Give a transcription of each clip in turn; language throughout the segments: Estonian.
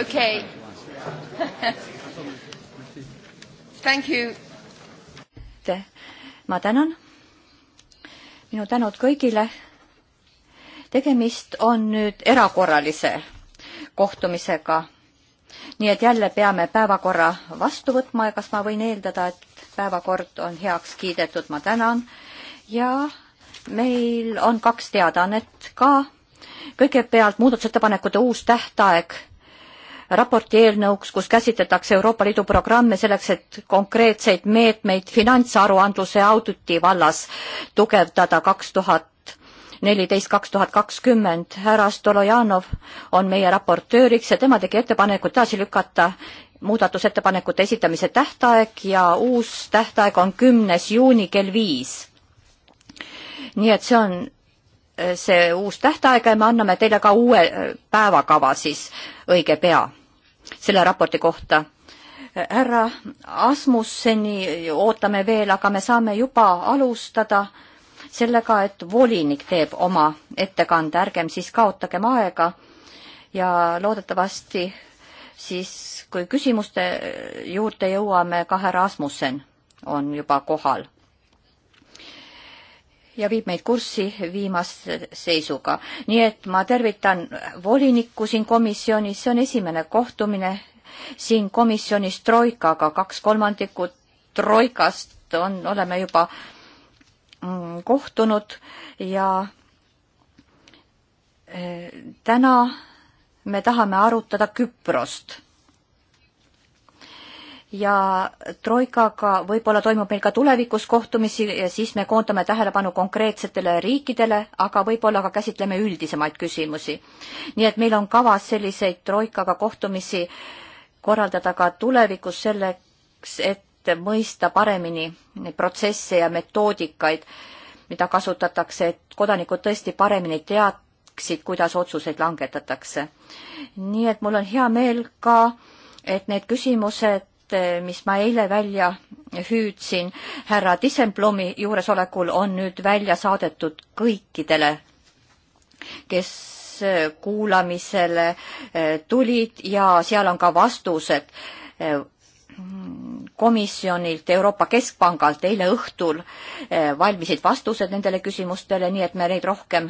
Okay. Thank you. ma tänan. minu tänud kõigile. tegemist on nüüd erakorralise kohtumisega. nii et jälle peame päevakorra vastu võtma ja kas ma võin eeldada, et päevakord on heaks kiidetud, ma tänan. ja meil on kaks teadaannet ka. kõigepealt muudatusettepanekute uus tähtaeg raporti eelnõuks, kus käsitletakse Euroopa Liidu programme selleks, et konkreetseid meetmeid finantsaruandluse auditi vallas tugevdada kaks tuhat neliteist kaks tuhat kakskümmend. härra Stolojanov on meie raportööriks ja tema tegi ettepaneku edasi lükata muudatusettepanekute esitamise tähtaeg ja uus tähtaeg on kümnes juuni kell viis. nii et see on see uus tähtaeg ja me anname teile ka uue äh, päevakava siis õige pea selle raporti kohta. härra Asmusseni ootame veel, aga me saame juba alustada sellega, et volinik teeb oma ettekande, ärgem siis kaotagem aega ja loodetavasti siis, kui küsimuste juurde jõuame, ka härra Asmussen on juba kohal ja viib meid kurssi viimase seisuga. nii et ma tervitan volinikku siin komisjonis, see on esimene kohtumine siin komisjonis Troikaga, kaks kolmandikku Troikast on, oleme juba mm, kohtunud ja eh, täna me tahame arutada Küprost ja Troikaga võib-olla toimub meil ka tulevikus kohtumisi ja siis me koondame tähelepanu konkreetsetele riikidele, aga võib-olla ka käsitleme üldisemaid küsimusi. nii et meil on kavas selliseid Troikaga kohtumisi korraldada ka tulevikus selleks, et mõista paremini neid protsesse ja metoodikaid, mida kasutatakse, et kodanikud tõesti paremini teaksid, kuidas otsuseid langetatakse. nii et mul on hea meel ka, et need küsimused mõte, eh, mis ma eile välja hüüdsin härra Dissenblomi juuresolekul, on nüüd välja saadetud kõikidele, kes eh, kuulamisele eh, tulid ja seal on ka vastused komisjonilt, Euroopa Keskpangalt eile õhtul valmisid vastused nendele küsimustele, nii et me neid rohkem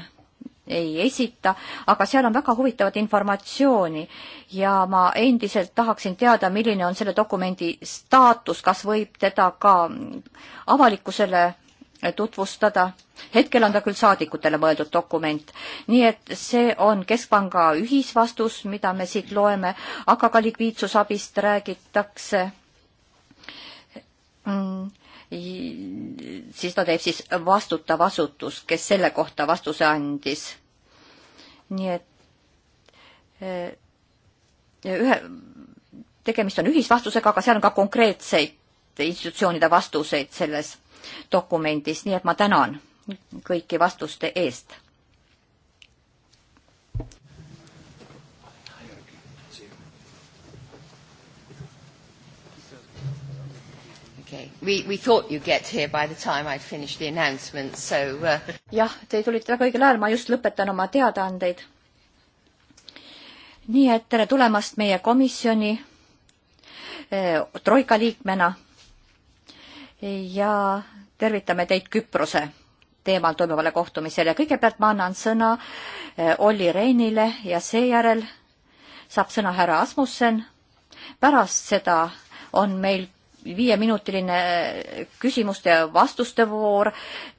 ei esita, aga seal on väga huvitavat informatsiooni ja ma endiselt tahaksin teada, milline on selle dokumendi staatus, kas võib teda ka avalikkusele tutvustada. hetkel on ta küll saadikutele mõeldud dokument, nii et see on Keskpanga ühisvastus, mida me siit loeme, aga ka likviidsusabist räägitakse mm seda teeb siis vastutav asutus, kes selle kohta vastuse andis. nii et eh, ühe, tegemist on ühisvastusega, aga seal on ka konkreetseid institutsioonide vastuseid selles dokumendis, nii et ma tänan kõiki vastuste eest Okay. We, we thought you'd get here by the time I'd finished the announcement, so uh... jah, te tulite väga õigel ajal, ma just lõpetan oma teadaandeid. nii et tere tulemast meie komisjoni eh, troika liikmena ja tervitame teid Küprose teemal toimuvale kohtumisele. kõigepealt ma annan sõna eh, Olli Reinile ja seejärel saab sõna härra Asmussen. pärast seda on meil viieminutiline küsimuste ja vastuste voor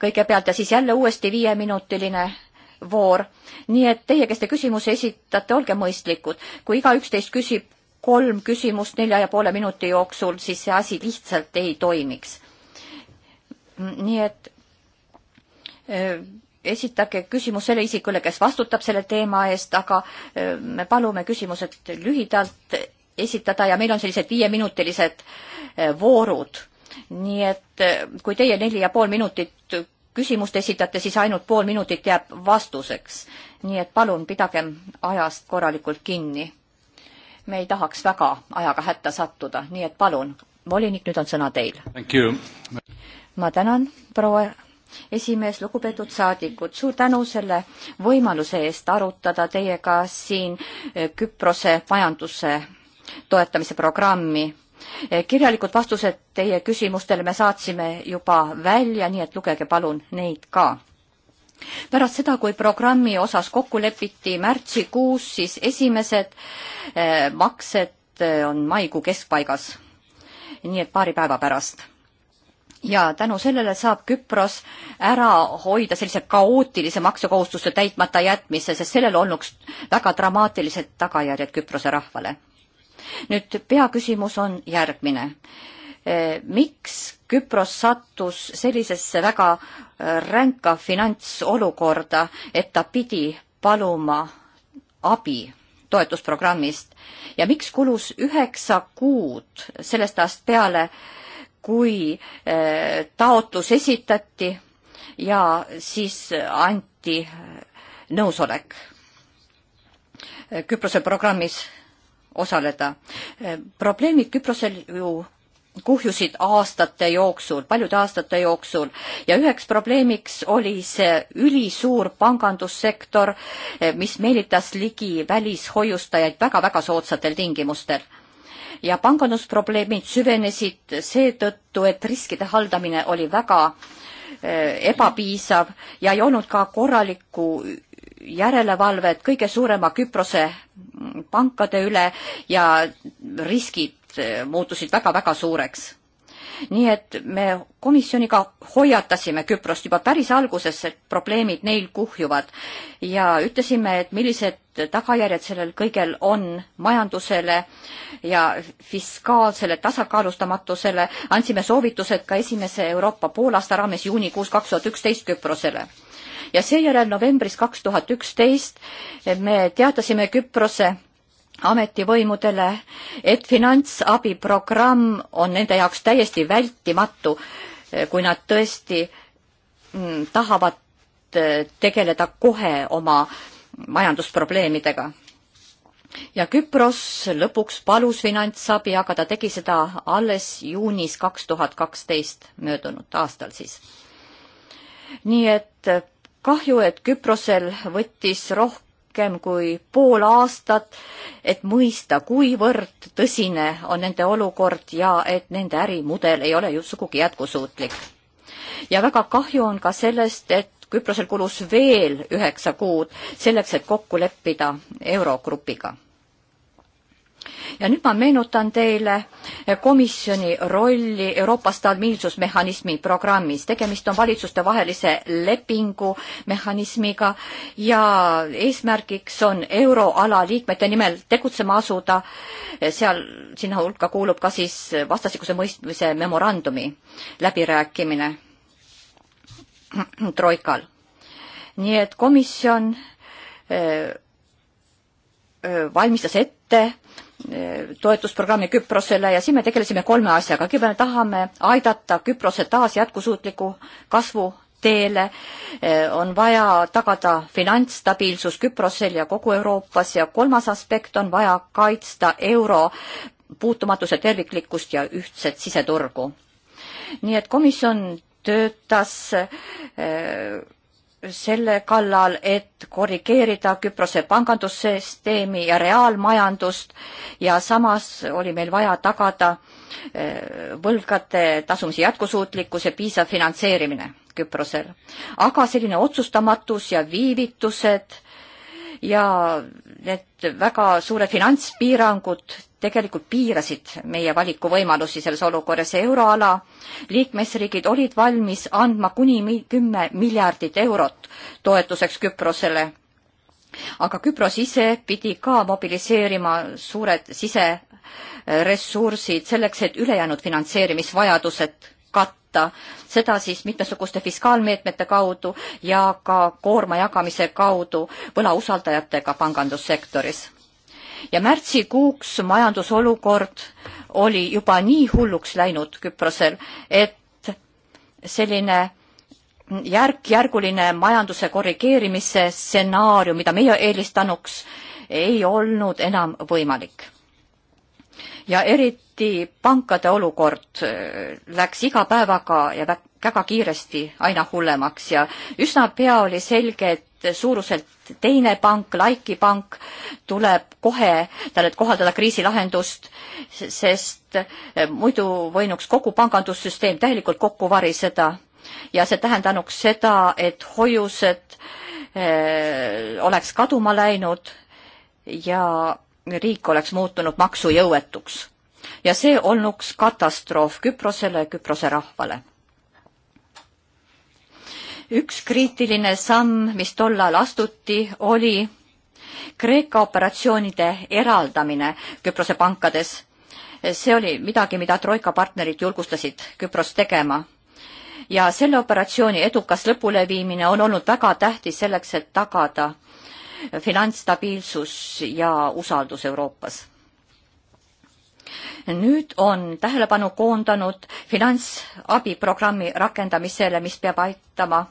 kõigepealt ja siis jälle uuesti viieminutiline voor. nii et teie, kes te küsimuse esitate, olge mõistlikud. kui igaüks teist küsib kolm küsimust nelja ja poole minuti jooksul, siis see asi lihtsalt ei toimiks. nii et äh, esitage küsimus selle isikule, kes vastutab selle teema eest, aga äh, me palume küsimused lühidalt esitada ja meil on sellised viieminutilised äh, Eh, voorud. nii et eh, kui teie neli ja pool minutit küsimust esitate, siis ainult pool minutit jääb vastuseks. nii et palun pidagem ajast korralikult kinni. me ei tahaks väga ajaga hätta sattuda, nii et palun, volinik, nüüd on sõna teil. ma tänan, proua esimees, lugupeetud saadikud, suur tänu selle võimaluse eest arutada teiega siin Küprose majanduse toetamise programmi Eh, kirjalikud vastused teie küsimustele me saatsime juba välja, nii et lugege palun neid ka. pärast seda, kui programmi osas kokku lepiti märtsikuus, siis esimesed eh, maksed eh, on maikuu keskpaigas. nii et paari päeva pärast ja tänu sellele saab Küpros ära hoida sellise kaootilise maksekohustuste täitmata jätmise, sest sellel olnuks väga dramaatilised tagajärjed Küprose rahvale nüüd peaküsimus on järgmine. E, miks Küpros sattus sellisesse väga e, ränka finantsolukorda, et ta pidi paluma abi toetusprogrammist ja miks kulus üheksa kuud sellest ajast peale, kui e, taotlus esitati ja siis anti nõusolek Küprose programmis osaleda. probleemid Küprosel ju kuhjusid aastate jooksul, paljude aastate jooksul ja üheks probleemiks oli see ülisuur pangandussektor, mis meelitas ligi välishoiustajaid väga-väga soodsatel tingimustel. ja pangandusprobleemid süvenesid seetõttu, et riskide haldamine oli väga eh, ebapiisav ja ei olnud ka korralikku järelevalvet kõige suurema Küprose pankade üle ja riskid eh, muutusid väga-väga suureks. nii et me komisjoniga hoiatasime Küprost juba päris alguses, et probleemid neil kuhjuvad ja ütlesime, et millised tagajärjed sellel kõigel on majandusele ja fiskaalsele tasakaalustamatusele. andsime soovitused ka esimese Euroopa poolaasta raames juunikuus kaks tuhat üksteist Küprosele ja seejärel novembris kaks tuhat üksteist me teatasime Küprose ametivõimudele, et finantsabiprogramm on nende jaoks täiesti vältimatu, kui nad tõesti mm, tahavad äh, tegeleda kohe oma majandusprobleemidega. ja Küpros lõpuks palus finantsabi, aga ta tegi seda alles juunis kaks tuhat kaksteist möödunud aastal siis. nii et äh, kahju, et Küprosel võttis rohkem kui pool aastat, et mõista, kuivõrd tõsine on nende olukord ja et nende ärimudel ei ole ju sugugi jätkusuutlik. ja väga kahju on ka sellest, et Küprosel kulus veel üheksa kuud selleks, et kokku leppida Eurogrupiga ja nüüd ma meenutan teile komisjoni rolli Euroopa stabiilsusmehhanismi programmis. tegemist on valitsustevahelise lepingu mehhanismiga ja eesmärgiks on euroala liikmete nimel tegutsema asuda. seal, sinna hulka kuulub ka siis vastastikuse mõistmise memorandumi läbirääkimine troikal. nii et komisjon eh, eh, valmistas ette toetusprogrammi Küprosele ja siin me tegelesime kolme asjaga. kõigepealt tahame aidata Küprose taas jätkusuutliku kasvu teele, eh, on vaja tagada finantsstabiilsus Küprosel ja kogu Euroopas ja kolmas aspekt on vaja kaitsta euro puutumatuse terviklikkust ja ühtset siseturgu. nii et komisjon töötas äh, selle kallal, et korrigeerida Küprose pangandussüsteemi ja reaalmajandust ja samas oli meil vaja tagada eh, võlgade tasumise jätkusuutlikkus ja piisav finantseerimine Küprosel. aga selline otsustamatus ja viivitused ja need väga suured finantspiirangud tegelikult piirasid meie valikuvõimalusi selles olukorras ja euroala liikmesriigid olid valmis andma kuni kümme miljardit eurot toetuseks Küprosele. aga Küpros ise pidi ka mobiliseerima suured siseressursid selleks, et ülejäänud finantseerimisvajadused katta, seda siis mitmesuguste fiskaalmeetmete kaudu ja ka koorma jagamise kaudu võlausaldajatega pangandussektoris ja märtsikuuks majandusolukord oli juba nii hulluks läinud Küprosel, et selline järk-järguline majanduse korrigeerimise stsenaarium, mida meie eelistanuks, ei olnud enam võimalik. ja eriti pankade olukord äh, läks iga päevaga ja väga kiiresti aina hullemaks ja üsna pea oli selge, et suuruselt teine pank, Laiki pank, tuleb kohe talle kohaldada kriisilahendust, sest eh, muidu võinuks kogu pangandussüsteem täielikult kokku variseda ja see tähendanuks seda, et hoiused öö, eh, oleks kaduma läinud ja riik oleks muutunud maksujõuetuks. ja see olnuks katastroof Küprosele, Küprose rahvale üks kriitiline samm, mis tollal astuti, oli Kreeka operatsioonide eraldamine Küprose pankades. see oli midagi, mida Troika partnerid julgustasid Küpros tegema. ja selle operatsiooni edukas lõpuleviimine on olnud väga tähtis selleks, et tagada finantsstabiilsus ja usaldus Euroopas nüüd on tähelepanu koondanud finantsabiprogrammi rakendamisele, mis peab aitama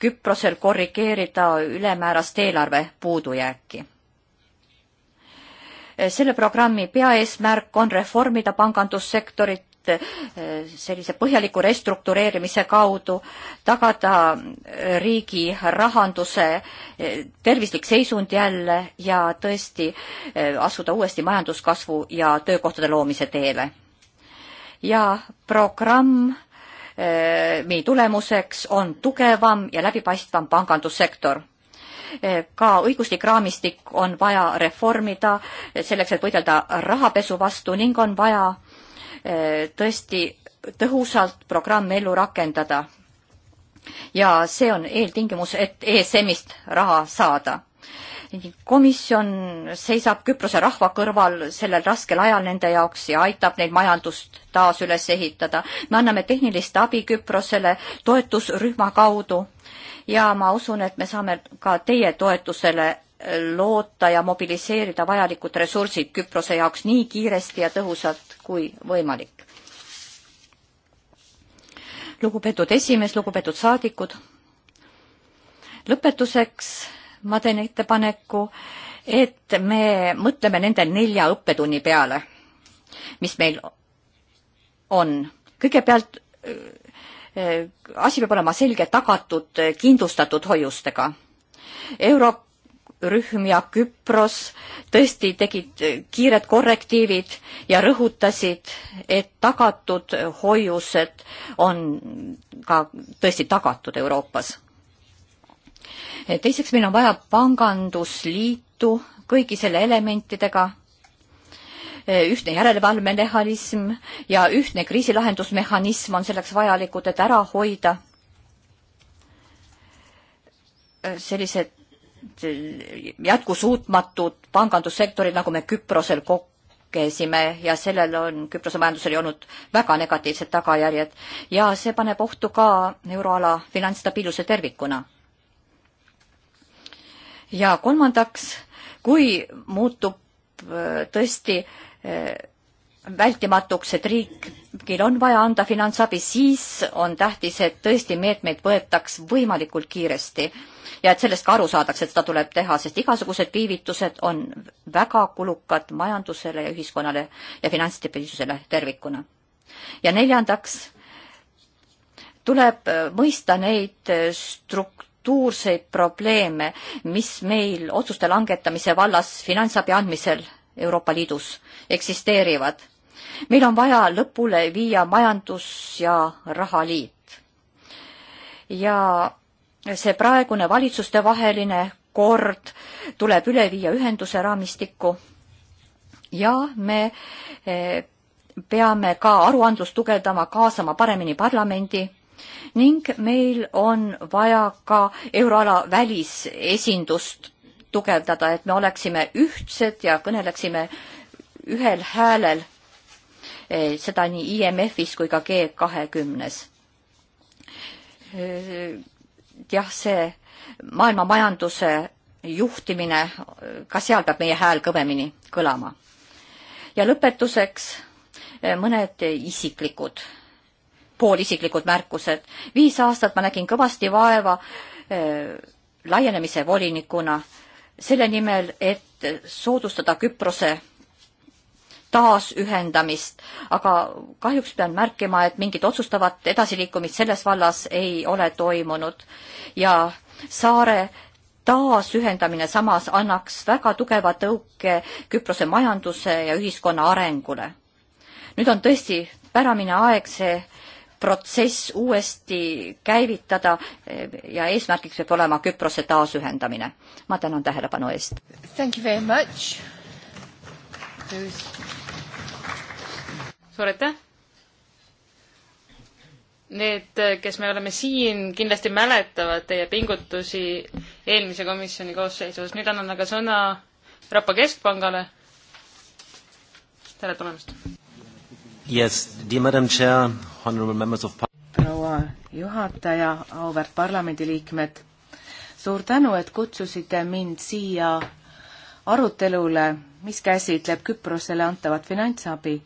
Küprosel korrigeerida ülemäärast eelarve puudujääki. selle programmi peaeesmärk on reformida pangandussektorit et äh, sellise põhjaliku restruktureerimise kaudu tagada äh, riigi rahanduse äh, tervislik seisund jälle ja tõesti asuda uuesti majanduskasvu ja töökohtade loomise teele. ja programm meie tulemuseks on tugevam ja läbipaistvam pangandussektor ka õiguslik raamistik on vaja reformida selleks, et võidelda rahapesu vastu ning on vaja Eh, tõesti tõhusalt programm ellu rakendada. ja see on eeltingimus, et ESM-ist raha saada. komisjon seisab Küprose rahva kõrval sellel raskel ajal nende jaoks ja aitab neil majandust taas üles ehitada. me anname tehnilist abi Küprosele toetusrühma kaudu ja ma usun, et me saame ka teie toetusele loota ja mobiliseerida vajalikud ressursid Küprose jaoks nii kiiresti ja tõhusalt, kui võimalik. lugupeetud esimees, lugupeetud saadikud, lõpetuseks ma teen ettepaneku, et me mõtleme nende nelja õppetunni peale, mis meil on. kõigepealt äh, äh, asi peab olema selge, tagatud, kindlustatud hoiustega. Euro rühm ja Küpros tõesti tegid kiired korrektiivid ja rõhutasid, et tagatud hoiused on ka tõesti tagatud Euroopas. teiseks, meil on vaja pangandusliitu kõigi selle elementidega, ühtne järelevalvemehhanism ja ühtne kriisilahendusmehhanism on selleks vajalikud, et ära hoida sellised jätkusuutmatud pangandussektorid, nagu me Küprosel kogesime ja sellel on Küprose majandusel ju olnud väga negatiivsed tagajärjed ja see paneb ohtu ka euroala finantsstabiilsuse tervikuna. ja kolmandaks, kui muutub äh, tõesti äh, vältimatuks, et riigil on vaja anda finantsabi, siis on tähtis, et tõesti meetmeid võetaks võimalikult kiiresti ja et sellest ka aru saadakse, et seda tuleb teha, sest igasugused viivitused on väga kulukad majandusele ja ühiskonnale ja finantsstabiilsusele tervikuna. ja neljandaks tuleb äh, mõista neid äh, struktuurseid probleeme, mis meil otsuste langetamise vallas finantsabi andmisel Euroopa Liidus eksisteerivad. meil on vaja lõpule viia majandus- ja rahaliit. ja see praegune valitsustevaheline kord tuleb üle viia ühenduse raamistikku ja me eh, peame ka aruandlust tugevdama, kaasama paremini parlamendi ning meil on vaja ka euroala välisesindust tugevdada, et me oleksime ühtsed ja kõneleksime ühel häälel, eh, seda nii IMF-is kui ka G kahekümnes. Eh, jah, see maailma majanduse juhtimine, eh, ka seal peab meie hääl kõvemini kõlama. ja lõpetuseks mõned isiklikud, poolisiklikud märkused. viis aastat ma nägin kõvasti vaeva laienemise volinikuna selle nimel, et soodustada Küprose taasühendamist, aga kahjuks pean märkima, et mingit otsustavat edasiliikumist selles vallas ei ole toimunud ja saare taasühendamine samas annaks väga tugeva tõuke Küprose majanduse ja ühiskonna arengule. nüüd on tõesti päramine aeg see protsess uuesti käivitada ja eesmärgiks peab olema Küprose taasühendamine. ma tänan tähelepanu eest. suur aitäh! Need, kes me oleme siin, kindlasti mäletavad teie pingutusi eelmise komisjoni koosseisus. nüüd annan aga sõna Rapa Keskpangale. tere tulemast! Yes, dear Madam Chair, honorable members of proua juhataja, auväärt parlamendiliikmed, suur tänu, et kutsusite mind siia arutelule, mis käsitleb Küprosele antavat finantsabi.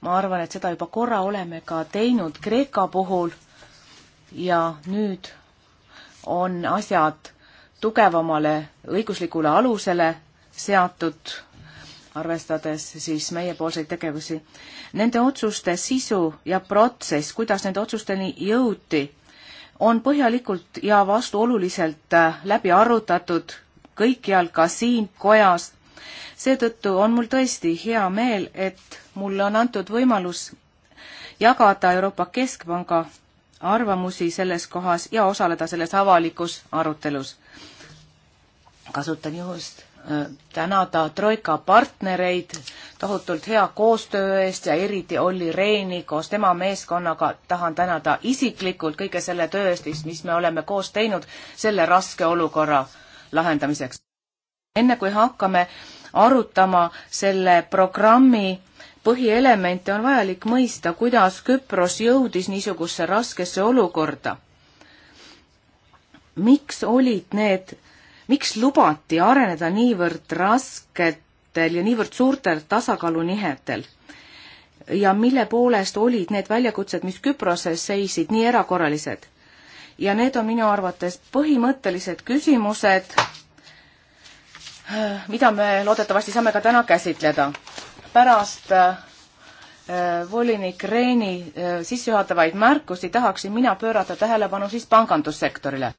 ma arvan, et seda juba korra oleme ka teinud Kreeka puhul ja nüüd on asjad tugevamale õiguslikule alusele seatud arvestades siis meiepoolseid tegevusi. Nende otsuste sisu ja protsess, kuidas nende otsusteni jõuti, on põhjalikult ja vastuoluliselt äh, läbi arutatud kõikjal, ka siin kojas. seetõttu on mul tõesti hea meel, et mulle on antud võimalus jagada Euroopa Keskpanga arvamusi selles kohas ja osaleda selles avalikus arutelus. kasutan juhust tänada Troika partnereid tohutult hea koostöö eest ja eriti Olli Reini koos tema meeskonnaga tahan tänada isiklikult kõige selle töö eest, mis me oleme koos teinud selle raske olukorra lahendamiseks. enne kui hakkame arutama selle programmi põhielemente, on vajalik mõista, kuidas Küpros jõudis niisugusesse raskesse olukorda. miks olid need miks lubati areneda niivõrd rasketel ja niivõrd suurtel tasakaalunihetel? ja mille poolest olid need väljakutsed, mis Küproses seisid, nii erakorralised? ja need on minu arvates põhimõttelised küsimused, mida me loodetavasti saame ka täna käsitleda. pärast äh, volinik Reini äh, sissejuhatavaid märkusi tahaksin mina pöörata tähelepanu siis pangandussektorile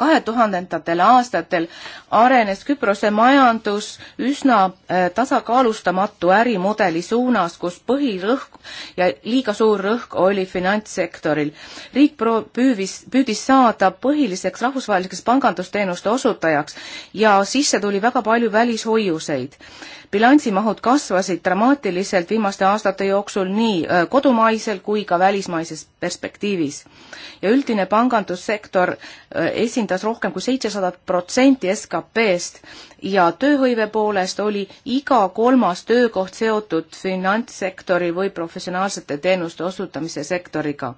kahe tuhandendatel aastatel arenes Küprose majandus üsna äh, tasakaalustamatu ärimudeli suunas, kus põhirõhk ja liiga suur rõhk oli finantssektoril. riik pro-, püüvis, püüdis saada põhiliseks rahvusvaheliseks pangandusteenuste osutajaks ja sisse tuli väga palju välishoiuseid bilansimahud kasvasid dramaatiliselt viimaste aastate jooksul nii äh, kodumaisel kui ka välismaises perspektiivis. ja üldine pangandussektor äh, esindas rohkem kui seitsesadat protsenti SKP-st ja tööhõive poolest oli iga kolmas töökoht seotud finantssektori või professionaalsete teenuste osutamise sektoriga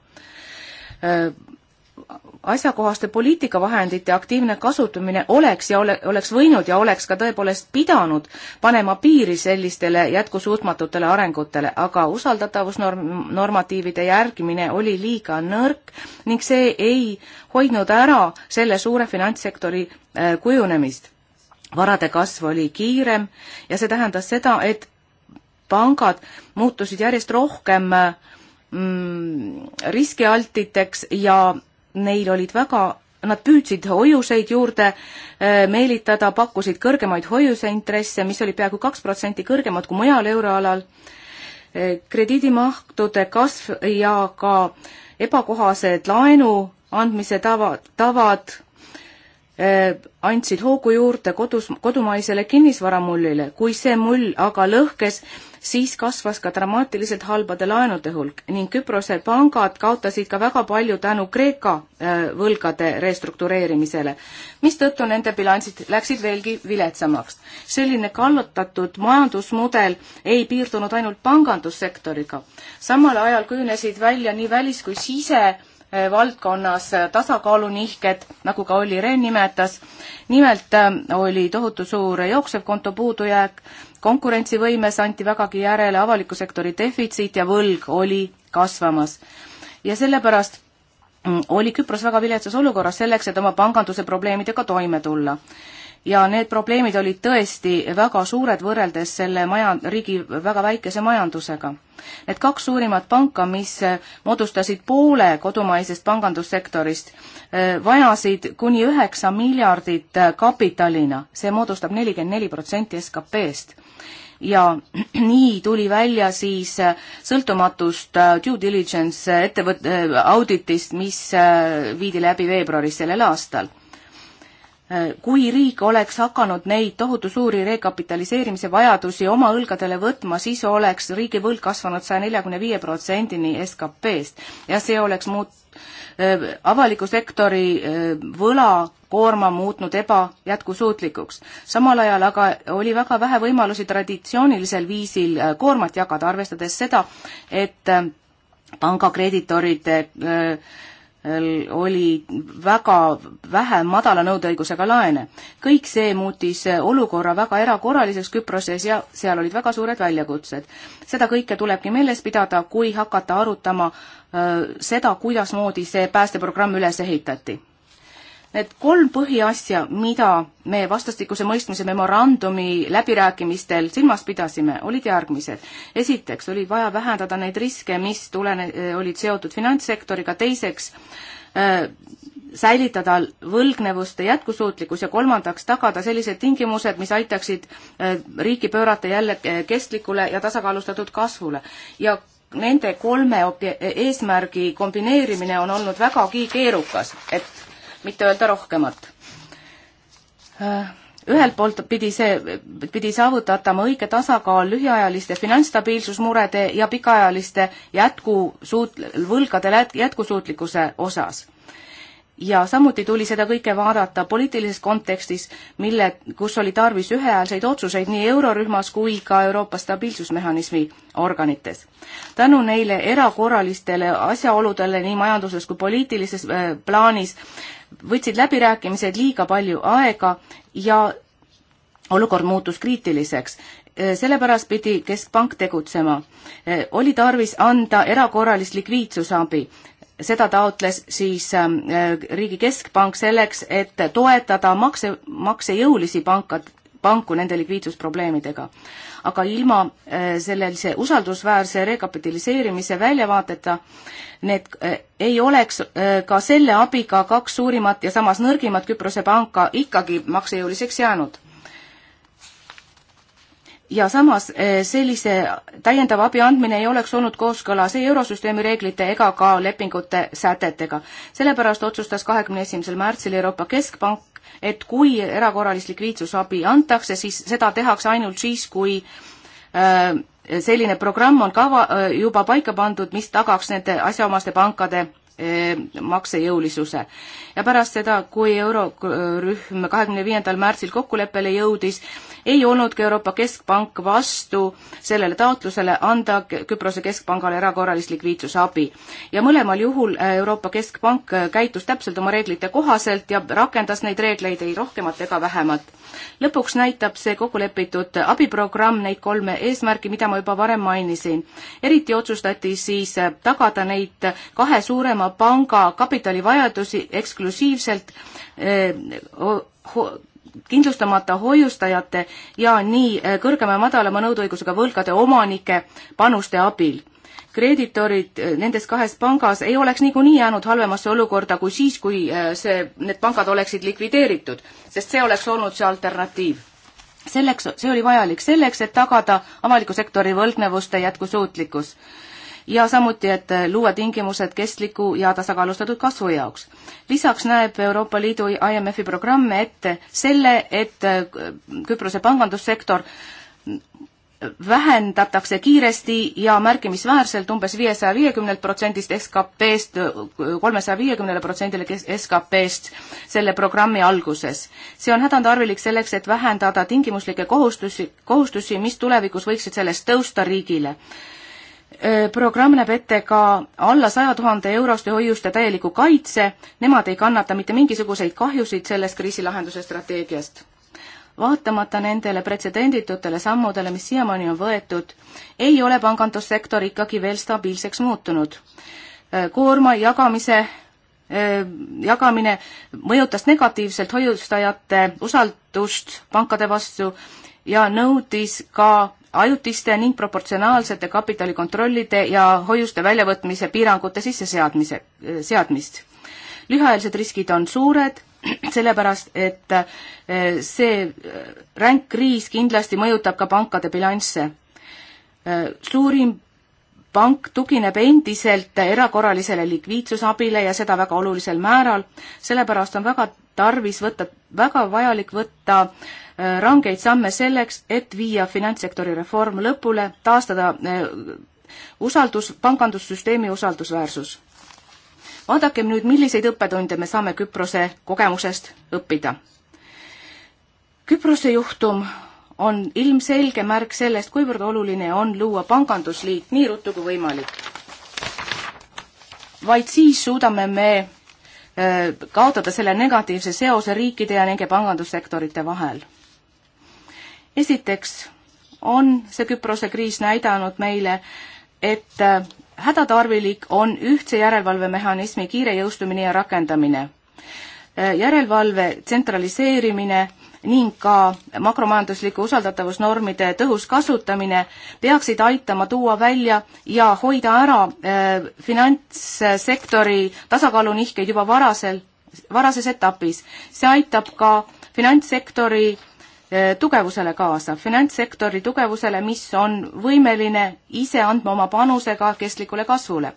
äh, asjakohaste poliitikavahendite aktiivne kasutamine oleks ja ole, oleks võinud ja oleks ka tõepoolest pidanud panema piiri sellistele jätkusuutmatutele arengutele, aga usaldatavusnorm, normatiivide järgimine oli liiga nõrk ning see ei hoidnud ära selle suure finantssektori äh, kujunemist. varade kasv oli kiirem ja see tähendas seda, et pangad muutusid järjest rohkem äh, mm, riskialtiteks ja neil olid väga, nad püüdsid hoiuseid juurde äh, meelitada, pakkusid kõrgemaid hoiuseintresse, mis oli peaaegu kaks protsenti kõrgemad kui mujal euroalal. Äh, krediidimahtude kasv ja ka ebakohased laenu andmise tavad, tavad äh, andsid hoogu juurde kodus, kodumaisele kinnisvaramullile. kui see mull aga lõhkes, siis kasvas ka dramaatiliselt halbade laenude hulk ning Küprose pangad kaotasid ka väga palju tänu Kreeka äh, võlgade restruktureerimisele, mistõttu nende bilansid läksid veelgi viletsamaks. selline kallutatud majandusmudel ei piirdunud ainult pangandussektoriga, samal ajal kujunesid välja nii välis- kui sise Eh, valdkonnas eh, tasakaalunihked, nagu ka Olli Rehn nimetas. nimelt eh, oli tohutu suur jooksevkonto puudujääk, konkurentsivõimes anti vägagi järele avaliku sektori defitsiit ja võlg oli kasvamas. ja sellepärast mm, oli Küpros väga viletsas olukorras selleks, et oma panganduse probleemidega toime tulla ja need probleemid olid tõesti väga suured võrreldes selle maja, riigi väga väikese majandusega. Need kaks suurimat panka, mis moodustasid poole kodumaisest pangandussektorist, vajasid kuni üheksa miljardit kapitalina, see moodustab nelikümmend neli protsenti SKP-st ja nii tuli välja siis sõltumatust due diligence ettevõtte auditist, mis viidi läbi veebruaris sellel aastal Äh, kui riik oleks hakanud neid tohutu suuri rekapitaliseerimise vajadusi oma õlgadele võtma, siis oleks riigi võlg kasvanud saja neljakümne viie protsendini SKP-st ja see oleks muut-, äh, avaliku sektori äh, võlakoorma muutnud ebajätkusuutlikuks. samal ajal aga oli väga vähe võimalusi traditsioonilisel viisil koormat jagada, arvestades seda, et pangakreeditoride äh, oli väga vähe madala nõudeõigusega laene. kõik see muutis olukorra väga erakorraliseks Küproses ja seal olid väga suured väljakutsed. seda kõike tulebki meeles pidada, kui hakata arutama äh, seda, kuidasmoodi see päästeprogramm üles ehitati Need kolm põhiasja, mida me vastastikuse mõistmise memorandumi läbirääkimistel silmas pidasime, olid järgmised. esiteks oli vaja vähendada neid riske, mis tulene-, olid seotud finantssektoriga, teiseks äh, säilitada võlgnevuste jätkusuutlikkus ja kolmandaks tagada sellised tingimused, mis aitaksid äh, riiki pöörata jälle kestlikule ja tasakaalustatud kasvule. ja nende kolme eesmärgi kombineerimine on olnud vägagi keerukas, et mitte öelda rohkemat. ühelt poolt pidi see, pidi saavutatama õige tasakaal lühiajaliste finantsstabiilsusmurede ja pikaajaliste jätkusuut-, võlgade jätkusuutlikkuse osas ja samuti tuli seda kõike vaadata poliitilises kontekstis, mille, kus oli tarvis ühehäälseid otsuseid nii eurorühmas kui ka Euroopa stabiilsusmehhanismi organites. tänu neile erakorralistele asjaoludele nii majanduses kui poliitilises äh, plaanis võtsid läbirääkimised liiga palju aega ja olukord muutus kriitiliseks äh, sellepärast pidi Keskpank tegutsema. Äh, oli tarvis anda erakorralist likviidsusabi. seda taotles siis ähm, äh, riigi keskpank selleks, et toetada makse, maksejõulisi pankad, panku nende likviidsusprobleemidega. aga ilma äh, sellise usaldusväärse rekapitaliseerimise väljavaateta need äh, ei oleks äh, ka selle abiga kaks suurimat ja samas nõrgimat Küprose panka ikkagi maksejõuliseks jäänud ja samas eh, sellise täiendava abi andmine ei oleks olnud kooskõlas ei eurosüsteemi reeglite ega ka lepingute sätetega. sellepärast otsustas kahekümne esimesel märtsil Euroopa Keskpank, et kui erakorralist likviidsusabi antakse, siis seda tehakse ainult siis, kui eh, selline programm on kava, eh, juba paika pandud, mis tagaks nende asjaomaste pankade maksejõulisuse. ja pärast seda, kui eurorühm kahekümne viiendal märtsil kokkuleppele jõudis, ei olnud ka Euroopa Keskpank vastu sellele taotlusele anda Küprose Keskpangale erakorralist likviidsusabi. ja mõlemal juhul äh, Euroopa Keskpank äh, käitus täpselt oma reeglite kohaselt ja rakendas neid reegleid ei rohkemat ega vähemat. lõpuks näitab see kokkulepitud abiprogramm neid kolme eesmärki, mida ma juba varem mainisin. eriti otsustati siis äh, tagada neid kahe suurema panga kapitalivajadusi eksklusiivselt eh, kindlustamata hoiustajate ja nii eh, kõrgema ja madalama nõudeõigusega võlgade omanike panuste abil. kreeditorid eh, nendes kahes pangas ei oleks niikuinii jäänud halvemasse olukorda kui siis, kui eh, see, need pangad oleksid likvideeritud, sest see oleks olnud see alternatiiv selleks, see oli vajalik selleks, et tagada avaliku sektori võlgnevuste jätkusuutlikkus ja samuti, et luua tingimused kestliku ja tasakaalustatud kasvu jaoks. lisaks näeb Euroopa Liidu IMF-i programm ette selle, et äh, Küprose pangandussektor vähendatakse kiiresti ja märkimisväärselt umbes viiesaja viiekümnelt protsendist SKP-st kolmesaja viiekümnele protsendile SKP-st selle programmi alguses. see on hädatarvilik selleks, et vähendada tingimuslikke kohustusi, kohustusi, mis tulevikus võiksid sellest tõusta riigile Äh, programm näeb ette ka alla saja tuhande euroste hoiuste täieliku kaitse, nemad ei kannata mitte mingisuguseid kahjusid sellest kriisilahenduse strateegiast. vaatamata nendele pretsedenditutele sammudele, mis siiamaani on võetud, ei ole pangandussektor ikkagi veel stabiilseks muutunud. Äh, koorma jagamise äh, jagamine mõjutas negatiivselt hoiustajate usaldust pankade vastu ja nõudis ka ajutiste ning proportsionaalsete kapitalikontrollide ja hoiuste väljavõtmise piirangute sisseseadmise, eh, seadmist. lühiajalised riskid on suured, sellepärast et eh, see eh, ränk kriis kindlasti mõjutab ka pankade bilansse. suurim pank tugineb endiselt erakorralisele likviidsusabile ja seda väga olulisel määral, sellepärast on väga tarvis võtta, väga vajalik võtta äh, Äh, rangeid samme selleks, et viia finantssektori reform lõpule, taastada äh, usaldus, pangandussüsteemi usaldusväärsus. vaadakem nüüd, milliseid õppetunde me saame Küprose kogemusest õppida. Küprose juhtum on ilmselge märk sellest, kuivõrd oluline on luua pangandusliit nii ruttu kui võimalik. vaid siis suudame me äh, kaotada selle negatiivse seose riikide ja nende pangandussektorite vahel esiteks on see Küprose kriis näidanud meile, et äh, hädatarvilik on ühtse järelevalvemehhanismi kiire jõustumine ja rakendamine. Äh, järelevalve tsentraliseerimine ning ka makromajanduslike usaldatavusnormide tõhus kasutamine peaksid aitama tuua välja ja hoida ära äh, finantssektori tasakaalunihkeid juba varasel, varases etapis. see aitab ka finantssektori Eh, tugevusele kaasa, finantssektori tugevusele, mis on võimeline ise andma oma panuse ka kestlikule kasvule.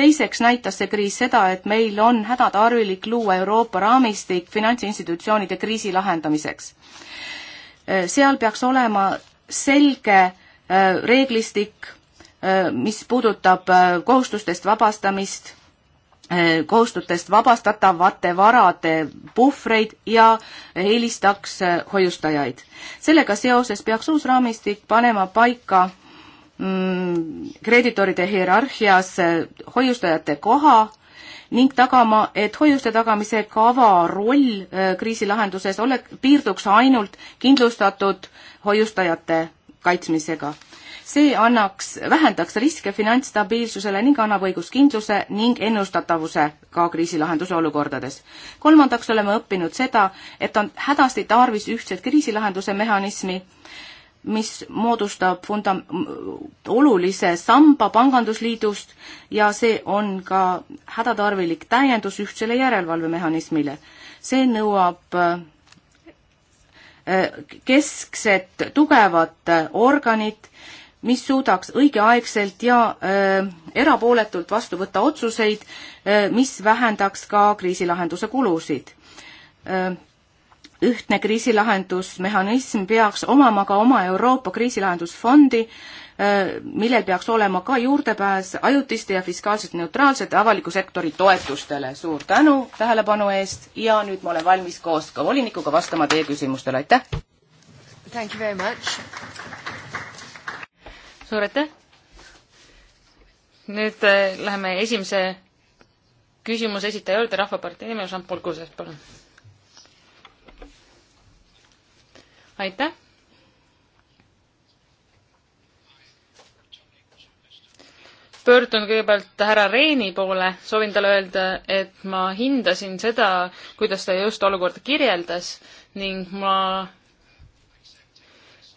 teiseks näitas see kriis seda, et meil on hädatarvilik luua Euroopa raamistik finantsinstitutsioonide kriisi lahendamiseks. Eh, seal peaks olema selge eh, reeglistik, mis puudutab kohustustest vabastamist kohustutest vabastatavate varade puhvreid ja eelistaks äh, hoiustajaid. sellega seoses peaks uus raamistik panema paika mm, kreeditoride hierarhias äh, hoiustajate koha ning tagama, et hoiuste tagamise kava roll äh, kriisilahenduses ole, piirduks ainult kindlustatud hoiustajate kaitsmisega see annaks, vähendaks riske finantsstabiilsusele ning annab õiguskindluse ning ennustatavuse ka kriisilahenduse olukordades. kolmandaks oleme õppinud seda, et on hädasti tarvis ühtset kriisilahenduse mehhanismi, mis moodustab funda-, olulise samba pangandusliidust ja see on ka hädatarvilik täiendus ühtsele järelevalvemehhanismile. see nõuab eh, keskset tugevat eh, organit mis suudaks õigeaegselt ja öö, äh, erapooletult vastu võtta otsuseid, äh, mis vähendaks ka kriisilahenduse kulusid. Äh, ühtne kriisilahendusmehhanism peaks omama ka oma Euroopa kriisilahendusfondi, millel peaks olema ka juurdepääs ajutiste ja fiskaalselt neutraalsete avaliku sektori toetustele. suur tänu tähelepanu eest ja nüüd ma olen valmis koos ka volinikuga vastama teie küsimustele, aitäh! Thank you very much suur aitäh! nüüd äh, läheme esimese küsimuse esitaja juurde, Rahvapartei nimel Jean-Paul Kuusepp, palun. aitäh! pöördun kõigepealt härra Reini poole, soovin talle öelda, et ma hindasin seda, kuidas ta just olukorda kirjeldas ning ma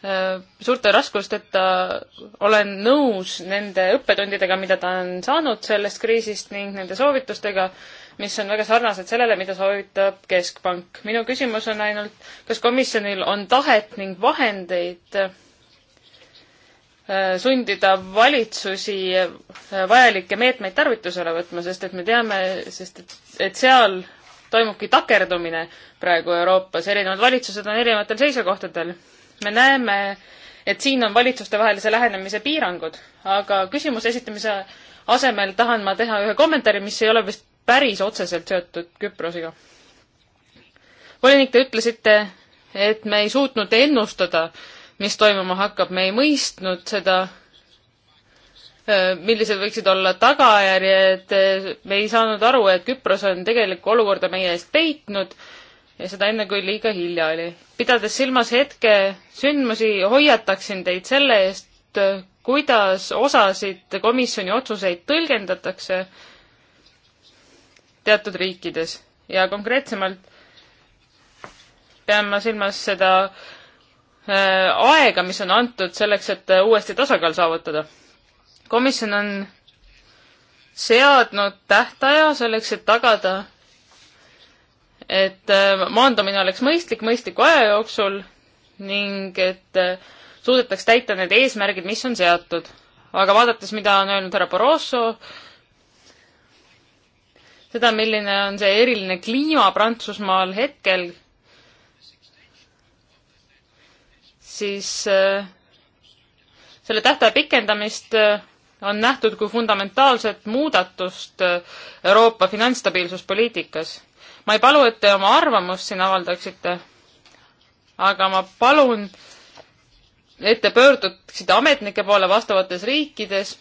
Äh, suurte raskusteta olen nõus nende õppetundidega, mida ta on saanud sellest kriisist ning nende soovitustega, mis on väga sarnased sellele, mida soovitab Keskpank. minu küsimus on ainult, kas komisjonil on tahet ning vahendeid äh, sundida valitsusi äh, vajalikke meetmeid tarvitusele võtma, sest et me teame, sest et, et seal toimubki takerdumine praegu Euroopas, erinevad valitsused on erinevatel seisukohtadel me näeme, et siin on valitsustevahelise lähenemise piirangud, aga küsimuse esitamise asemel tahan ma teha ühe kommentaari, mis ei ole vist päris otseselt seotud Küprosega. volinik, te ütlesite, et me ei suutnud ennustada, mis toimuma hakkab, me ei mõistnud seda, äh, millised võiksid olla tagajärjed, me ei saanud aru, et Küpros on tegelikku olukorda meie eest peitnud ja seda enne, kui liiga hilja oli. pidades silmas hetke sündmusi, hoiataksin teid selle eest, kuidas osasid komisjoni otsuseid tõlgendatakse teatud riikides ja konkreetsemalt pean ma silmas seda äh, aega, mis on antud selleks, et uuesti tasakaal saavutada. komisjon on seadnud tähtaja selleks, et tagada et äh, maandamine oleks mõistlik mõistliku aja jooksul ning et äh, suudetaks täita need eesmärgid, mis on seatud. aga vaadates, mida on öelnud härra Barroso, seda, milline on see eriline kliima Prantsusmaal hetkel, siis äh, selle tähtaja pikendamist äh, on nähtud kui fundamentaalset muudatust äh, Euroopa finantsstabiilsuspoliitikas ma ei palu, et te oma arvamust siin avaldaksite, aga ma palun, et te pöörduksite ametnike poole vastavates riikides,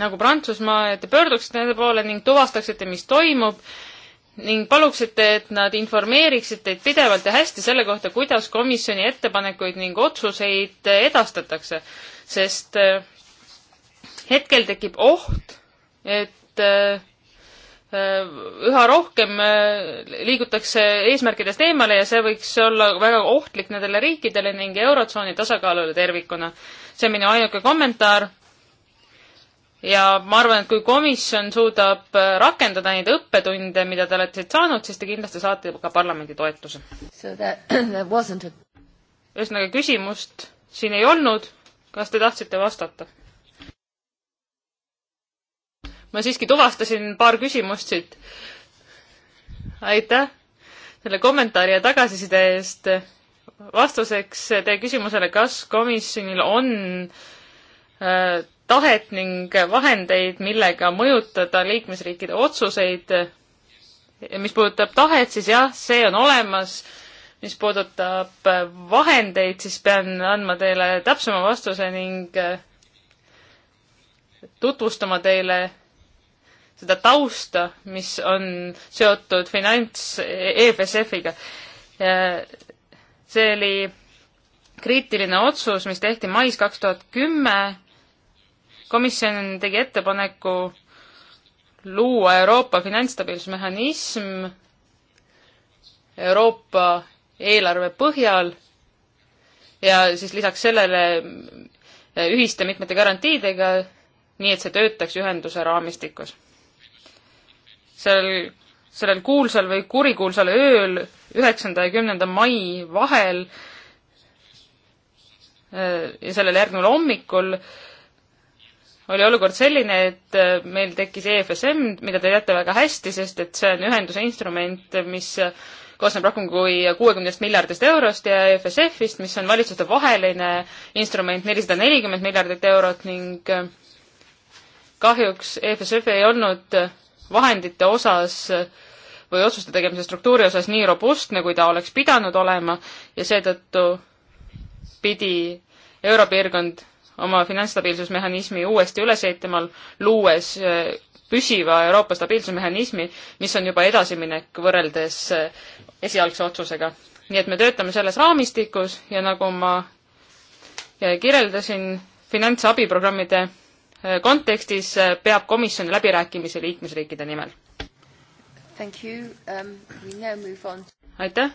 nagu Prantsusmaa, et te pöörduksite nende poole ning tuvastaksite, mis toimub ning paluksite, et nad informeeriksid teid pidevalt ja hästi selle kohta, kuidas komisjoni ettepanekuid ning otsuseid edastatakse, sest äh, hetkel tekib oht, et äh, Äh, üha rohkem äh, liigutakse eesmärkidest eemale ja see võiks olla väga ohtlik nendele riikidele ning Eurotsooni tasakaalule tervikuna. see on minu ainuke kommentaar. ja ma arvan, et kui komisjon suudab äh, rakendada neid õppetunde, mida te olete siit saanud, siis te kindlasti saate ka parlamendi toetuse. ühesõnaga küsimust siin ei olnud, kas te tahtsite vastata? ma siiski tuvastasin paar küsimust siit. aitäh selle kommentaari ja tagasiside eest. vastuseks teie küsimusele, kas komisjonil on äh, tahet ning vahendeid, millega mõjutada liikmesriikide otsuseid. mis puudutab tahet, siis jah, see on olemas. mis puudutab äh, vahendeid, siis pean andma teile täpsema vastuse ning äh, tutvustama teile seda tausta, mis on seotud finants EFSF-iga. see oli kriitiline otsus, mis tehti mais kaks tuhat kümme. komisjon tegi ettepaneku luua Euroopa finantsstabiilsusmehhanism Euroopa eelarve põhjal ja siis lisaks sellele äh, ühiste mitmete garantiidega, nii et see töötaks ühenduse raamistikus sellel, sellel kuulsal või kurikuulsal ööl üheksanda ja kümnenda mai vahel äh, ja sellel järgneval hommikul oli olukord selline, et äh, meil tekkis EFSM, mida te teate väga hästi, sest et see on ühenduse instrument, mis koosneb rohkem kui kuuekümnest miljardist eurost ja EFSF-ist, mis on valitsuste vaheline instrument nelisada nelikümmend miljardit eurot ning äh, kahjuks EFSF ei olnud vahendite osas või otsuste tegemise struktuuri osas nii robustne, kui ta oleks pidanud olema ja seetõttu pidi europiirkond oma finantsstabiilsusmehhanismi uuesti üles ehitama, luues eh, püsiva Euroopa stabiilsusmehhanismi, mis on juba edasiminek võrreldes eh, esialgse otsusega. nii et me töötame selles raamistikus ja nagu ma kirjeldasin, finantsabiprogrammide kontekstis äh, peab komisjon läbirääkimisi liikmesriikide nimel. Um, aitäh!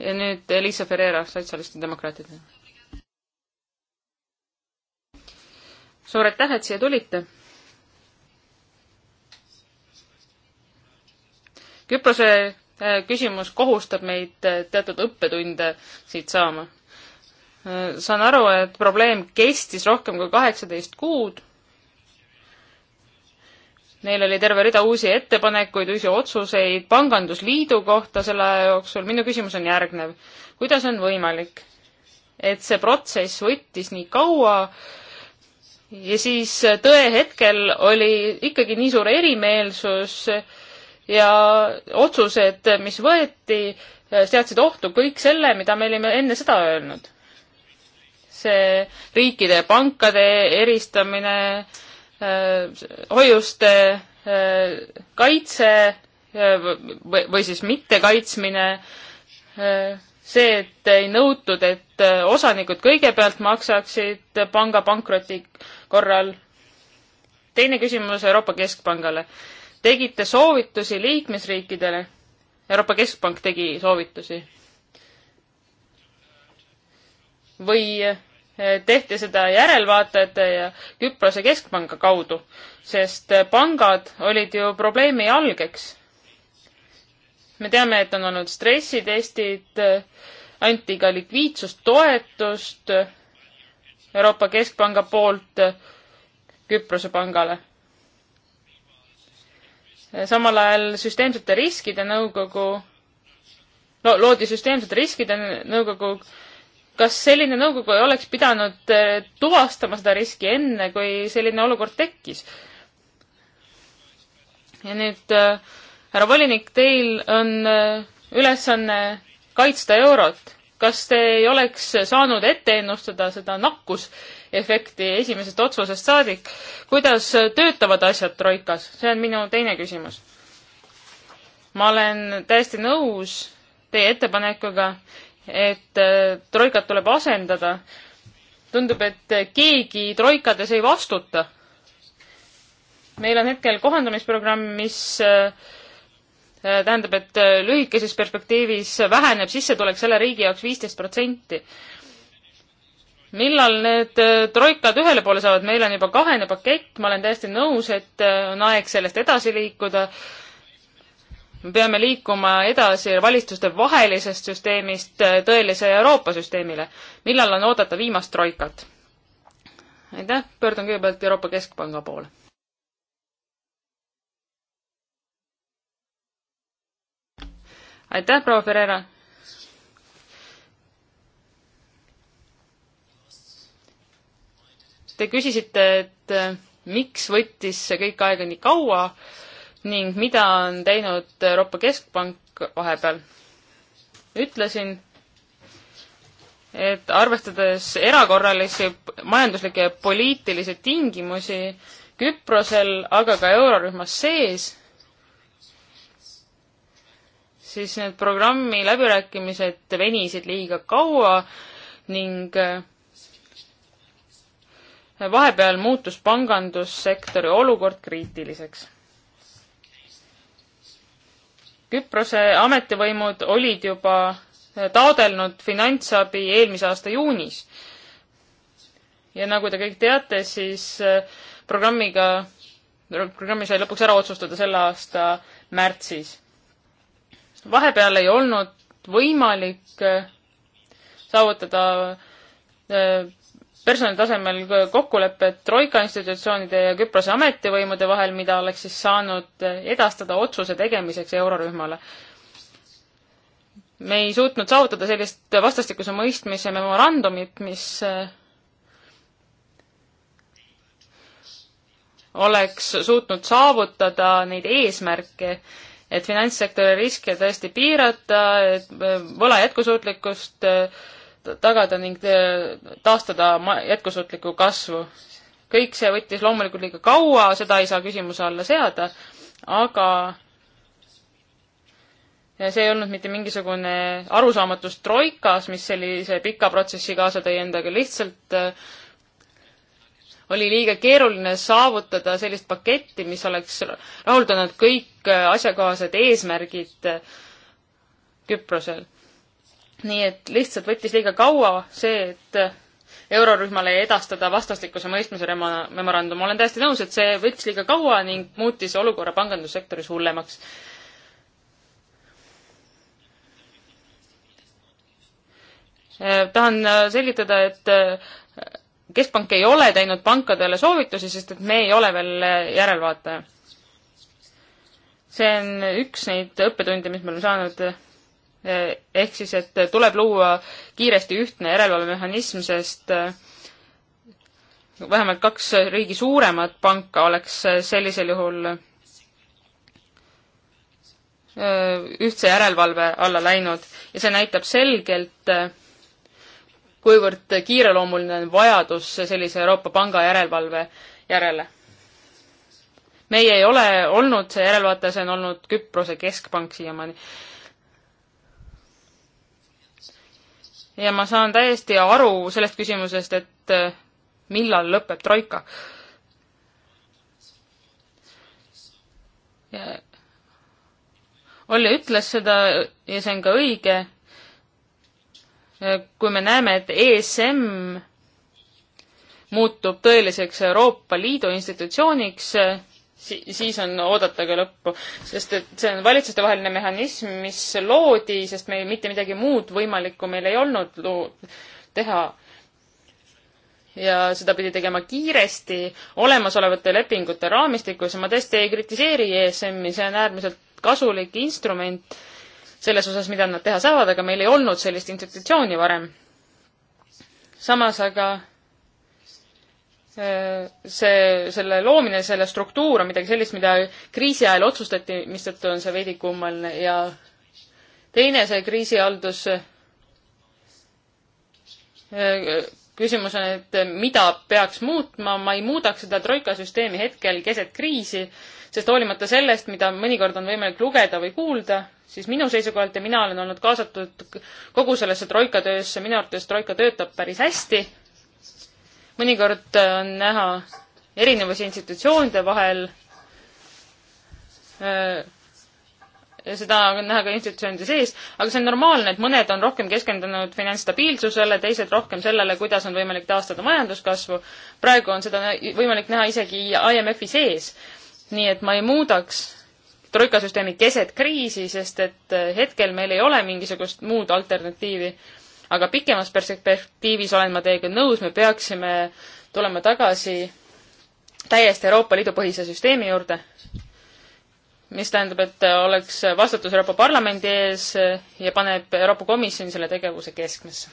ja nüüd Elisa Ferreira, sotsialistide demokraatide. suur aitäh, et siia tulite! Küprose äh, küsimus kohustab meid äh, teatud õppetunde siit saama saan aru, et probleem kestis rohkem kui kaheksateist kuud. Neil oli terve rida uusi ettepanekuid, uusi otsuseid Pangandusliidu kohta selle aja jooksul. minu küsimus on järgnev. kuidas on võimalik, et see protsess võttis nii kaua ja siis tõehetkel oli ikkagi nii suur erimeelsus ja otsused, mis võeti, seadsid ohtu kõik selle, mida me olime enne seda öelnud see riikide pankade eristamine, äh, hoiuste äh, kaitse äh, või siis mittekaitsmine, see, et ei nõutud, et osanikud kõigepealt maksaksid panga pankroti korral. teine küsimus Euroopa Keskpangale. tegite soovitusi liikmesriikidele? Euroopa Keskpank tegi soovitusi. või tehti seda järelvaatajate ja Küprose keskpanga kaudu, sest pangad olid ju probleemi algeks. me teame, et on olnud stressitestid, anti ka likviidsustoetust Euroopa Keskpanga poolt Küprose pangale. samal ajal süsteemsete riskide nõukogu, loodi süsteemsete riskide nõukogu, kas selline nõukogu oleks pidanud eh, tuvastama seda riski enne, kui selline olukord tekkis? ja nüüd eh, härra volinik, teil on eh, ülesanne kaitsta eurot. kas te ei oleks saanud ette ennustada seda nakkusefekti esimesest otsusest saadik? kuidas töötavad asjad Troikas? see on minu teine küsimus. ma olen täiesti nõus teie ettepanekuga, et äh, troikat tuleb asendada. tundub, et keegi troikades ei vastuta. meil on hetkel kohandamisprogramm, mis äh, äh, tähendab, et lühikeses perspektiivis väheneb sissetulek selle riigi jaoks viisteist protsenti. millal need troikad ühele poole saavad, meil on juba kahene pakett, ma olen täiesti nõus, et on aeg sellest edasi liikuda me peame liikuma edasi valitsuste vahelisest süsteemist äh, tõelise Euroopa süsteemile. millal on oodata viimast troikat? aitäh, pöördun kõigepealt Euroopa Keskpanga poole. aitäh, proua Ferreira. Te küsisite, et äh, miks võttis see kõik aega nii kaua ning mida on teinud Euroopa Keskpank vahepeal. ütlesin, et arvestades erakorralisi majanduslikke ja poliitilisi tingimusi Küprosel, aga ka eurorühmas sees, siis need programmi läbirääkimised venisid liiga kaua ning vahepeal muutus pangandussektori olukord kriitiliseks Küprose ametivõimud olid juba taodelnud finantsabi eelmise aasta juunis. ja nagu te kõik teate, siis äh, programmiga, programmi sai lõpuks ära otsustada selle aasta märtsis. vahepeal ei olnud võimalik äh, saavutada äh, personali tasemel kokkulepped Troika institutsioonide ja Küprose ametivõimude vahel, mida oleks siis saanud edastada otsuse tegemiseks eurorühmale. me ei suutnud saavutada sellist vastastikuse mõistmise memorandumit, mis äh, oleks suutnud saavutada neid eesmärke, et finantssektori riske tõesti piirata, äh, võla jätkusuutlikkust äh, tagada ning äh, taastada jätkusuutlikku kasvu. kõik see võttis loomulikult liiga kaua, seda ei saa küsimuse alla seada, aga ja see ei olnud mitte mingisugune arusaamatus troikas, mis sellise pika protsessi kaasa tõi endaga, lihtsalt äh, oli liiga keeruline saavutada sellist paketti, mis oleks rahuldanud kõik asjakohased eesmärgid äh, Küprosel nii et lihtsalt võttis liiga kaua see, et äh, eurorühmale edastada vastastikuse mõistmise memorandum. olen täiesti nõus, et see võttis liiga kaua ning muutis olukorra pangandussektoris hullemaks. Äh, tahan äh, selgitada, et keskpank ei ole teinud pankadele soovitusi, sest et me ei ole veel järelvaataja. see on üks neid õppetunde, mis me oleme saanud ehk siis, et tuleb luua kiiresti ühtne järelevalvemehhanism, sest äh, vähemalt kaks riigi suuremat panka oleks äh, sellisel juhul äh, ühtse järelevalve alla läinud ja see näitab selgelt, kuivõrd kiireloomuline on vajadus sellise Euroopa Panga järelevalve järele. meie ei ole olnud see järelevaataja, see on olnud Küprose keskpank siiamaani ja ma saan täiesti aru sellest küsimusest, et äh, millal lõpeb troika. Olle ütles seda ja see on ka õige. kui me näeme, et ESM muutub tõeliseks Euroopa Liidu institutsiooniks, si-, siis on oodata ka lõppu. sest et see on valitsustevaheline mehhanism, mis loodi, sest meil mitte midagi muud võimalikku meil ei olnud lu-, teha. ja seda pidi tegema kiiresti olemasolevate lepingute raamistikus ja ma tõesti ei kritiseeri ESM-i, see on äärmiselt kasulik instrument selles osas, mida nad teha saavad, aga meil ei olnud sellist institutsiooni varem. samas aga see, selle loomine, selle struktuur on midagi sellist, mida kriisi ajal otsustati, mistõttu on see veidi kummaline ja teine see kriisihaldus äh, küsimus on, et mida peaks muutma, ma ei muudaks seda troika süsteemi hetkel keset kriisi, sest hoolimata sellest, mida mõnikord on võimalik lugeda või kuulda, siis minu seisukohalt ja mina olen olnud kaasatud kogu sellesse troika töösse, minu arvates troika töötab päris hästi mõnikord äh, on näha erinevusi institutsioonide vahel. Äh, ja seda on näha ka institutsioonide sees, aga see on normaalne, et mõned on rohkem keskendunud finantsstabiilsusele, teised rohkem sellele, kuidas on võimalik taastada majanduskasvu. praegu on seda võimalik näha isegi IMF-i sees. nii et ma ei muudaks troikasüsteemi keset kriisi, sest et äh, hetkel meil ei ole mingisugust muud alternatiivi aga pikemas perspektiivis olen ma teiega nõus, me peaksime tulema tagasi täiesti Euroopa Liidu põhise süsteemi juurde, mis tähendab, et oleks vastutus Euroopa Parlamendi ees ja paneb Euroopa Komisjoni selle tegevuse keskmesse.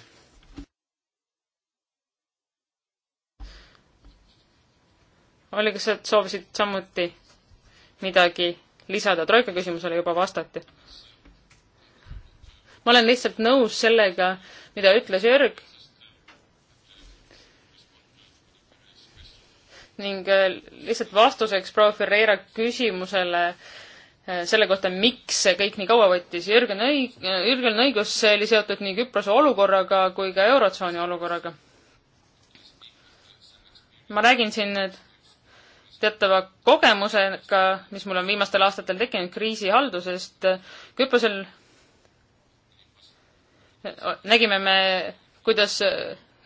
oli, kas sa soovisid samuti midagi lisada, Troika küsimusele juba vastati ma olen lihtsalt nõus sellega, mida ütles Jörg. ning äh, lihtsalt vastuseks proua Ferreira küsimusele äh, selle kohta, miks see kõik nii kaua võttis. Jürgen õig-, äh, Jürgen on õigus, see oli seotud nii Küprose olukorraga kui ka Eurotsooni olukorraga. ma räägin siin nüüd teatava kogemusega, mis mul on viimastel aastatel tekkinud kriisihaldusest. Küprosel nägime me, kuidas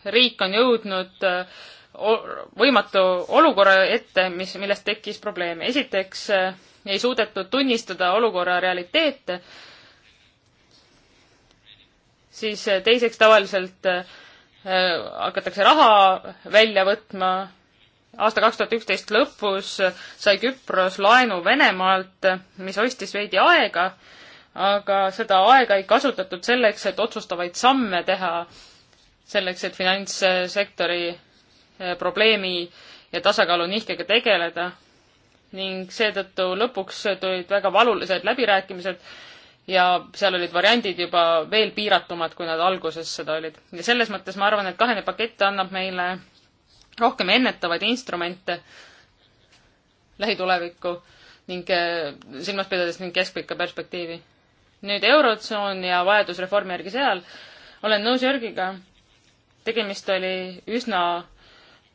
riik on jõudnud äh, võimatu olukorra ette, mis, millest tekkis probleeme. esiteks äh, ei suudetud tunnistada olukorra realiteete, siis äh, teiseks tavaliselt hakatakse raha välja võtma, aasta kaks tuhat üksteist lõpus sai Küpros laenu Venemaalt, mis ostis veidi aega aga seda aega ei kasutatud selleks, et otsustavaid samme teha, selleks, et finantssektori eh, probleemi ja tasakaalu nihkega tegeleda ning seetõttu lõpuks tulid väga valulised läbirääkimised ja seal olid variandid juba veel piiratumad, kui nad alguses seda olid. ja selles mõttes ma arvan, et kahene pakett annab meile rohkem ennetavaid instrumente lähitulevikku ning eh, silmas pidades ning keskpikka perspektiivi nüüd Eurotsoon ja vajadus reformi järgi seal, olen nõus Jörgiga, tegemist oli üsna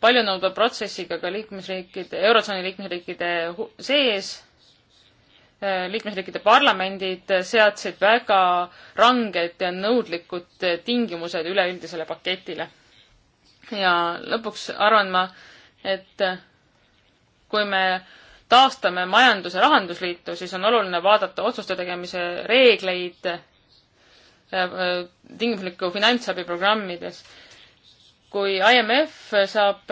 paljunõudva protsessiga ka liikmesriikide, Eurotsooni liikmesriikide sees, äh, liikmesriikide parlamendid seadsid väga ranged ja nõudlikud tingimused üleüldisele paketile. ja lõpuks arvan ma, et kui me taastame majandus- ja rahandusliitu, siis on oluline vaadata otsuste tegemise reegleid äh, tingimuslikku finantsabi programmides. kui IMF saab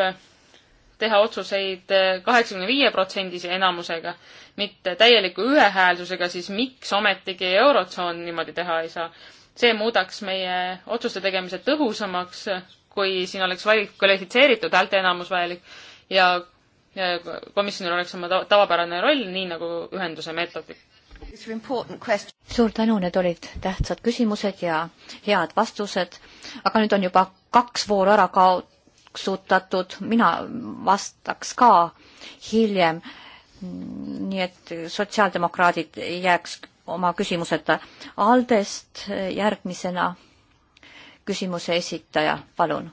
teha otsuseid kaheksakümne viie protsendise enamusega, mitte täieliku ühehäälsusega, siis miks ometigi Eurotsoon niimoodi teha ei saa? see muudaks meie otsuste tegemise tõhusamaks, kui siin oleks valik kvalifitseeritud häälteenamus vajalik ja komisjonil oleks oma tavapärane roll, nii nagu ühenduse meetodil. suur tänu, need olid tähtsad küsimused ja head vastused, aga nüüd on juba kaks vooru ära kaotsutatud, mina vastaks ka hiljem. nii et sotsiaaldemokraadid ei jääks oma küsimuseta. Aldest järgmisena küsimuse esitaja, palun.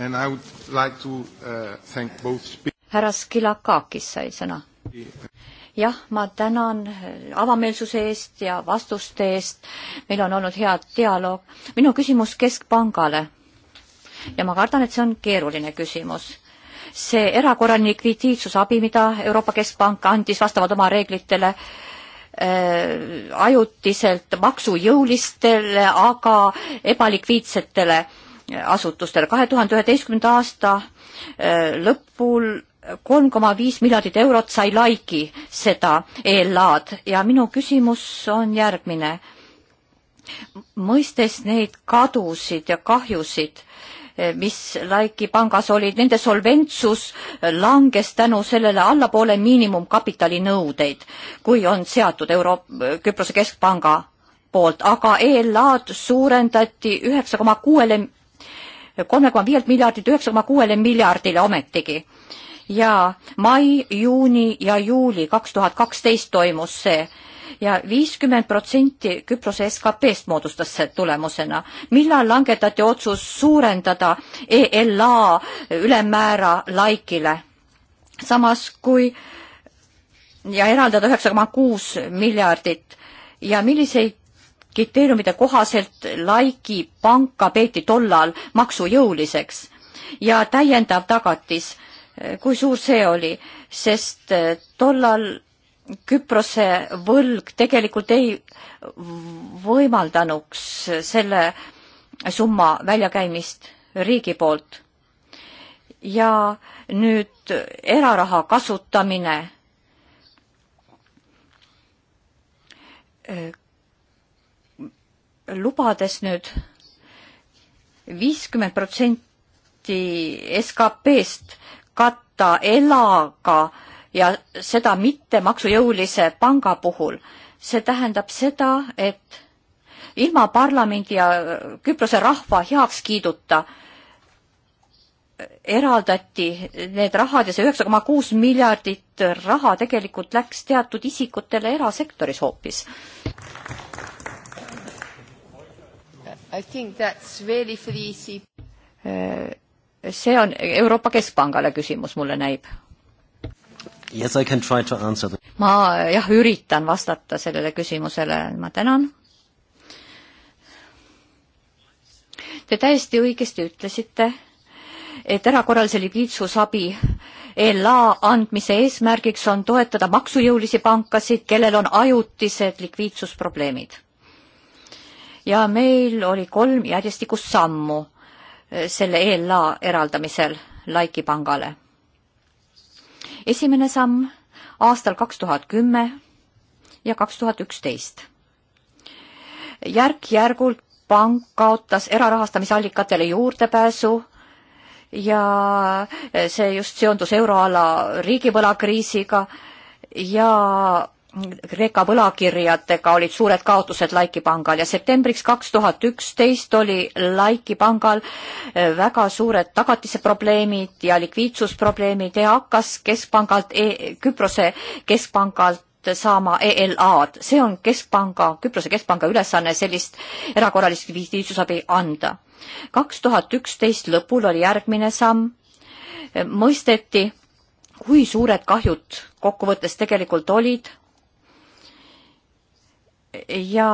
And I would like to uh, thank both härra Skilakakis sai sõna. jah, ma tänan avameelsuse eest ja vastuste eest. meil on olnud hea dialoog. minu küsimus Keskpangale ja ma kardan, et see on keeruline küsimus see erakorraline likviidsusabi, mida Euroopa Keskpank andis vastavalt oma reeglitele äh,, ajutiselt maksujõulistele, aga ebalikviidsetele asutustele. kahe tuhande üheteistkümnenda aasta äh, lõpul kolm koma viis miljardit eurot sai laiki seda ELA-d ja minu küsimus on järgmine. mõistes neid kadusid ja kahjusid, eh, mis Laiki pangas olid, nende solventsus langes tänu sellele allapoole miinimumkapitali nõudeid, kui on seatud Euro-, Küprose Keskpanga poolt, aga ELA-d suurendati üheksa koma kuuele, kolme koma viielt miljardilt üheksa koma kuuele miljardile ometigi ja mai, juuni ja juuli kaks tuhat kaksteist toimus see ja viiskümmend protsenti Küprose SKP-st moodustas see tulemusena. millal langetati otsus suurendada ELA ülemmäära laikile? samas kui ja eraldada üheksa koma kuus miljardit ja milliseid kriteeriumide kohaselt Laiki panka peeti tollal maksujõuliseks ja täiendav tagatis kui suur see oli, sest eh, tollal Küprose võlg tegelikult ei võimaldanuks selle summa väljakäimist riigi poolt. ja nüüd eraraha kasutamine eh, lubades nüüd viiskümmend protsenti SKP-st katta elaga ja seda mitte maksujõulise panga puhul. see tähendab seda, et ilma parlamendi ja Küprose rahva heakskiiduta eraldati need rahad ja see üheksa koma kuus miljardit raha tegelikult läks teatud isikutele erasektoris hoopis. Really see on Euroopa Keskpangale küsimus, mulle näib. Yes, I can try to answer that. ma jah, üritan vastata sellele küsimusele, ma tänan. Te täiesti õigesti ütlesite, et erakorralise likviidsusabi LA andmise eesmärgiks on toetada maksujõulisi pankasid, kellel on ajutised likviidsusprobleemid. ja meil oli kolm järjestikust sammu selle ELA eraldamisel Laiki pangale. esimene samm aastal kaks tuhat kümme ja kaks tuhat üksteist. järk-järgult pank kaotas erarahastamisallikatele juurdepääsu ja see just seondus euroala riigivõlakriisiga ja Kreeka võlakirjadega olid suured kaotused Laiki pangal ja septembriks kaks tuhat üksteist oli Laiki pangal äh, väga suured tagatise probleemid ja likviidsusprobleemid ja hakkas keskpangalt e, Küprose keskpangalt saama ELA-d, see on keskpanga, Küprose keskpanga ülesanne sellist erakorralist likviidsusabi anda. kaks tuhat üksteist lõpul oli järgmine samm, äh, mõisteti, kui suured kahjud kokkuvõttes tegelikult olid ja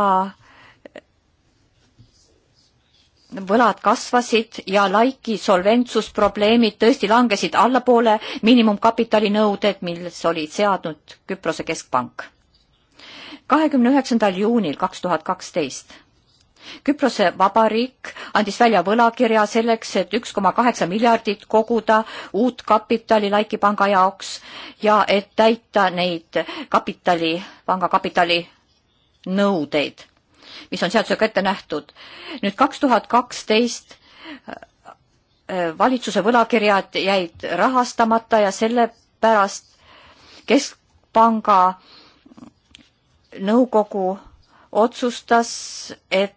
võlad kasvasid ja laiki solventsusprobleemid tõesti langesid allapoole miinimumkapitali nõuded, milles oli seadnud Küprose keskpank. kahekümne üheksandal juunil kaks tuhat kaksteist Küprose Vabariik andis välja võlakirja selleks, et üks koma kaheksa miljardit koguda uut kapitali Laiki panga jaoks ja et täita neid kapitali, panga kapitali nõudeid, mis on seadusega ette nähtud. nüüd kaks tuhat kaksteist äh, äh, valitsuse võlakirjad jäid rahastamata ja sellepärast Keskpanga nõukogu otsustas, et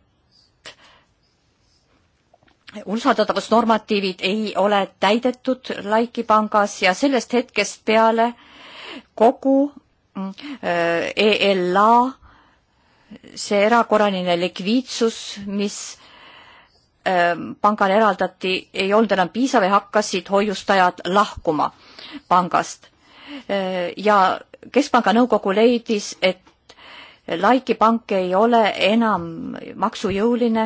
usaldatavusnormatiivid ei ole täidetud Laiki pangas ja sellest hetkest peale kogu mm, äh, ELA see erakorraline likviidsus, mis ähm, pangale eraldati, ei olnud enam piisav ja hakkasid hoiustajad lahkuma pangast. Äh, ja Keskpanga nõukogu leidis, et Laiki pank ei ole enam maksujõuline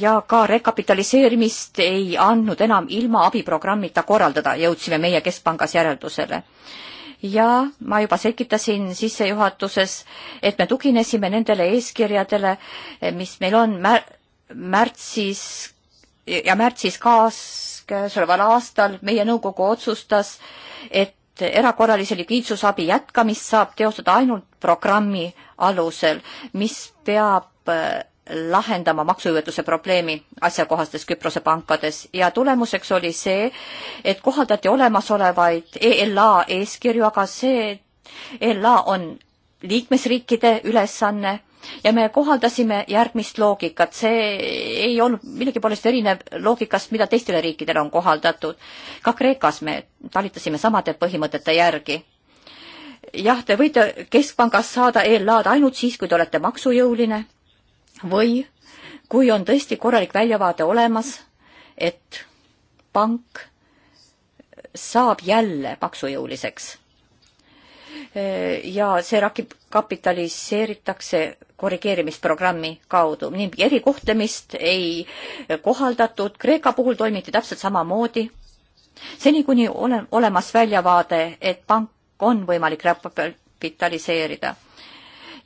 ja ka rekapitaliseerimist ei andnud enam ilma abiprogrammita korraldada, jõudsime meie Keskpangas järeldusele ja ma juba selgitasin sissejuhatuses, et me tuginesime nendele eeskirjadele, eh, mis meil on mär-, märtsis ja märtsis kaas-, käesoleval aastal meie nõukogu otsustas, et erakorralise likviidsusabi jätkamist saab teostada ainult programmi alusel, mis peab eh, lahendama maksujõuetuse probleemi asjakohastes Küprose pankades ja tulemuseks oli see, et kohaldati olemasolevaid ELA eeskirju, aga see ELA on liikmesriikide ülesanne ja me kohaldasime järgmist loogikat, see ei olnud millegipoolest erinev loogikast, mida teistele riikidele on kohaldatud. ka Kreekas me talitasime samade põhimõtete järgi. jah, te võite keskpangast saada ELA-d ainult siis, kui te olete maksujõuline või kui on tõesti korralik väljavaade olemas, et pank saab jälle maksujõuliseks. ja see rakib, kapitaliseeritakse korrigeerimisprogrammi kaudu. nii erikohtlemist ei kohaldatud, Kreeka puhul toimiti täpselt samamoodi. seni, kuni ole, olemas väljavaade, et pank on võimalik kapitaliseerida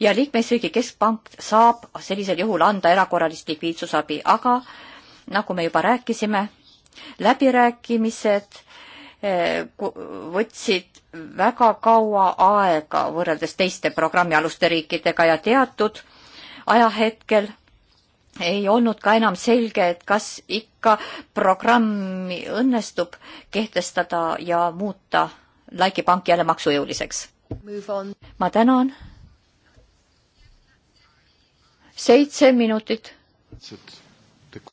ja liikmesriigi keskpank saab sellisel juhul anda erakorralist likviidsusabi, aga nagu me juba rääkisime, läbirääkimised eh, võtsid väga kaua aega võrreldes teiste programmialuste riikidega ja teatud ajahetkel ei olnud ka enam selge, et kas ikka programmi õnnestub kehtestada ja muuta Laiki pank jälle maksujõuliseks. ma tänan seitse minutit.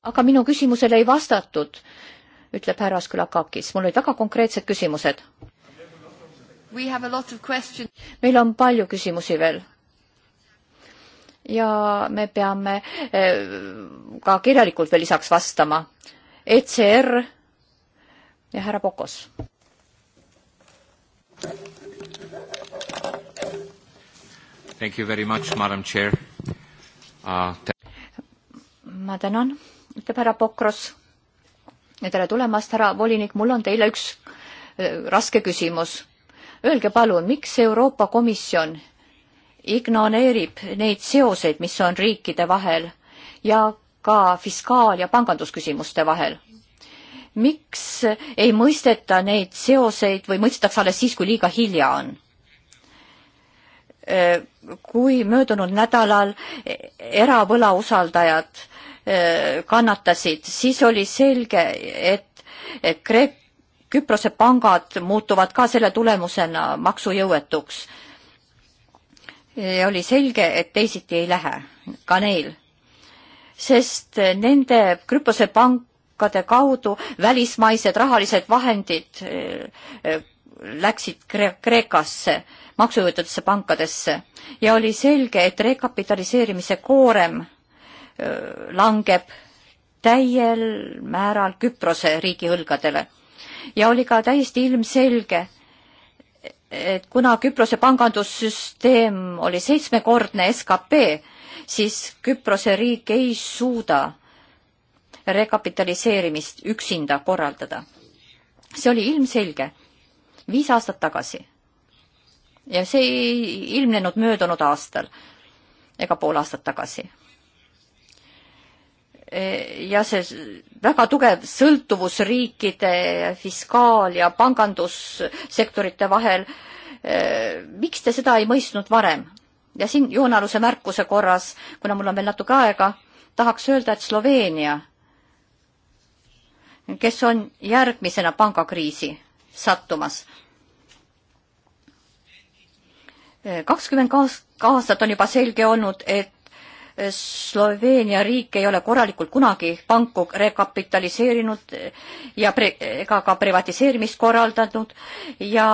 aga minu küsimusele ei vastatud, ütleb härrasküla Kakis, mul olid väga konkreetsed küsimused. meil on palju küsimusi veel ja me peame eh, ka kirjalikult veel lisaks vastama. ECR ja härra Pokos. Thank you very much, madam chair ma tänan, ütleb härra Pokros. tere tulemast, härra volinik, mul on teile üks äh, raske küsimus. Öelge palun, miks Euroopa Komisjon ignoreerib neid seoseid, mis on riikide vahel ja ka fiskaal- ja pangandusküsimuste vahel? miks ei mõisteta neid seoseid või mõistetakse alles siis, kui liiga hilja on? Äh, kui möödunud nädalal eravõla usaldajad äh, kannatasid, siis oli selge, et Kreek-, Küprose pangad muutuvad ka selle tulemusena maksujõuetuks. ja oli selge, et teisiti ei lähe, ka neil. sest nende Küprose pankade kaudu välismaised rahalised vahendid äh, läksid Kre Kreekasse, maksujõuetudesse pankadesse ja oli selge, et rekapitaliseerimise koorem langeb täiel määral Küprose riigi õlgadele. ja oli ka täiesti ilmselge, et kuna Küprose pangandussüsteem oli seitsmekordne skp, siis Küprose riik ei suuda rekapitaliseerimist üksinda korraldada. see oli ilmselge viis aastat tagasi. ja see ei ilmnenud möödunud aastal ega pool aastat tagasi. E, ja see väga tugev sõltuvus riikide fiskaal- ja pangandussektorite vahel, e, miks te seda ei mõistnud varem? ja siin joonealuse märkuse korras, kuna mul on veel natuke aega, tahaks öelda, et Sloveenia, kes on järgmisena pangakriisi sattumas. kakskümmend aastat on juba selge olnud, et Sloveenia riik ei ole korralikult kunagi panku rekapitaliseerinud ja pre, ega ka privatiseerimist korraldanud ja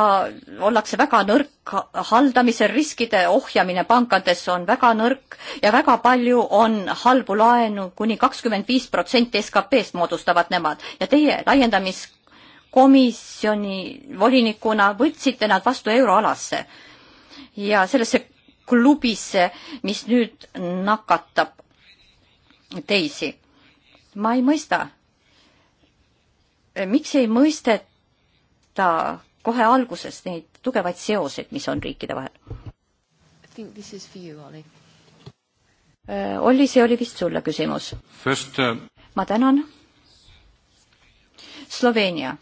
ollakse väga nõrk haldamisel, riskide ohjamine pankades on väga nõrk ja väga palju on halbu laenu kuni, kuni kakskümmend viis protsenti SKP-st moodustavad nemad ja teie laiendamis komisjoni volinikuna võtsite nad vastu euroalasse ja sellesse klubisse, mis nüüd nakatab teisi. ma ei mõista, miks ei mõisteta kohe alguses neid tugevaid seoseid, mis on riikide vahel? Äh, Olli, see oli vist sulle küsimus. Uh... ma tänan. Sloveenia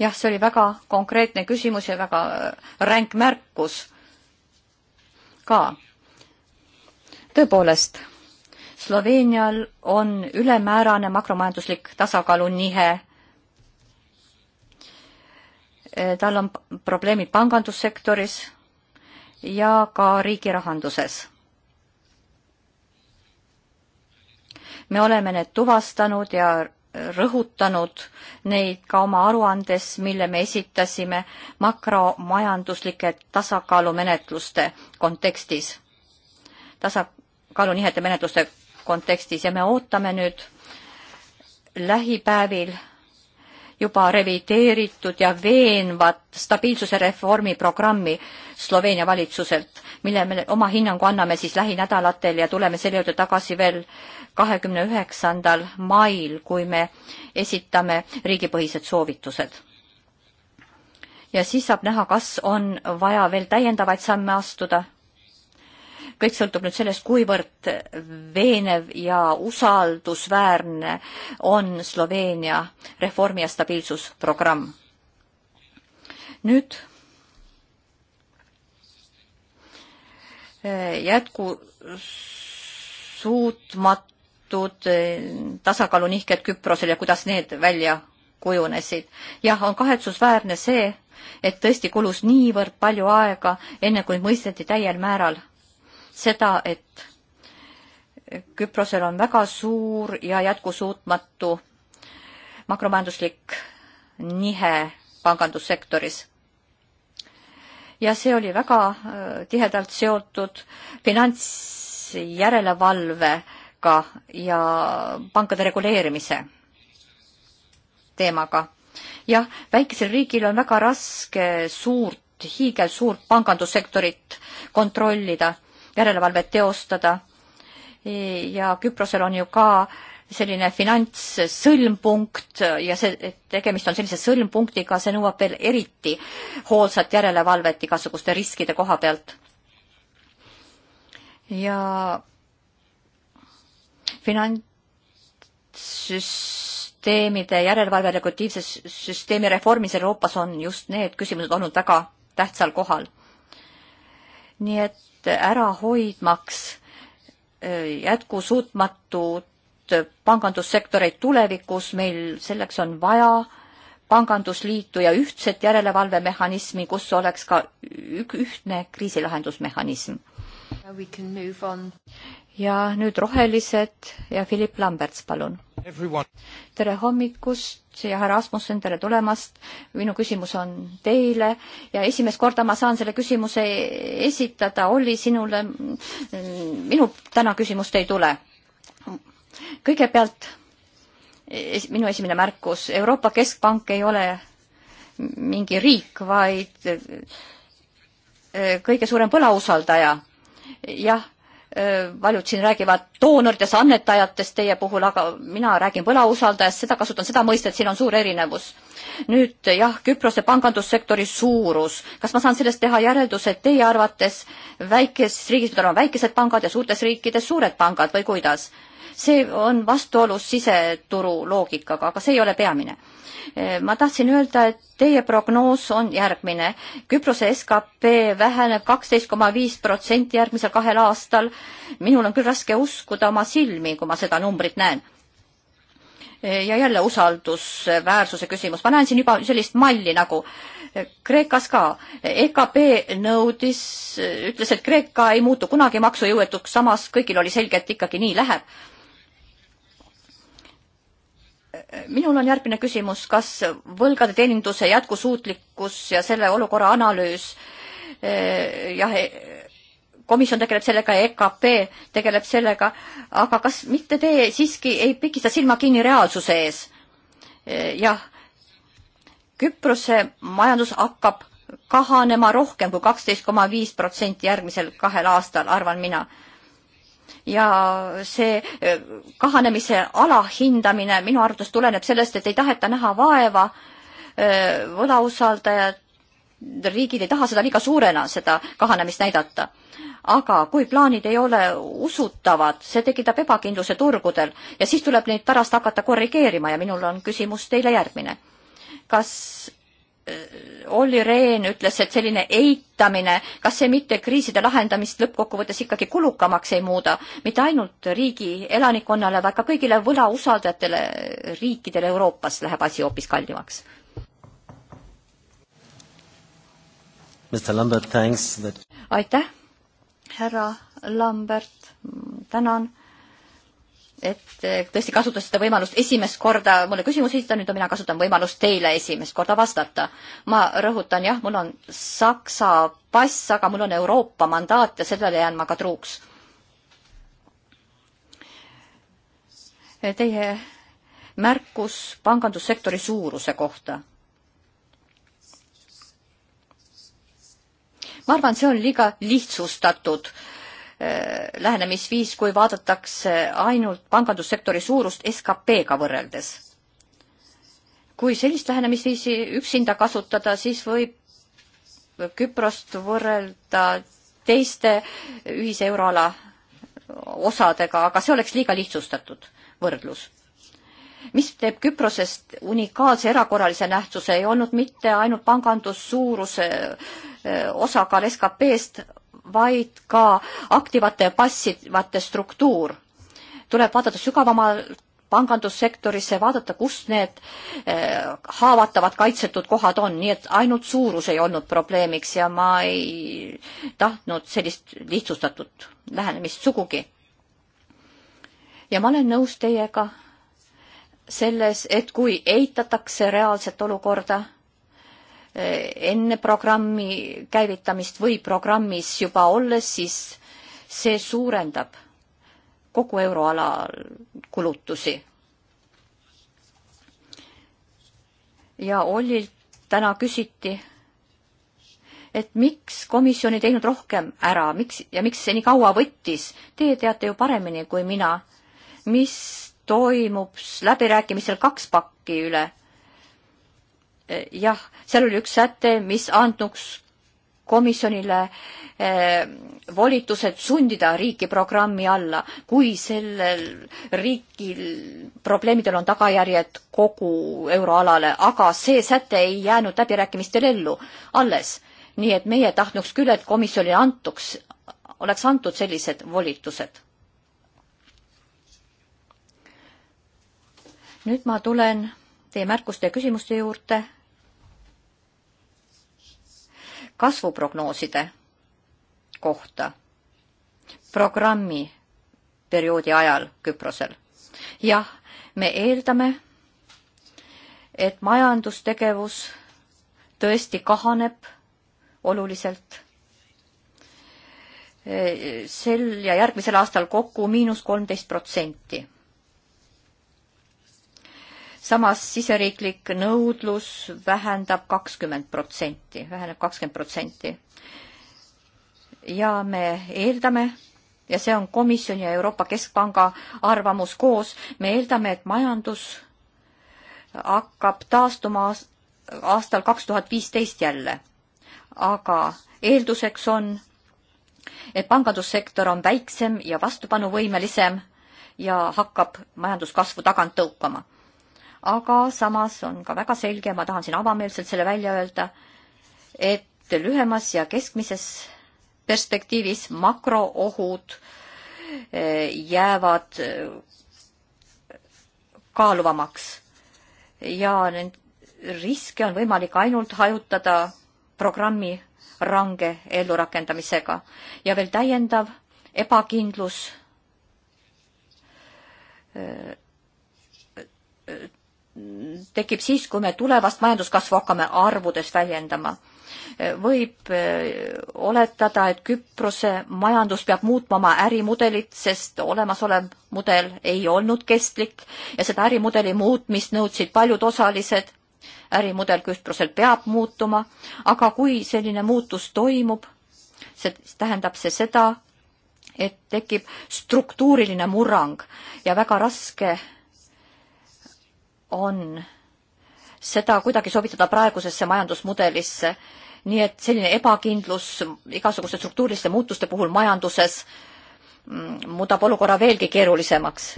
jah, see oli väga konkreetne küsimus ja väga äh, ränk märkus ka. tõepoolest, Sloveenial on ülemäärane makromajanduslik tasakaalu nihe. Äh, tal on probleemid pangandussektoris ja ka riigi rahanduses. me oleme need tuvastanud ja rõhutanud neid ka oma aruandes, mille me esitasime makromajanduslike tasakaalumenetluste kontekstis, tasakaalunihete menetluste kontekstis ja me ootame nüüd lähipäevil juba revideeritud ja veenvat stabiilsuse reformi programmi Sloveenia valitsuselt, mille me oma hinnangu anname siis lähinädalatel ja tuleme selle juurde tagasi veel kahekümne üheksandal mail, kui me esitame riigipõhised soovitused. ja siis saab näha, kas on vaja veel täiendavaid samme astuda kõik sõltub nüüd sellest, kuivõrd veenev ja usaldusväärne on Sloveenia reformi ja stabiilsusprogramm. nüüd eh, jätkusuutmatud eh, tasakaalunihked Küprosel ja kuidas need välja kujunesid. jah, on kahetsusväärne see, et tõesti kulus niivõrd palju aega, enne kui mõisteti täiel määral seda, et Küprosel on väga suur ja jätkusuutmatu makromajanduslik nihe pangandussektoris. ja see oli väga äh, tihedalt seotud finantsjärelevalvega ja pankade reguleerimise teemaga. jah, väikesel riigil on väga raske suurt, hiigelsuurt pangandussektorit kontrollida järelevalvet teostada. ja Küprosel on ju ka selline finantssõlmpunkt ja see, et tegemist on sellise sõlmpunktiga, see nõuab veel eriti hoolsat järelevalvet igasuguste riskide koha pealt. ja finantssüsteemide järelevalve regulatiivse süsteemi reformis Euroopas on just need küsimused olnud väga tähtsal kohal. nii et et ära hoidmaks äh, jätkusuutmatut pangandussektoreid tulevikus, meil selleks on vaja pangandusliitu ja ühtset järelevalvemehhanismi, kus oleks ka ühtne kriisilahendusmehhanism ja nüüd rohelised ja Philip Lamberts, palun. tere hommikust ja härra Asmussen, tere tulemast. minu küsimus on teile ja esimest korda ma saan selle küsimuse esitada. Olli, sinule, minu täna küsimust ei tule. kõigepealt minu esimene märkus, Euroopa Keskpank ei ole mingi riik, vaid äh, kõige suurem võlausaldaja. jah Äh, paljud siin räägivad doonoritest, annetajatest teie puhul, aga mina räägin võlausaldajast, seda kasutan seda mõistet, siin on suur erinevus. nüüd jah, Küprose pangandussektori suurus, kas ma saan sellest teha järelduse, et teie arvates väikeses riigis peavad olema väikesed pangad ja suurtes riikides suured pangad või kuidas? see on vastuolus siseturu loogikaga, aga see ei ole peamine. ma tahtsin öelda, et teie prognoos on järgmine. Küprose skp väheneb kaksteist koma viis protsenti järgmisel kahel aastal. minul on küll raske uskuda oma silmi, kui ma seda numbrit näen ja jälle usaldusväärsuse küsimus. ma näen siin juba sellist malli nagu Kreekas ka. EKP nõudis, ütles, et Kreeka ei muutu kunagi maksujõuetuks, samas kõigil oli selge, et ikkagi nii läheb minul on järgmine küsimus, kas võlgade teeninduse jätkusuutlikkus ja selle olukorra analüüs eh, jah, eh, komisjon tegeleb sellega ja EKP tegeleb sellega, aga kas mitte te siiski ei pikista silma kinni reaalsuse ees? Eh, jah, Küprose majandus hakkab kahanema rohkem kui kaksteist koma viis protsenti järgmisel kahel aastal, arvan mina ja see e, kahanemise alahindamine minu arvates tuleneb sellest, et ei taheta näha vaeva e, võlausaldajad, riigid ei taha seda liiga suurena, seda kahanemist näidata. aga kui plaanid ei ole usutavad, see tekitab ebakindluse turgudel ja siis tuleb neid pärast hakata korrigeerima ja minul on küsimus teile järgmine. kas Äh, Olli Rehn ütles, et selline eitamine, kas see mitte kriiside lahendamist lõppkokkuvõttes ikkagi kulukamaks ei muuda, mitte ainult riigi elanikkonnale, vaid ka kõigile võlausaldajatele, riikidele Euroopas läheb asi hoopis kallimaks? That... aitäh, härra Lambert, tänan et eh, tõesti kasutas seda võimalust esimest korda mulle küsimusi esitada, nüüd mina kasutan võimalust teile esimest korda vastata. ma rõhutan, jah, mul on Saksa pass, aga mul on Euroopa mandaat ja sellele jään ma ka truuks. Teie märkus pangandussektori suuruse kohta. ma arvan, see on liiga lihtsustatud äh, Äh, lähenemisviis, kui vaadatakse ainult pangandussektori suurust SKP-ga võrreldes. kui sellist lähenemisviisi üksinda kasutada, siis võib Küprost võrrelda teiste ühise euroala osadega, aga see oleks liiga lihtsustatud võrdlus mis teeb Küprosest unikaalse erakorralise nähtuse, ei olnud mitte ainult pangandussuuruse äh, osakaal SKP-st, vaid ka aktivate ja passivate struktuur. tuleb vaadata sügavamalt pangandussektorisse, vaadata, kus need eh, haavatavad kaitsetud kohad on, nii et ainult suurus ei olnud probleemiks ja ma ei tahtnud sellist lihtsustatud lähenemist sugugi. ja ma olen nõus teiega selles, et kui eitatakse reaalset olukorda, enne programmi käivitamist või programmis juba olles, siis see suurendab kogu euroala kulutusi. ja Ollilt täna küsiti, et miks komisjon ei teinud rohkem ära, miks ja miks see nii kaua võttis. Teie teate ju paremini kui mina, mis toimub läbirääkimistel kaks pakki üle Eh, jah, seal oli üks säte, mis andnuks komisjonile eh, volitused sundida riiki programmi alla, kui sellel riigil probleemidel on tagajärjed kogu euroalale, aga see säte ei jäänud läbirääkimistel ellu alles. nii et meie tahtnuks küll, et komisjonile antuks, oleks antud sellised volitused. nüüd ma tulen teie märkuste ja küsimuste juurde. kasvuprognooside kohta programmi perioodi ajal Küprosel. jah, me eeldame, et majandustegevus tõesti kahaneb oluliselt sel ja järgmisel aastal kokku miinus kolmteist protsenti samas siseriiklik nõudlus vähendab kakskümmend protsenti, väheneb kakskümmend protsenti. ja me eeldame, ja see on komisjoni ja Euroopa Keskpanga arvamus koos, me eeldame, et majandus hakkab taastuma aastal kaks tuhat viisteist jälle. aga eelduseks on, et pangandussektor on väiksem ja vastupanuvõimelisem ja hakkab majanduskasvu tagant tõukama aga samas on ka väga selge, ma tahan siin avameelselt selle välja öelda, et lühemas ja keskmises perspektiivis makroohud eh, jäävad eh, kaaluvamaks ja need riske on võimalik ainult hajutada programmi range ellurakendamisega ja veel täiendav ebakindlus eh, tekib siis, kui me tulevast majanduskasvu hakkame arvudes väljendama. võib äh, oletada, et Küprose majandus peab muutma oma ärimudelit, sest olemasolev mudel ei olnud kestlik ja seda ärimudeli muutmist nõudsid paljud osalised. ärimudel Küprosel peab muutuma, aga kui selline muutus toimub, see tähendab see seda, et tekib struktuuriline murrang ja väga raske on seda kuidagi sobitada praegusesse majandusmudelisse. nii et selline ebakindlus igasuguste struktuuriliste muutuste puhul majanduses mm, muudab olukorra veelgi keerulisemaks.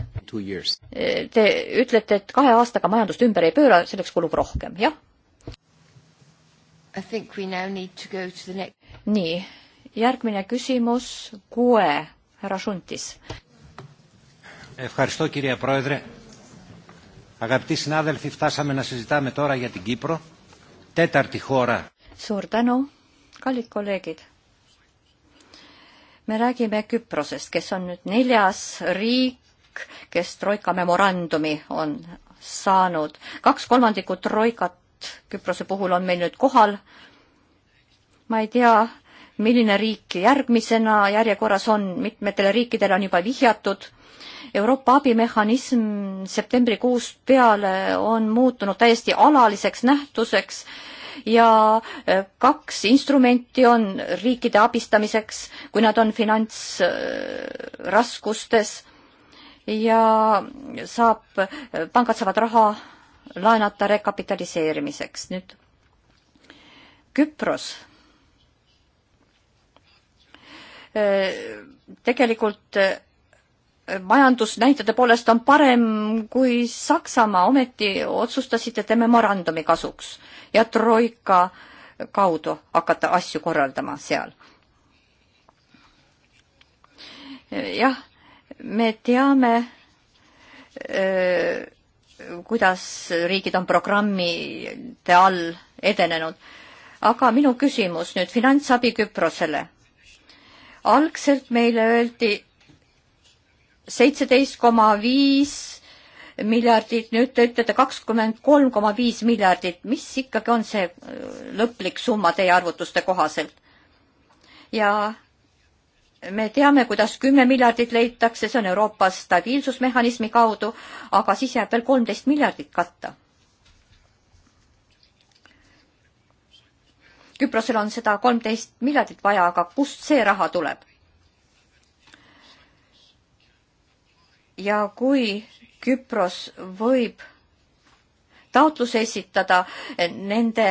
Te ütlete, et kahe aastaga majandust ümber ei pööra, selleks kulub rohkem, jah? nii, järgmine küsimus, kuue, härra Šuntis. Αγαπητοί συνάδελφοι, φτάσαμε να συζητάμε τώρα για την Κύπρο, τέταρτη χώρα. Suur tänu, kallid kolleegid. me räägime Küprosest, kes on nüüd neljas riik, kes Troika memorandumi on saanud. kaks kolmandikku Troikat Küprose puhul on meil nüüd kohal. ma ei tea, milline riik järgmisena järjekorras on, mitmetele riikidele on juba vihjatud Euroopa abimehhanism septembrikuust peale on muutunud täiesti alaliseks nähtuseks ja äh, kaks instrumenti on riikide abistamiseks, kui nad on finantsraskustes ja saab, äh, pangad saavad raha laenata rekapitaliseerimiseks. nüüd Küpros. Äh, tegelikult majandusnäitajate poolest on parem kui Saksamaa, ometi otsustasite te memorandumi kasuks ja troika kaudu hakata asju korraldama seal. jah, me teame, kuidas riigid on programmide all edenenud, aga minu küsimus nüüd finantsabi Küprosele. algselt meile öeldi, seitseteist koma viis miljardit, nüüd te ütlete kakskümmend kolm koma viis miljardit, mis ikkagi on see äh, lõplik summa teie arvutuste kohaselt? ja me teame, kuidas kümme miljardit leitakse, see on Euroopa stabiilsusmehhanismi kaudu, aga siis jääb veel kolmteist miljardit katta. Küprosel on seda kolmteist miljardit vaja, aga kust see raha tuleb? ja kui Küpros võib taotluse esitada eh, nende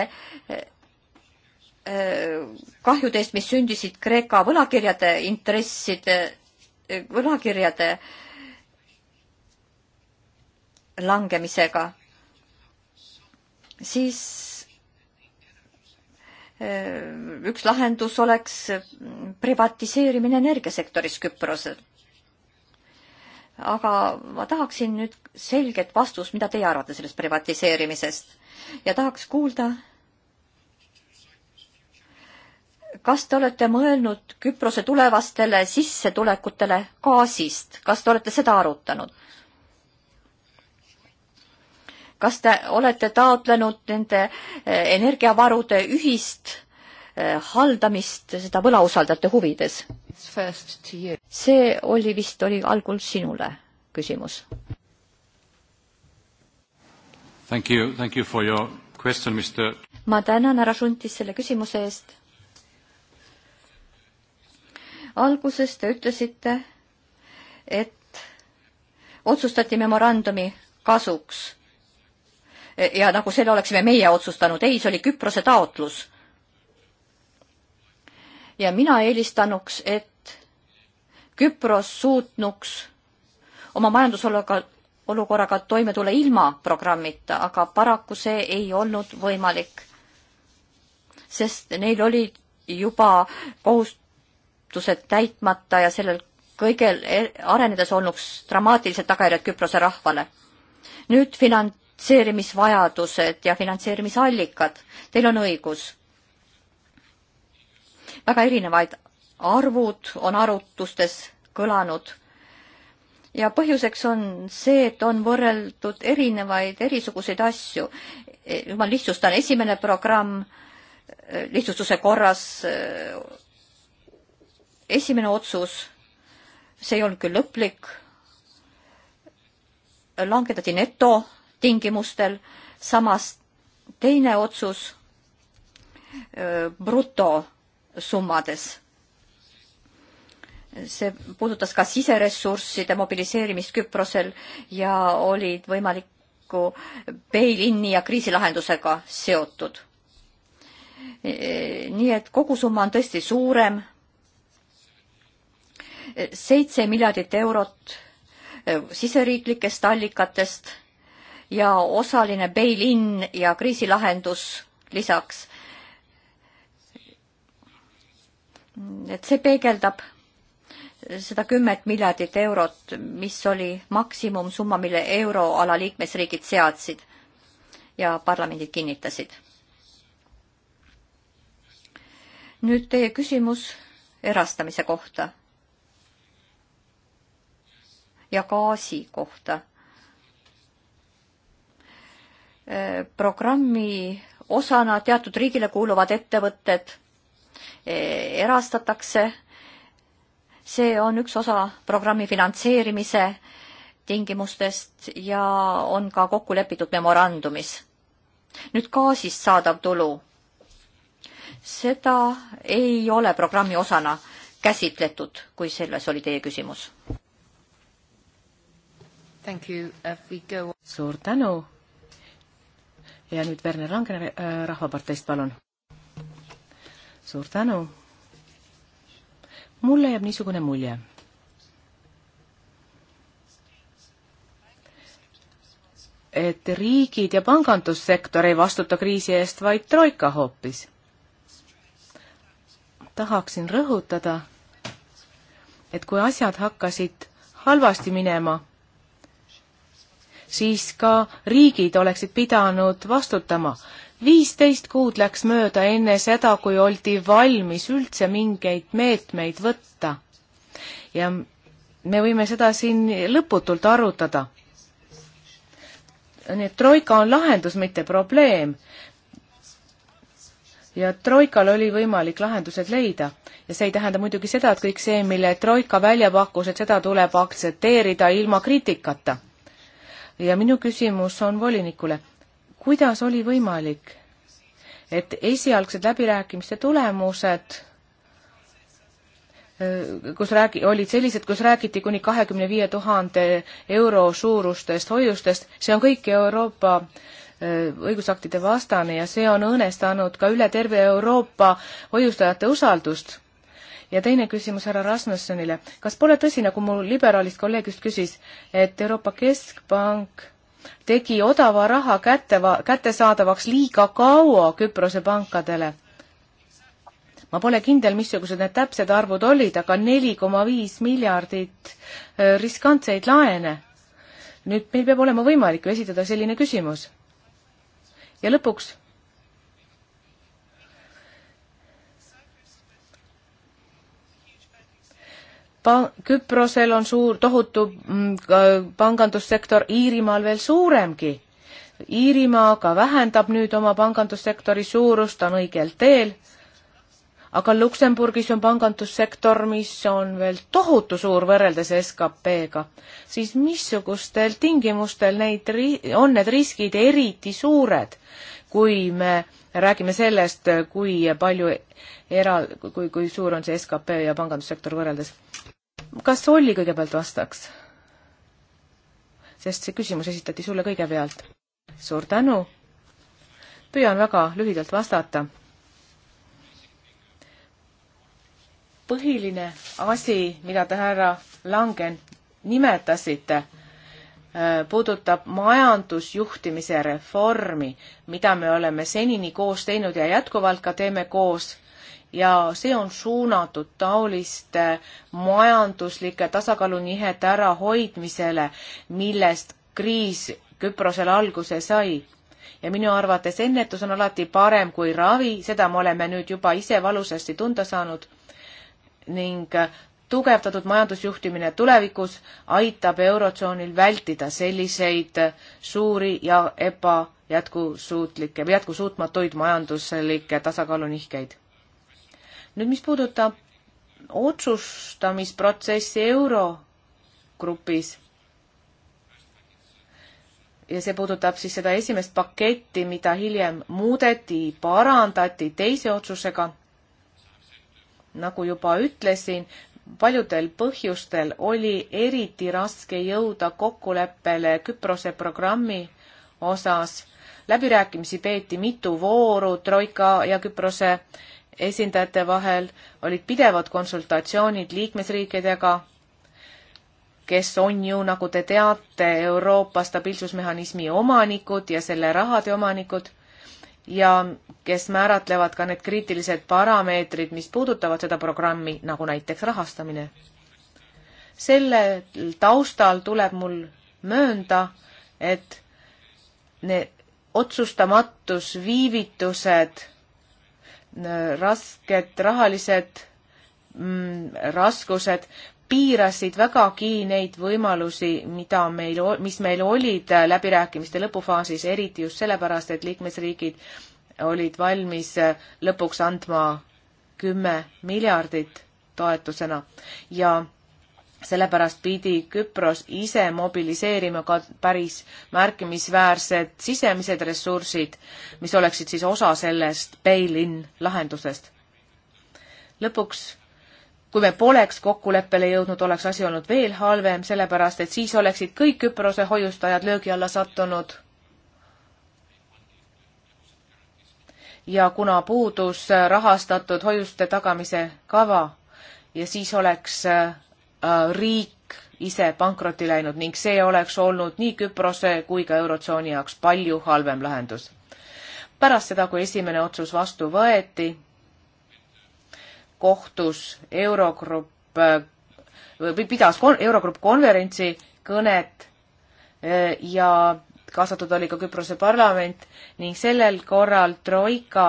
eh, kahjude eest, mis sündisid Kreeka võlakirjade intresside, eh, võlakirjade langemisega, siis üks lahendus oleks privatiseerimine energiasektoris Küprosel aga ma tahaksin nüüd selget vastust, mida teie arvate sellest privatiseerimisest ja tahaks kuulda, kas te olete mõelnud Küprose tulevastele sissetulekutele gaasist, kas te olete seda arutanud? kas te olete taotlenud nende eh, energiavarude ühist Eh, haldamist, seda võlausaldajate huvides. see oli vist, oli algul sinule küsimus. Thank you, thank you for your question, Mr. ma tänan, härra Šuntis, selle küsimuse eest. alguses te ütlesite, et otsustati memorandumi kasuks ja nagu selle oleksime meie otsustanud, ei, see oli Küprose taotlus ja mina eelistanuks, et Küpros suutnuks oma majandusoluga, olukorraga toime tulla ilma programmita, aga paraku see ei olnud võimalik. sest neil olid juba kohustused täitmata ja sellel kõigel e-, arenedes olnuks dramaatilised tagajärjed Küprose rahvale. nüüd finantseerimisvajadused ja finantseerimisallikad. Teil on õigus väga erinevaid arvud on arutustes kõlanud ja põhjuseks on see, et on võrreldud erinevaid, erisuguseid asju. E, ma lihtsustan, esimene programm e, lihtsustuse korras, e, esimene otsus, see ei olnud küll lõplik, langetati netotingimustel, samas teine otsus bruto summades. see puudutas ka siseressursside mobiliseerimist Küprosel ja olid võimaliku bail-in'i ja kriisilahendusega seotud. nii et kogusumma on tõesti suurem. seitse miljardit eurot siseriiklikest allikatest ja osaline bail-in ja kriisilahendus lisaks et see peegeldab seda kümmet miljardit eurot, mis oli maksimumsumma, mille euroala liikmesriigid seadsid ja parlamendid kinnitasid. nüüd teie küsimus erastamise kohta ja gaasi kohta. programmi osana teatud riigile kuuluvad ettevõtted Eh, erastatakse. see on üks osa programmi finantseerimise tingimustest ja on ka kokku lepitud memorandumis. nüüd gaasist saadav tulu. seda ei ole programmi osana käsitletud, kui selles oli teie küsimus. suur tänu. ja nüüd Werner Langen äh, Rahvaparteist, palun suur tänu. mulle jääb niisugune mulje. et riigid ja pangandussektor ei vastuta kriisi eest, vaid troika hoopis. tahaksin rõhutada, et kui asjad hakkasid halvasti minema, siis ka riigid oleksid pidanud vastutama viisteist kuud läks mööda enne seda, kui oldi valmis üldse mingeid meetmeid võtta. ja me võime seda siin lõputult arutada. nii et troika on lahendus, mitte probleem. ja troikal oli võimalik lahendused leida ja see ei tähenda muidugi seda, et kõik see, mille troika välja pakkus, et seda tuleb aktsepteerida ilma kriitikata. ja minu küsimus on volinikule kuidas oli võimalik, et esialgsed läbirääkimiste tulemused, kus räägi-, olid sellised, kus räägiti kuni kahekümne viie tuhande euro suurustest hoiustest, see on kõik Euroopa õigusaktide vastane ja see on õõnestanud ka üle terve Euroopa hoiustajate usaldust. ja teine küsimus härra Rasmussonile, kas pole tõsi, nagu mu liberaalist kolleeg just küsis, et Euroopa Keskpank tegi odava raha kätteva, kättesaadavaks liiga kaua Küprose pankadele. ma pole kindel, missugused need täpsed arvud olid, aga neli koma viis miljardit äh, riskantseid laene. nüüd meil peab olema võimalik ju esitada selline küsimus. ja lõpuks pa-, Küprosel on suur, tohutu mm, pangandussektor, Iirimaal veel suuremgi. Iirimaa aga vähendab nüüd oma pangandussektori suurust, ta on õigel teel, aga Luksemburgis on pangandussektor, mis on veel tohutu suur võrreldes SKP-ga, siis missugustel tingimustel neid ri-, on need riskid eriti suured, kui me räägime sellest, kui palju era-, kui, kui suur on see SKP ja pangandussektor võrreldes kas Olli kõigepealt vastaks? sest see küsimus esitati sulle kõigepealt. suur tänu. püüan väga lühidalt vastata. põhiline asi, mida te, härra Langen, nimetasite, äh, puudutab majandusjuhtimise reformi, mida me oleme senini koos teinud ja jätkuvalt ka teeme koos ja see on suunatud taoliste majanduslike tasakaalunihete ärahoidmisele, millest kriis Küprosel alguse sai. ja minu arvates ennetus on alati parem kui ravi, seda me oleme nüüd juba ise valusasti tunda saanud ning tugevdatud majandusjuhtimine tulevikus aitab Eurotsoonil vältida selliseid suuri ja ebajätkusuutlikke või jätkusuutmatuid majanduslikke tasakaalunihkeid nüüd, mis puudutab otsustamisprotsessi Eurogrupis ja see puudutab siis seda esimest paketti, mida hiljem muudeti, parandati teise otsusega. nagu juba ütlesin, paljudel põhjustel oli eriti raske jõuda kokkuleppele Küprose programmi osas. läbirääkimisi peeti mitu vooru Troika ja Küprose äh, esindajate vahel, olid pidevad konsultatsioonid liikmesriikidega, kes on ju, nagu te teate, Euroopa stabiilsusmehhanismi omanikud ja selle rahade omanikud ja kes määratlevad ka need kriitilised parameetrid, mis puudutavad seda programmi, nagu näiteks rahastamine. selle taustal tuleb mul möönda, et need otsustamatus, viivitused rasked rahalised mm, raskused piirasid vägagi neid võimalusi, mida meil, mis meil olid läbirääkimiste lõpufaasis, eriti just sellepärast, et liikmesriigid olid valmis lõpuks andma kümme miljardit toetusena ja sellepärast pidi Küpros ise mobiliseerima ka päris märkimisväärsed sisemised ressursid, mis oleksid siis osa sellest bail-in lahendusest. lõpuks, kui me poleks kokkuleppele jõudnud, oleks asi olnud veel halvem, sellepärast et siis oleksid kõik Küprose hoiustajad löögi alla sattunud. ja kuna puudus rahastatud hoiuste tagamise kava ja siis oleks Äh, riik ise pankrotti läinud ning see oleks olnud nii Küprose kui ka Eurotsooni jaoks palju halvem lahendus. pärast seda, kui esimene otsus vastu võeti, kohtus Eurogrupp äh, või pidas kon-, Eurogrupp konverentsi kõnet äh, ja kaasatud oli ka Küprose parlament ning sellel korral Troika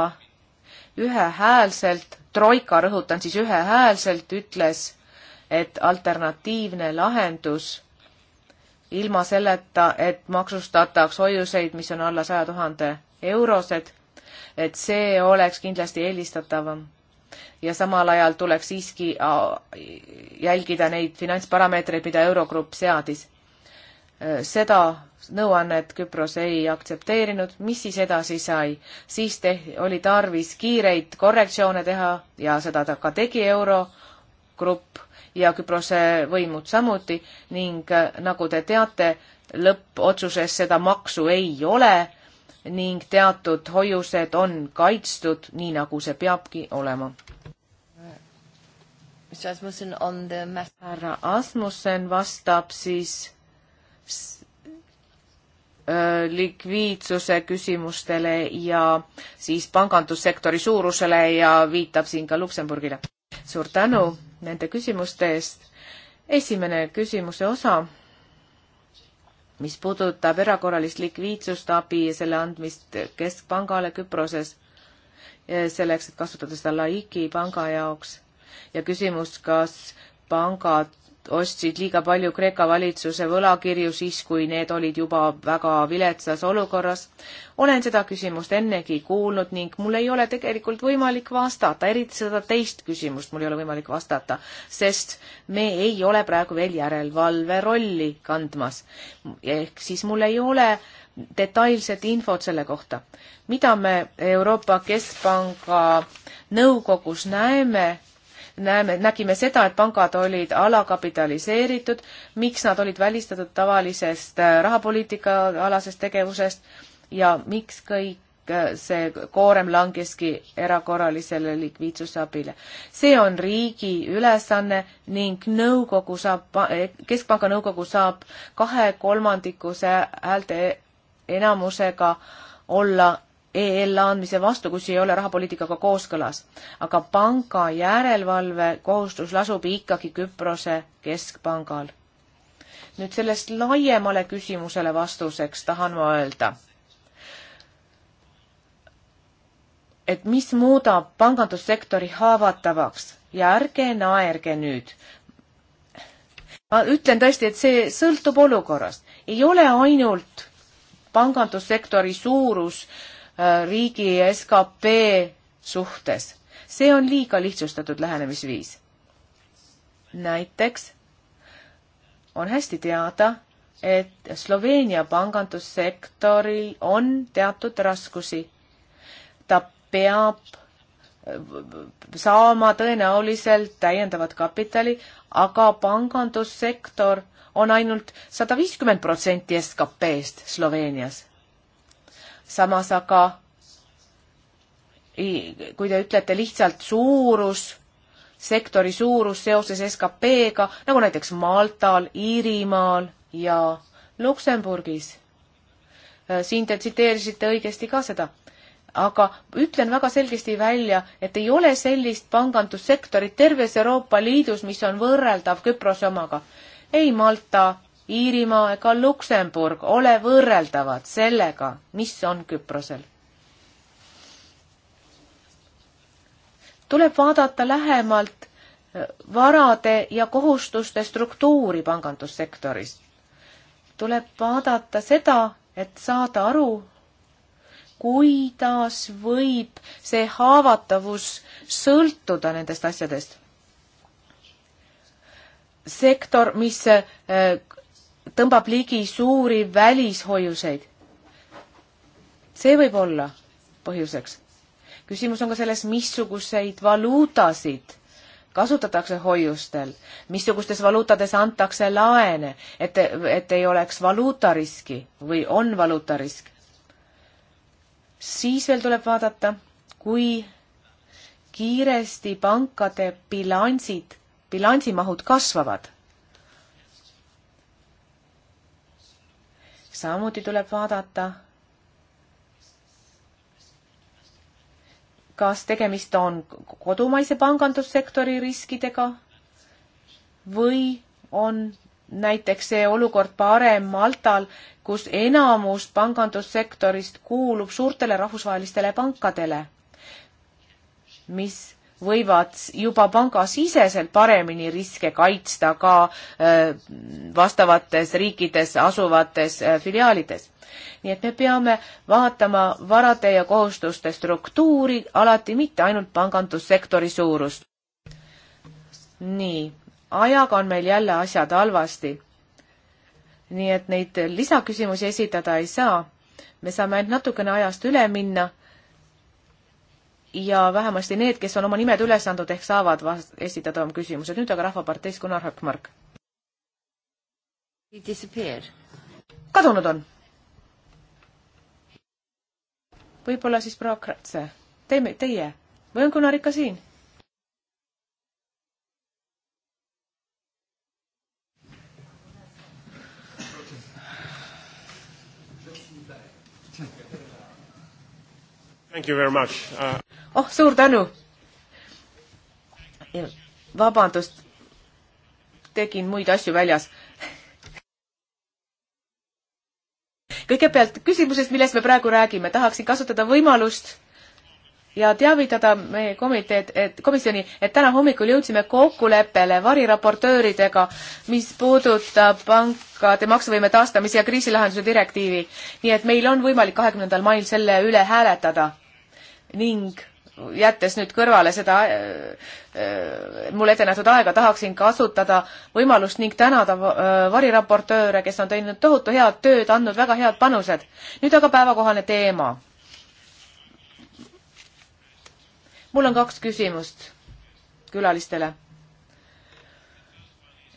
ühehäälselt, Troika, rõhutan siis ühehäälselt, ütles, et alternatiivne lahendus ilma selleta, et maksustataks hoiuseid, mis on alla saja tuhande eurosed, et see oleks kindlasti eelistatavam. ja samal ajal tuleks siiski jälgida neid finantsparameetreid, mida Eurogrupp seadis. seda nõuannet Küpros ei aktsepteerinud, mis siis edasi sai? siis teh-, oli tarvis kiireid korrektsioone teha ja seda ta ka tegi Eurogrupp ja Küprose võimud samuti ning äh, nagu te teate, lõppotsuses seda maksu ei ole ning teatud hoiused on kaitstud, nii nagu see peabki olema. härra Asmussen vastab siis äh, likviidsuse küsimustele ja siis pangandussektori suurusele ja viitab siin ka Luksemburgile. suur tänu mm. -hmm nende küsimuste eest. esimene küsimuse osa, mis puudutab erakorralist likviidsust, abi ja selle andmist Keskpangale Küproses selleks, et kasutada seda Laiki panga jaoks ja küsimus, kas pangad ostsid liiga palju Kreeka valitsuse võlakirju siis, kui need olid juba väga viletsas olukorras. olen seda küsimust ennegi kuulnud ning mul ei ole tegelikult võimalik vastata, eriti seda teist küsimust mul ei ole võimalik vastata, sest me ei ole praegu veel järelevalve rolli kandmas. ehk siis mul ei ole detailset infot selle kohta. mida me Euroopa Keskpanga nõukogus näeme, näeme, nägime seda, et pangad olid alakapitaliseeritud, miks nad olid välistatud tavalisest äh, rahapoliitika alasest tegevusest ja miks kõik äh, see koorem langeski erakorralisele likviidsusabile. see on riigi ülesanne ning nõukogu saab, e, Keskpanga nõukogu saab kahekolmandikuse häälte e-, enamusega olla EL-a andmise vastu, kui see ei ole rahapoliitikaga kooskõlas. aga panga järelevalve kohustus lasub ikkagi Küprose keskpangal. nüüd sellest laiemale küsimusele vastuseks tahan ma öelda, et mis muudab pangandussektori haavatavaks ja ärge naerge nüüd, ma ütlen tõesti, et see sõltub olukorrast. ei ole ainult pangandussektori suurus äh, Äh, riigi skp suhtes. see on liiga lihtsustatud lähenemisviis. näiteks on hästi teada, et Sloveenia pangandussektoril on teatud raskusi. ta peab saama tõenäoliselt täiendavat kapitali, aga pangandussektor on ainult sada viiskümmend protsenti SKP-st Sloveenias samas aga kui te ütlete lihtsalt suurus, sektori suurus seoses SKP-ga, nagu näiteks Maltal, Iirimaal ja Luksemburgis. Äh, siin te tsiteerisite õigesti ka seda. aga ütlen väga selgesti välja, et ei ole sellist pangandussektorit terves Euroopa Liidus, mis on võrreldav Küprose omaga. ei Malta, Iirimaa ega Luksemburg ole võrreldavad sellega, mis on Küprosel. tuleb vaadata lähemalt eh, varade ja kohustuste struktuuri pangandussektoris. tuleb vaadata seda, et saada aru, kuidas võib see haavatavus sõltuda nendest asjadest. sektor, mis eh, tõmbab ligi suuri välishoiuseid. see võib olla põhjuseks. küsimus on ka selles, missuguseid valuutasid kasutatakse hoiustel, missugustes valuutades antakse laene, et, et ei oleks valuutariski või on valuutarisk. siis veel tuleb vaadata, kui kiiresti pankade bilansid, bilansimahud kasvavad. samuti tuleb vaadata, kas tegemist on kodumaise pangandussektori riskidega või on näiteks see olukord parem Maltal, kus enamus pangandussektorist kuulub suurtele rahvusvahelistele pankadele, mis võivad juba pangasiseselt paremini riske kaitsta ka äh, vastavates riikides asuvates äh, filiaalides. nii et me peame vaatama varade ja kohustuste struktuuri alati, mitte ainult pangandussektori suurust. nii, ajaga on meil jälle asjad halvasti. nii et neid lisaküsimusi esitada ei saa. me saame ainult natukene ajast üle minna ja vähemasti need, kes on oma nimed üles andnud, ehk saavad vast-, esitada oma küsimused. nüüd aga Rahvaparteist Gunnar Hökmark. kadunud on. võib-olla siis proua Kratse. Teeme, teie või on Gunnar ikka siin? Thank you very much. Uh oh, suur tänu! vabandust, tegin muid asju väljas. kõigepealt küsimusest, millest me praegu räägime, tahaksin kasutada võimalust ja teavitada meie komiteed, et komisjoni, et täna hommikul jõudsime kokkuleppele variraportööridega, mis puudutab pankade maksuvõime taastamise ja kriisilahenduse direktiivi. nii et meil on võimalik kahekümnendal mail selle üle hääletada ning jättes nüüd kõrvale seda äh, äh, mulle ette nähtud aega, tahaksin kasutada võimalust ning tänada äh, variraportööre, kes on teinud tohutu head tööd, andnud väga head panused. nüüd aga päevakohane teema. mul on kaks küsimust külalistele.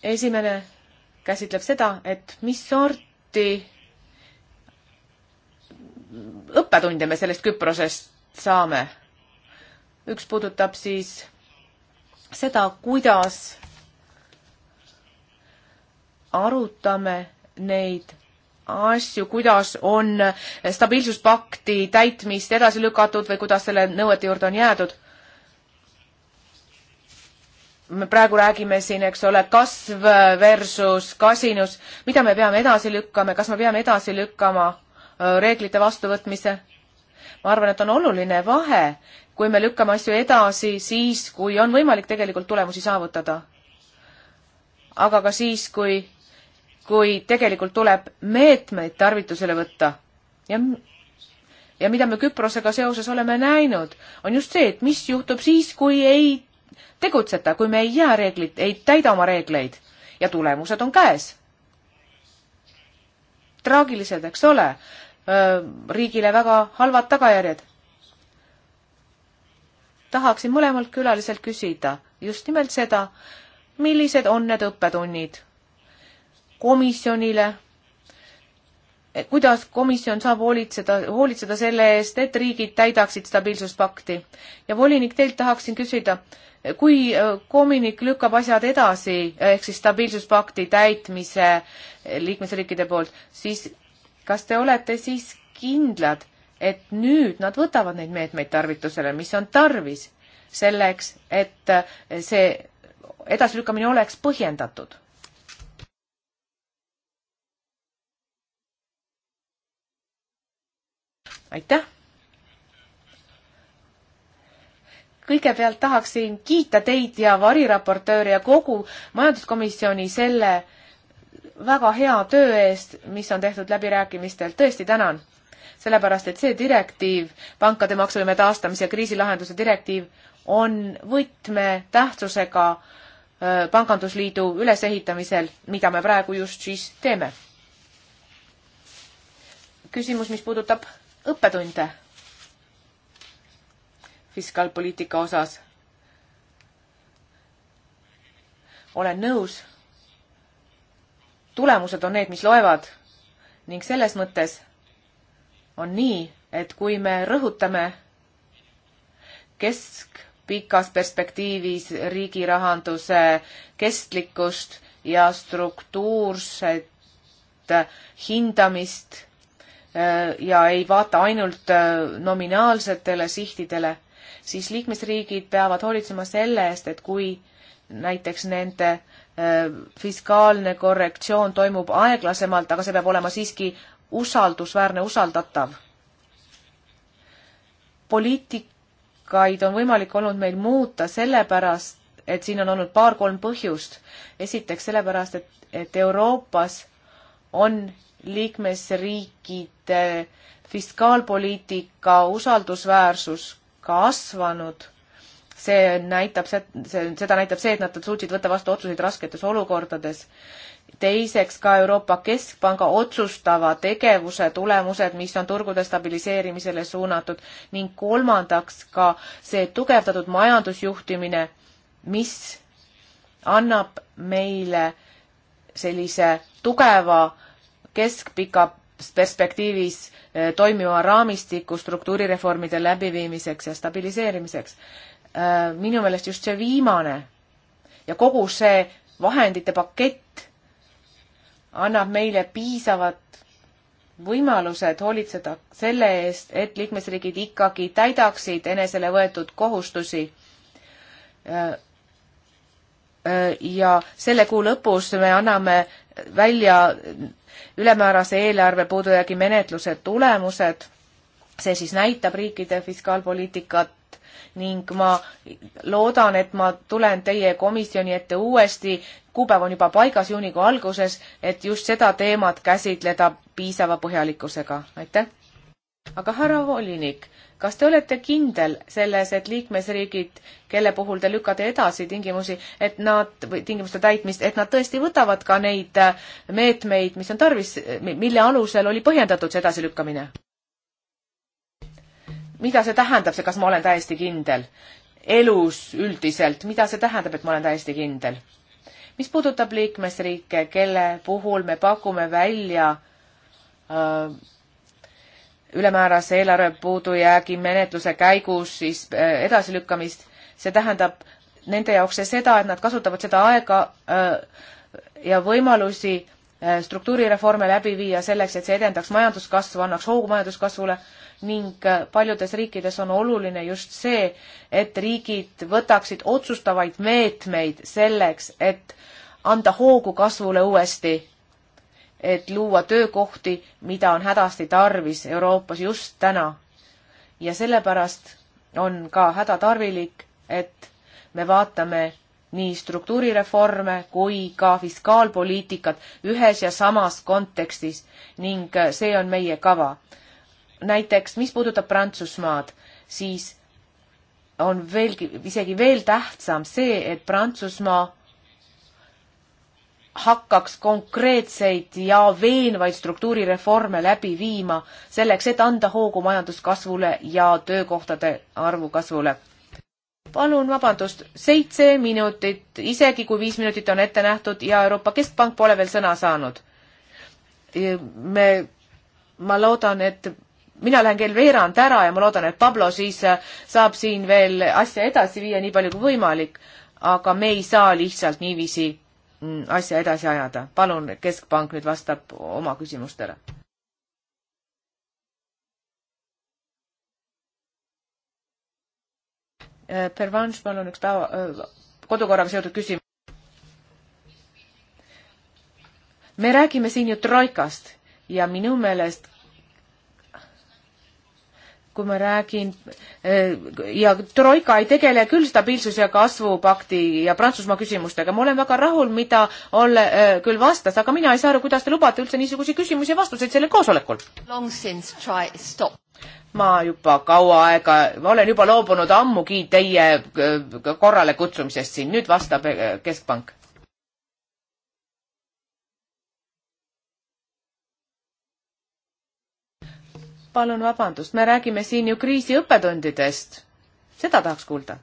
esimene käsitleb seda, et mis sorti õppetunde me sellest Küprosest saame? üks puudutab siis seda, kuidas arutame neid asju, kuidas on stabiilsuspakti täitmist edasi lükatud või kuidas selle nõuete juurde on jäädud. me praegu räägime siin, eks ole, kasv versus kasinus, mida me peame edasi lükkama, kas me peame edasi lükkama äh, reeglite vastuvõtmise? ma arvan, et on oluline vahe, kui me lükkame asju edasi siis, kui on võimalik tegelikult tulemusi saavutada. aga ka siis, kui, kui tegelikult tuleb meetmeid tarvitusele võtta ja ja mida me Küprosega seoses oleme näinud, on just see, et mis juhtub siis, kui ei tegutseta, kui me ei jää reeglit, ei täida oma reegleid ja tulemused on käes. traagilised, eks ole, riigile väga halvad tagajärjed tahaksin mõlemalt külaliselt küsida just nimelt seda, millised on need õppetunnid komisjonile, kuidas komisjon saab hoolitseda, hoolitseda selle eest, et riigid täidaksid stabiilsuspakti. ja volinik, teilt tahaksin küsida, kui äh, kominik lükkab asjad edasi, äh, ehk siis stabiilsuspakti täitmise liikmesriikide poolt, siis kas te olete siis kindlad, et nüüd nad võtavad neid meetmeid tarvitusele, mis on tarvis selleks, et äh, see edasilükkamine oleks põhjendatud. aitäh! kõigepealt tahaksin kiita teid ja variraportööri ja kogu majanduskomisjoni selle väga hea töö eest, mis on tehtud läbirääkimistel, tõesti tänan sellepärast et see direktiiv, pankade maksuvõime taastamise ja kriisilahenduse direktiiv, on võtmetähtsusega pangandusliidu ülesehitamisel, mida me praegu just siis teeme. küsimus, mis puudutab õppetunde fiskaalpoliitika osas. olen nõus. tulemused on need, mis loevad ning selles mõttes on nii, et kui me rõhutame keskpikas perspektiivis riigi rahanduse kestlikkust ja struktuurset hindamist äh, ja ei vaata ainult äh, nominaalsetele sihtidele, siis liikmesriigid peavad hoolitsema selle eest, et kui näiteks nende äh, fiskaalne korrektsioon toimub aeglasemalt, aga see peab olema siiski usaldusväärne, usaldatav. poliitikaid on võimalik olnud meil muuta sellepärast, et siin on olnud paar-kolm põhjust. esiteks sellepärast, et, et Euroopas on liikmesriikide fiskaalpoliitika usaldusväärsus kasvanud see näitab, see, seda näitab see, et nad suutsid võtta vastu otsuseid rasketes olukordades teiseks ka Euroopa Keskpanga otsustava tegevuse tulemused, mis on turgude stabiliseerimisele suunatud ning kolmandaks ka see tugevdatud majandusjuhtimine, mis annab meile sellise tugeva keskpika perspektiivis eh, toimiva raamistiku struktuurireformide läbiviimiseks ja stabiliseerimiseks. Eh, minu meelest just see viimane ja kogu see vahendite pakett annab meile piisavad võimalused hoolitseda selle eest, et liikmesriigid ikkagi täidaksid enesele võetud kohustusi. ja selle kuu lõpus me anname välja ülemäärase eelarve puudujäägi menetluse tulemused. see siis näitab riikide fiskaalpoliitikat ning ma loodan, et ma tulen teie komisjoni ette uuesti kuupäev on juba paigas juunikuu alguses, et just seda teemat käsitleda piisava põhjalikkusega. aitäh! aga härra volinik, kas te olete kindel selles, et liikmesriigid, kelle puhul te lükkate edasi tingimusi, et nad, või tingimuste täitmist, et nad tõesti võtavad ka neid äh, meetmeid, mis on tarvis, mille alusel oli põhjendatud see edasilükkamine? mida see tähendab, see kas ma olen täiesti kindel? elus üldiselt, mida see tähendab, et ma olen täiesti kindel? mis puudutab liikmesriike, kelle puhul me pakume välja öö, äh, ülemäärase eelarve puudujäägi menetluse käigus siis äh, edasilükkamist, see tähendab nende jaoks see seda, et nad kasutavad seda aega öö, äh, ja võimalusi Äh, struktuurireforme läbi viia selleks, et see edendaks majanduskasvu, annaks hoogu majanduskasvule ning äh, paljudes riikides on oluline just see, et riigid võtaksid otsustavaid meetmeid selleks, et anda hoogu kasvule uuesti, et luua töökohti, mida on hädasti tarvis Euroopas just täna. ja sellepärast on ka hädatarvilik, et me vaatame nii struktuurireforme kui ka fiskaalpoliitikat ühes ja samas kontekstis ning äh, see on meie kava. näiteks, mis puudutab Prantsusmaad, siis on veelgi, isegi veel tähtsam see, et Prantsusmaa hakkaks konkreetseid ja veenvaid struktuurireforme läbi viima selleks, et anda hoogu majanduskasvule ja töökohtade arvu kasvule palun vabandust, seitse minutit, isegi kui viis minutit on ette nähtud ja Euroopa Keskpank pole veel sõna saanud. me, ma loodan, et mina lähen kell veerand ära ja ma loodan, et Pablo siis saab siin veel asja edasi viia nii palju kui võimalik, aga me ei saa lihtsalt niiviisi mm, asja edasi ajada. palun, Keskpank nüüd vastab oma küsimustele Eh, Pervanš, mul on üks päeva, eh, kodukorraga seotud küsimus. me räägime siin ju troikast ja minu meelest kui ma räägin eh, ja Troika ei tegele küll stabiilsus- ja kasvupakti ja Prantsusmaa küsimustega, ma olen väga rahul, mida Olle küll vastas, aga mina ei saa aru, kuidas te lubate üldse niisuguseid küsimusi ja vastuseid sellel koosolekul ma juba kaua aega, ma olen juba loobunud ammugi teie äh, korrale kutsumisest siin, nüüd vastab äh, Keskpank. palun vabandust, me räägime siin ju kriisi õppetundidest. seda tahaks kuulda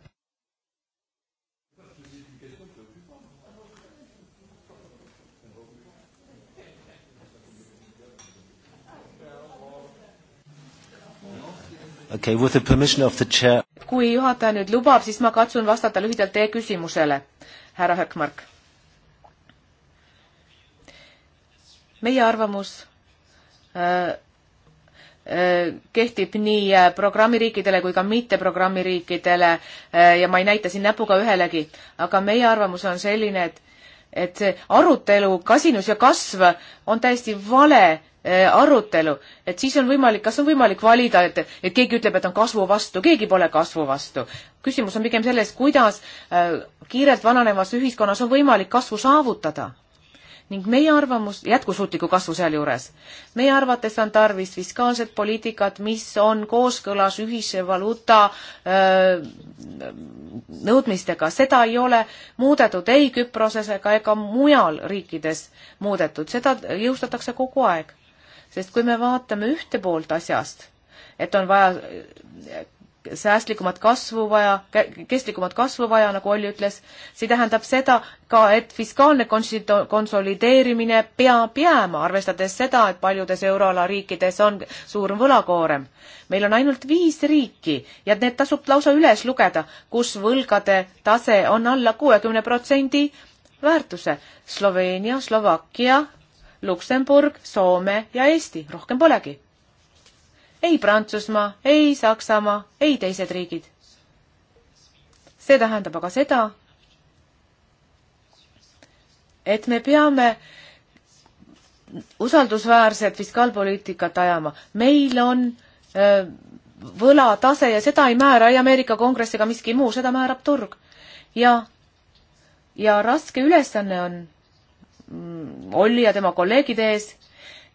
okay,. kui juhataja nüüd lubab, siis ma katsun vastata lühidalt teie küsimusele, härra Hökmark. meie arvamus äh, äh kehtib nii äh, programmiriikidele kui ka mitteprogrammiriikidele äh, ja ma ei näita siin näpuga ühelegi, aga meie arvamus on selline, et et see arutelu kasinus ja kasv on täiesti vale Äh, arutelu, et siis on võimalik, kas on võimalik valida, et, et keegi ütleb, et on kasvu vastu, keegi pole kasvu vastu. küsimus on pigem selles, kuidas äh, kiirelt vananevas ühiskonnas on võimalik kasvu saavutada. ning meie arvamus, jätkusuutliku kasvu sealjuures, meie arvates on tarvis fiskaalset poliitikat, mis on kooskõlas ühise valuuta öö, äh, nõudmistega, seda ei ole muudetud ei Küproses ega, ega mujal riikides muudetud, seda jõustatakse kogu aeg sest kui me vaatame ühte poolt asjast, et on vaja äh, säästlikumat kasvu vaja, kestlikumat kasvu vaja, nagu Olli ütles, see tähendab seda ka, et fiskaalne konsolideerimine peab jääma, arvestades seda, et paljudes euroala riikides on suur võlakoorem. meil on ainult viis riiki ja need tasub lausa üles lugeda, kus võlgade tase on alla kuuekümne protsendi väärtuse. Sloveenia, Slovakkia, Luksemburg, Soome ja Eesti, rohkem polegi. ei Prantsusmaa, ei Saksamaa, ei teised riigid. see tähendab aga seda, et me peame usaldusväärset fiskaalpoliitikat ajama. meil on öö, võlatase ja seda ei määra ei Ameerika Kongress ega miski muu, seda määrab turg. ja, ja raske ülesanne on Mm, olli ja tema kolleegide ees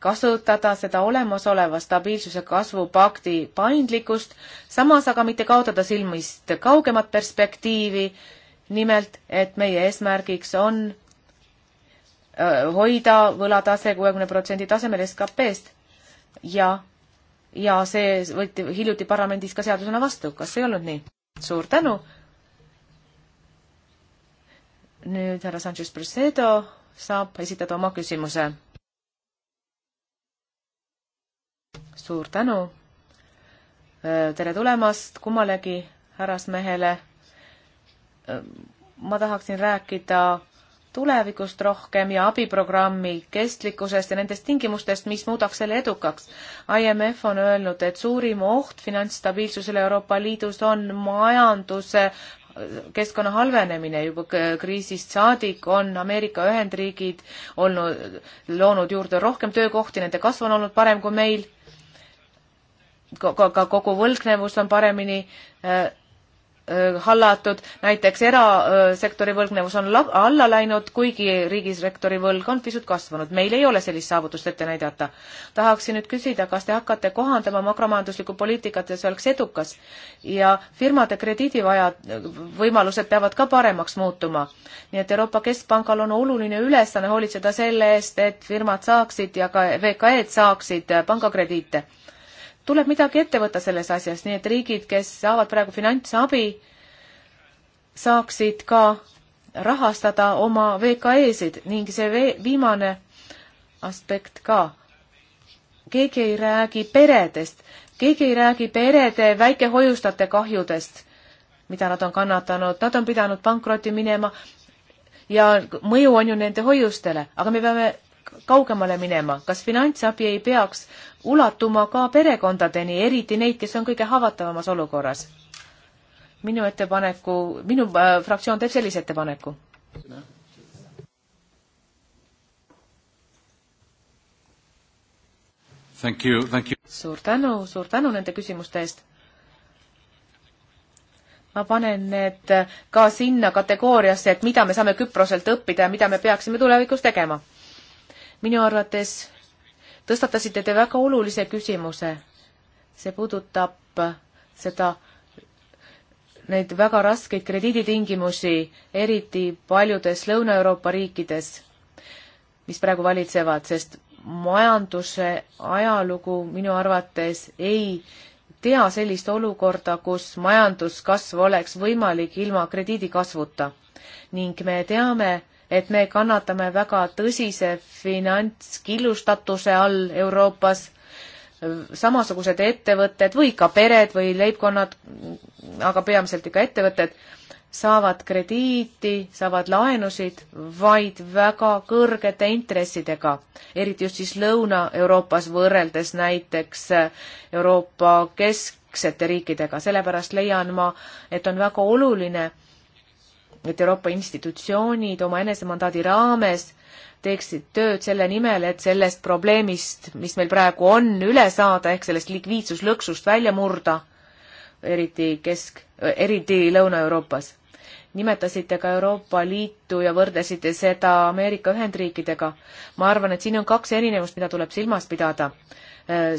kasutada seda olemasoleva stabiilsuse kasvupakti paindlikkust, samas aga mitte kaotada silmist kaugemat perspektiivi, nimelt et meie eesmärgiks on hoida võlatase kuuekümne protsendi tasemel SKP-st ja, ja see võeti hiljuti parlamendis ka seadusena vastu, kas ei olnud nii? suur tänu! nüüd härra Sanchez-Presedo saab esitada oma küsimuse. suur tänu. Äh, tere tulemast kummalegi härrasmehele. Äh, ma tahaksin rääkida tulevikust rohkem ja abiprogrammi kestlikkusest ja nendest tingimustest, mis muudaks selle edukaks. IMF on öelnud, et suurim oht finantsstabiilsusele Euroopa Liidus on majanduse keskkonna halvenemine juba kriisist saadik on Ameerika Ühendriigid olnud, loonud juurde rohkem töökohti, nende kasv on olnud parem kui meil, ka kogu võlgnevus on paremini Äh, hallatud, näiteks erasektori võlgnevus on alla läinud, kuigi riigisektori võlg on pisut kasvanud. meil ei ole sellist saavutust ette näidata. tahaksin nüüd küsida, kas te hakkate kohandama makromajanduslikku poliitikat, et see oleks edukas ja firmade krediidivaja, võimalused peavad ka paremaks muutuma. nii et Euroopa Keskpangal on oluline ülesanne hoolitseda selle eest, et firmad saaksid ja ka VKE-d saaksid pangakrediite tuleb midagi ette võtta selles asjas, nii et riigid, kes saavad praegu finantsabi, saaksid ka rahastada oma VKE-sid ning see viimane aspekt ka. keegi ei räägi peredest, keegi ei räägi perede väikehoiustajate kahjudest, mida nad on kannatanud, nad on pidanud pankrotti minema ja mõju on ju nende hoiustele, aga me peame kaugemale minema, kas finantsabi ei peaks ulatuma ka perekondadeni, eriti neid, kes on kõige haavatavamas olukorras. minu ettepaneku, minu äh, fraktsioon teeb sellise ettepaneku. suur tänu, suur tänu nende küsimuste eest ma panen need äh, ka sinna kategooriasse, et mida me saame Küproselt õppida ja mida me peaksime tulevikus tegema. minu arvates tõstatasite te väga olulise küsimuse. see puudutab seda, neid väga raskeid krediiditingimusi, eriti paljudes Lõuna-Euroopa riikides, mis praegu valitsevad, sest majanduse ajalugu minu arvates ei tea sellist olukorda, kus majanduskasv oleks võimalik ilma krediidikasvuta ning me teame, et me kannatame väga tõsise finantskillustatuse all Euroopas, samasugused ettevõtted või ka pered või leibkonnad, aga peamiselt ikka ettevõtted, saavad krediiti, saavad laenusid vaid väga kõrgete intressidega, eriti just siis Lõuna-Euroopas võrreldes näiteks Euroopa kesksete riikidega, sellepärast leian ma, et on väga oluline, et Euroopa institutsioonid oma enesemandaadi raames teeksid tööd selle nimel, et sellest probleemist, mis meil praegu on, üle saada, ehk sellest likviidsuslõksust välja murda, eriti kesk, eriti Lõuna-Euroopas. nimetasite ka Euroopa Liitu ja võrdlesite seda Ameerika Ühendriikidega. ma arvan, et siin on kaks erinevust, mida tuleb silmas pidada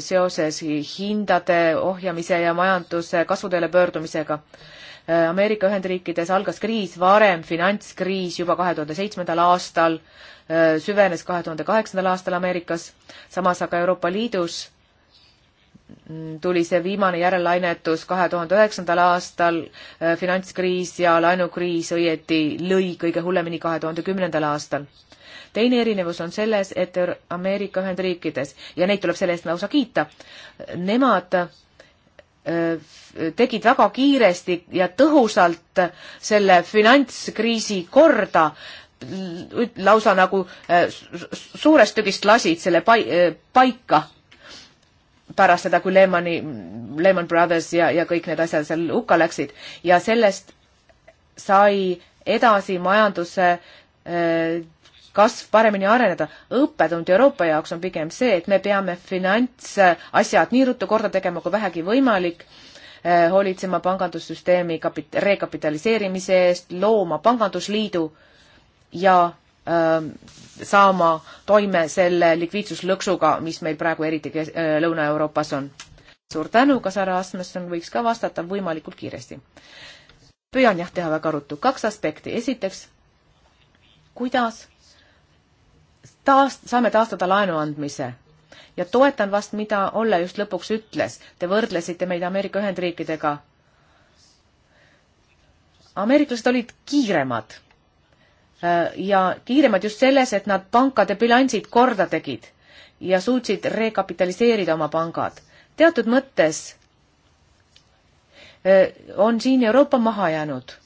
seoses hindade ohjamise ja majanduse kasvuteele pöördumisega. Ameerika Ühendriikides algas kriis varem, finantskriis juba kahe tuhande seitsmendal aastal, süvenes kahe tuhande kaheksandal aastal Ameerikas, samas aga Euroopa Liidus tuli see viimane järellainetus kahe tuhande üheksandal aastal, finantskriis ja laenukriis õieti lõi kõige hullemini kahe tuhande kümnendal aastal teine erinevus on selles, et Ameerika Ühendriikides ja neid tuleb selle eest lausa kiita, nemad tegid väga kiiresti ja tõhusalt selle finantskriisi korda, lausa nagu suurest tükist lasid selle pai-, paika pärast seda, kui Lehmani, Lehman Brothers ja, ja kõik need asjad seal hukka läksid ja sellest sai edasi majanduse kasv paremini areneda. õppetund Euroopa jaoks on pigem see, et me peame finantsasjad nii ruttu korda tegema kui vähegi võimalik eh, hoolitsema pangandussüsteemi kapit-, rekapitaliseerimise eest, looma pangandusliidu ja öö, ähm, saama toime selle likviidsuslõksuga, mis meil praegu eriti äh, Lõuna-Euroopas on. suur tänu, kas härra Asmussen võiks ka vastata võimalikult kiiresti? püüan jah teha väga ruttu. kaks aspekti. esiteks, kuidas taast-, saame taastada laenu andmise. ja toetan vast, mida Olle just lõpuks ütles. Te võrdlesite meid Ameerika Ühendriikidega. ameeriklased olid kiiremad äh, ja kiiremad just selles, et nad pankade bilansid korda tegid ja suutsid rekapitaliseerida oma pangad. teatud mõttes äh, on siin Euroopa maha jäänud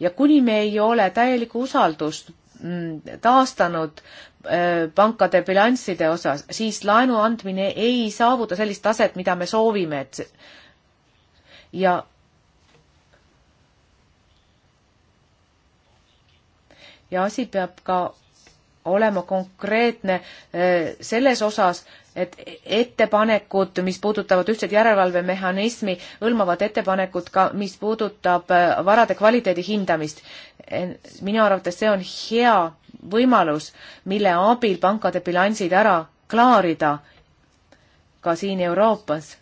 ja kuni me ei ole täielikku usaldust Mm, taastanud äh, pankade bilansside osas, siis laenu andmine ei saavuta sellist taset, mida me soovime, et ja ja asi peab ka olema konkreetne äh, selles osas, et ettepanekud, mis puudutavad ühtset järelevalvemehhanismi, hõlmavad ettepanekut ka, mis puudutab äh, varade kvaliteedi hindamist minu arvates see on hea võimalus, mille abil pankade bilansid ära klaarida ka siin Euroopas.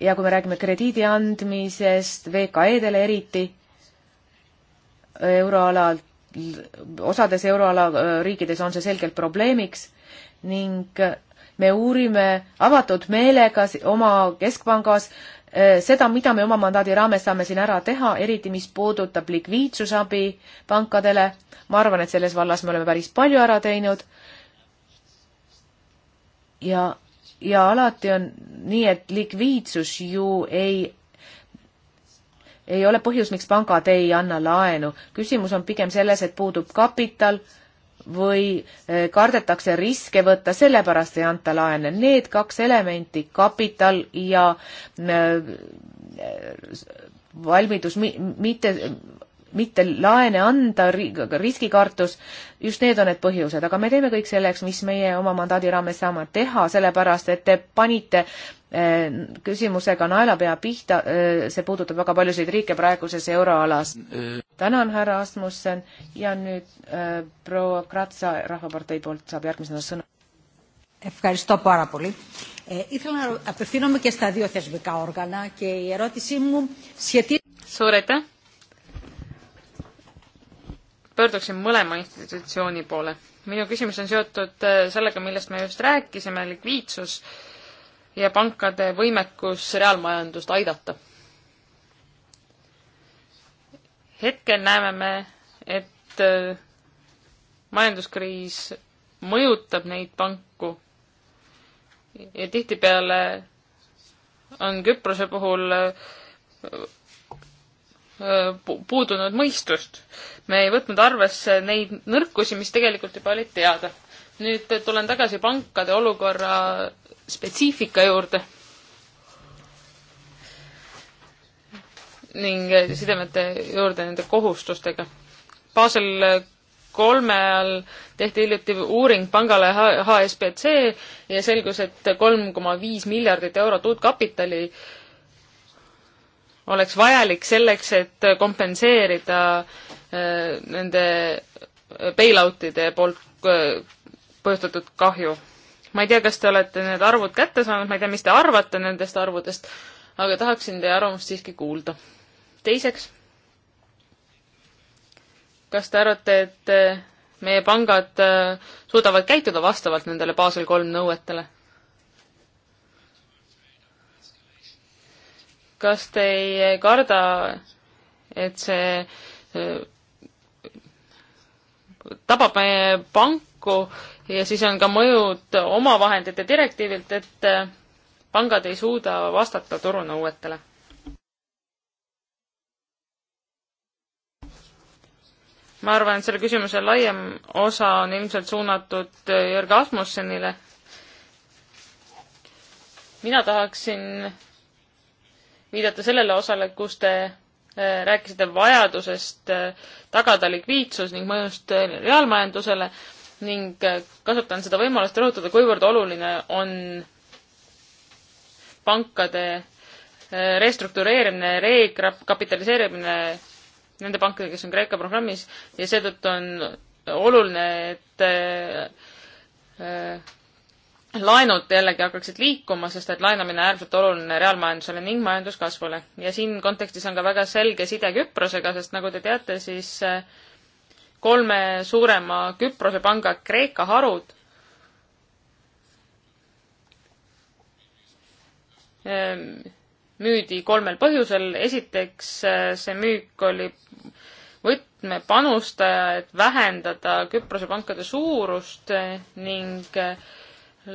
ja kui me räägime krediidi andmisest VKE-dele eriti euroalal, osades euroala äh, riikides on see selgelt probleemiks ning me uurime avatud meelega oma keskpangas Äh, seda, mida me oma mandaadi raames saame siin ära teha, eriti mis puudutab likviidsusabi pankadele. ma arvan, et selles vallas me oleme päris palju ära teinud. ja, ja alati on nii, et likviidsus ju ei ei ole põhjus, miks pangad ei anna laenu. küsimus on pigem selles, et puudub kapital äh, või eh, kardetakse riske võtta, sellepärast ei anta laene. Need kaks elementi, kapital ja eh, valmidus mitte mitte laene anda, riskikartus, just need on need põhjused, aga me teeme kõik selleks, mis meie oma mandaadi raames saame teha, sellepärast et te panite eh, küsimusega naelapea pihta, eh, see puudutab väga paljusid riike praeguses euroalas. tänan, härra Asmussen ja nüüd äh, proua Kratsa Rahvapartei poolt saab järgmisena sõna. Ευχαριστώ πάρα πολύ. Ε, ήθελα να απευθύνομαι και στα δύο θεσμικά όργανα και η ερώτησή μου σχετίζεται... Σωρέτα pöörduksin mõlema institutsiooni poole. minu küsimus on seotud äh, sellega, millest me just rääkisime, likviidsus ja pankade võimekus reaalmajandust aidata. hetkel näeme me, et äh, majanduskriis mõjutab neid panku ja tihtipeale on Küprose puhul äh, puudunud mõistust me ei võtnud arvesse neid nõrkusi, mis tegelikult juba olid teada. nüüd tulen tagasi pankade olukorra spetsiifika juurde. ning sidemete juurde nende kohustustega. Basel kolme all tehti hiljuti uuring pangale HSBC ja selgus, et kolm koma viis miljardit eurot uut kapitali äh, oleks vajalik selleks, et kompenseerida äh, nende bailoutide poolt äh, põhjustatud kahju. ma ei tea, kas te olete need arvud kätte saanud, ma ei tea, mis te arvate nendest arvudest, aga tahaksin teie arvamust siiski kuulda. teiseks, kas te arvate, et äh, meie pangad suudavad käituda vastavalt nendele Basel kolm nõuetele? kas te ei karda, et see tabab meie panku ja siis on ka mõjud omavahendite direktiivilt, et eh, pangad ei suuda vastata turunõuetele? ma arvan, et selle küsimuse laiem osa on ilmselt suunatud eh, Jörg Asmussenile. mina tahaksin viidata sellele osale, kus te äh, rääkisite vajadusest äh, tagada likviidsus ning mõjust äh, reaalmajandusele ning kasutan seda võimalust rõhutada, kuivõrd oluline on pankade restruktureerimine, rekapitaliseerimine nende pankadega, kes on Kreeka programmis ja seetõttu on oluline, et laenud jällegi hakkaksid liikuma, sest et laenamine on äärmiselt oluline reaalmajandusele ning majanduskasvule. ja siin kontekstis on ka väga selge side Küprosega, sest nagu te teate, siis äh, kolme suurema Küprose panga Kreeka harud ähm, müüdi kolmel põhjusel. esiteks, äh, see müük oli võtmepanustaja, et vähendada Küprose pankade suurust äh, ning äh,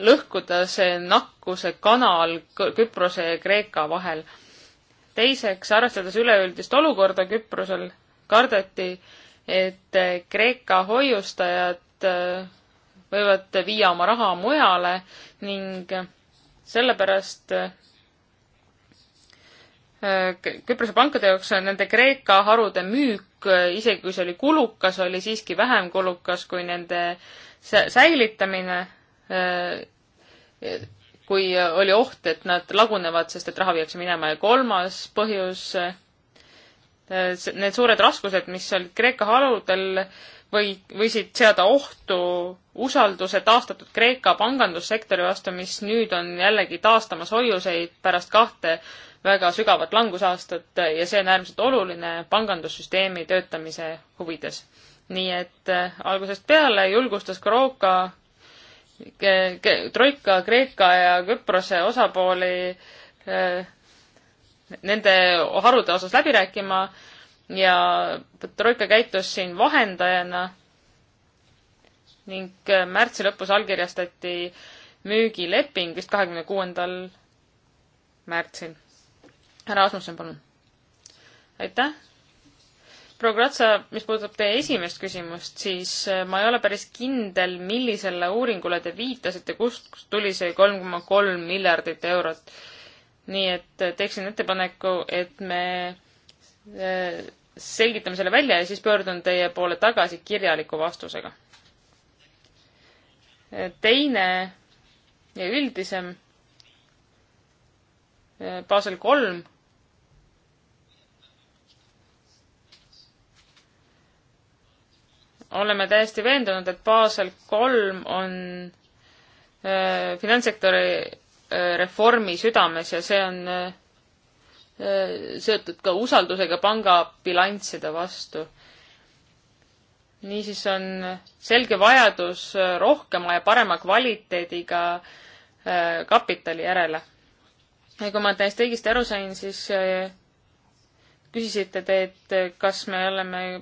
lõhkuda see nakkuse kanal Küprose ja Kreeka vahel. teiseks, arvestades üleüldist olukorda Küprosel, kardeti, et Kreeka hoiustajad äh, võivad viia oma raha mujale ning sellepärast äh, Küprose pankade jaoks nende Kreeka harude müük, äh, isegi kui see oli kulukas, oli siiski vähem kulukas kui nende säilitamine Äh, kui oli oht, et nad lagunevad, sest et raha viiakse minema ja kolmas põhjus, äh, need suured raskused, mis olid Kreeka haludel, või, võisid seada ohtu usalduse taastatud Kreeka pangandussektori vastu, mis nüüd on jällegi taastamas hoiuseid pärast kahte väga sügavat langusaastat äh, ja see on äärmiselt oluline pangandussüsteemi töötamise huvides. nii et äh, algusest peale julgustas Kroka Troika, Kreeka ja Küprose osapooli eh, nende harude osas läbi rääkima ja Troika käitus siin vahendajana ning eh, märtsi lõpus allkirjastati müügileping vist kahekümne kuuendal märtsil. härra Asmussen, palun. aitäh, Progratsa, mis puudutab teie esimest küsimust, siis äh, ma ei ole päris kindel, millisele uuringule te viitasite, kust tuli see kolm koma kolm miljardit eurot. nii et äh, teeksin ettepaneku, et me äh, selgitame selle välja ja siis pöördun teie poole tagasi kirjaliku vastusega. teine ja üldisem, Basel kolm oleme täiesti veendunud, et Basel kolm on äh, finantssektori äh, reformi südames ja see on äh, äh seotud ka usaldusega panga bilansside vastu. niisiis on selge vajadus äh, rohkema ja parema kvaliteediga äh, kapitali järele. ja kui ma täiesti õigesti aru sain, siis äh, küsisite te, et äh, kas me oleme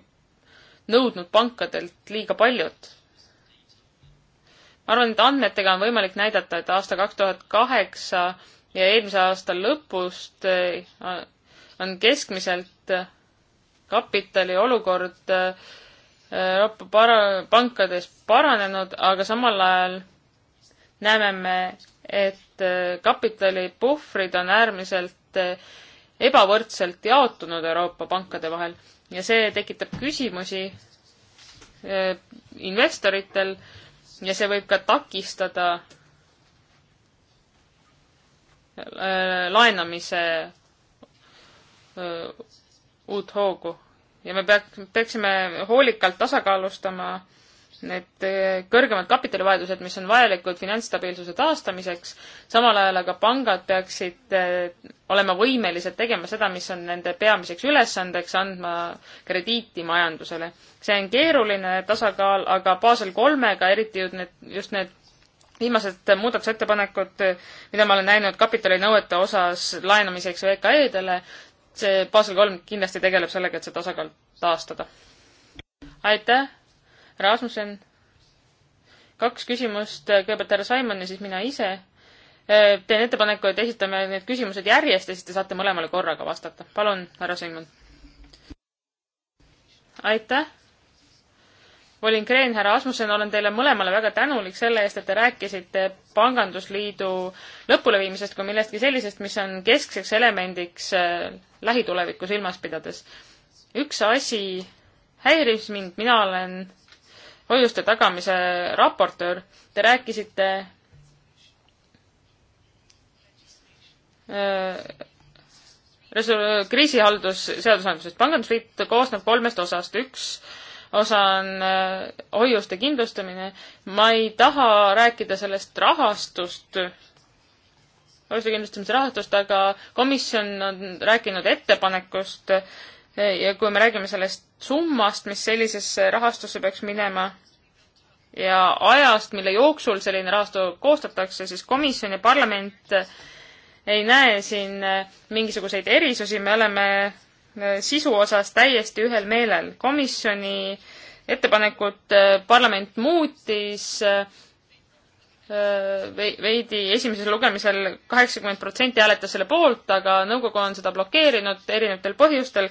nõudnud pankadelt liiga paljut. ma arvan, et andmetega on võimalik näidata, et aasta kaks tuhat kaheksa ja eelmise aasta lõpust eh, on keskmiselt kapitali olukord eh, Euroopa para-, pankades paranenud, aga samal ajal näeme me, et eh, kapitalipuhvrid on äärmiselt ebavõrdselt jaotunud Euroopa pankade vahel ja see tekitab küsimusi eh, investoritel ja see võib ka takistada eh, laenamise eh, uut hoogu ja me peaks, peaksime hoolikalt tasakaalustama need eh, kõrgemad kapitalivajadused, mis on vajalikud finantsstabiilsuse taastamiseks, samal ajal aga pangad peaksid eh, olema võimelised tegema seda, mis on nende peamiseks ülesandeks, andma krediiti majandusele. see on keeruline tasakaal, aga Basel kolmega, eriti just need, just need viimased muudatusettepanekud, mida ma olen näinud kapitalinõuete osas laenamiseks VKE-dele, see Basel kolm kindlasti tegeleb sellega, et see tasakaal taastada. aitäh! Rasmussen. kaks küsimust, kõigepealt härra Simon ja siis mina ise. Äh, teen ettepaneku, et esitame need küsimused järjest ja siis te saate mõlemale korraga vastata. palun, härra Simon. aitäh. olin Kreen, härra Rasmussen, olen teile mõlemale väga tänulik selle eest, et te rääkisite pangandusliidu lõpuleviimisest kui millestki sellisest, mis on keskseks elemendiks äh, lähitulevikku silmas pidades. üks asi häiris mind, mina olen hoiuste tagamise raportöör, te rääkisite äh, resol-, kriisihaldusseadusandlusest. pangandusliit koosneb kolmest osast. üks osa on äh, hoiuste kindlustamine. ma ei taha rääkida sellest rahastust, hoiuste kindlustamise rahastust, aga komisjon on rääkinud ettepanekust äh, ja kui me räägime sellest summast, mis sellisesse rahastusse peaks minema, ja ajast, mille jooksul selline rahastu koostatakse, siis komisjon ja parlament ei näe siin äh, mingisuguseid erisusi, me oleme äh, sisu osas täiesti ühel meelel. komisjoni ettepanekut äh, parlament muutis veidi esimesel lugemisel kaheksakümmend protsenti hääletas selle poolt, aga nõukogu on seda blokeerinud erinevatel põhjustel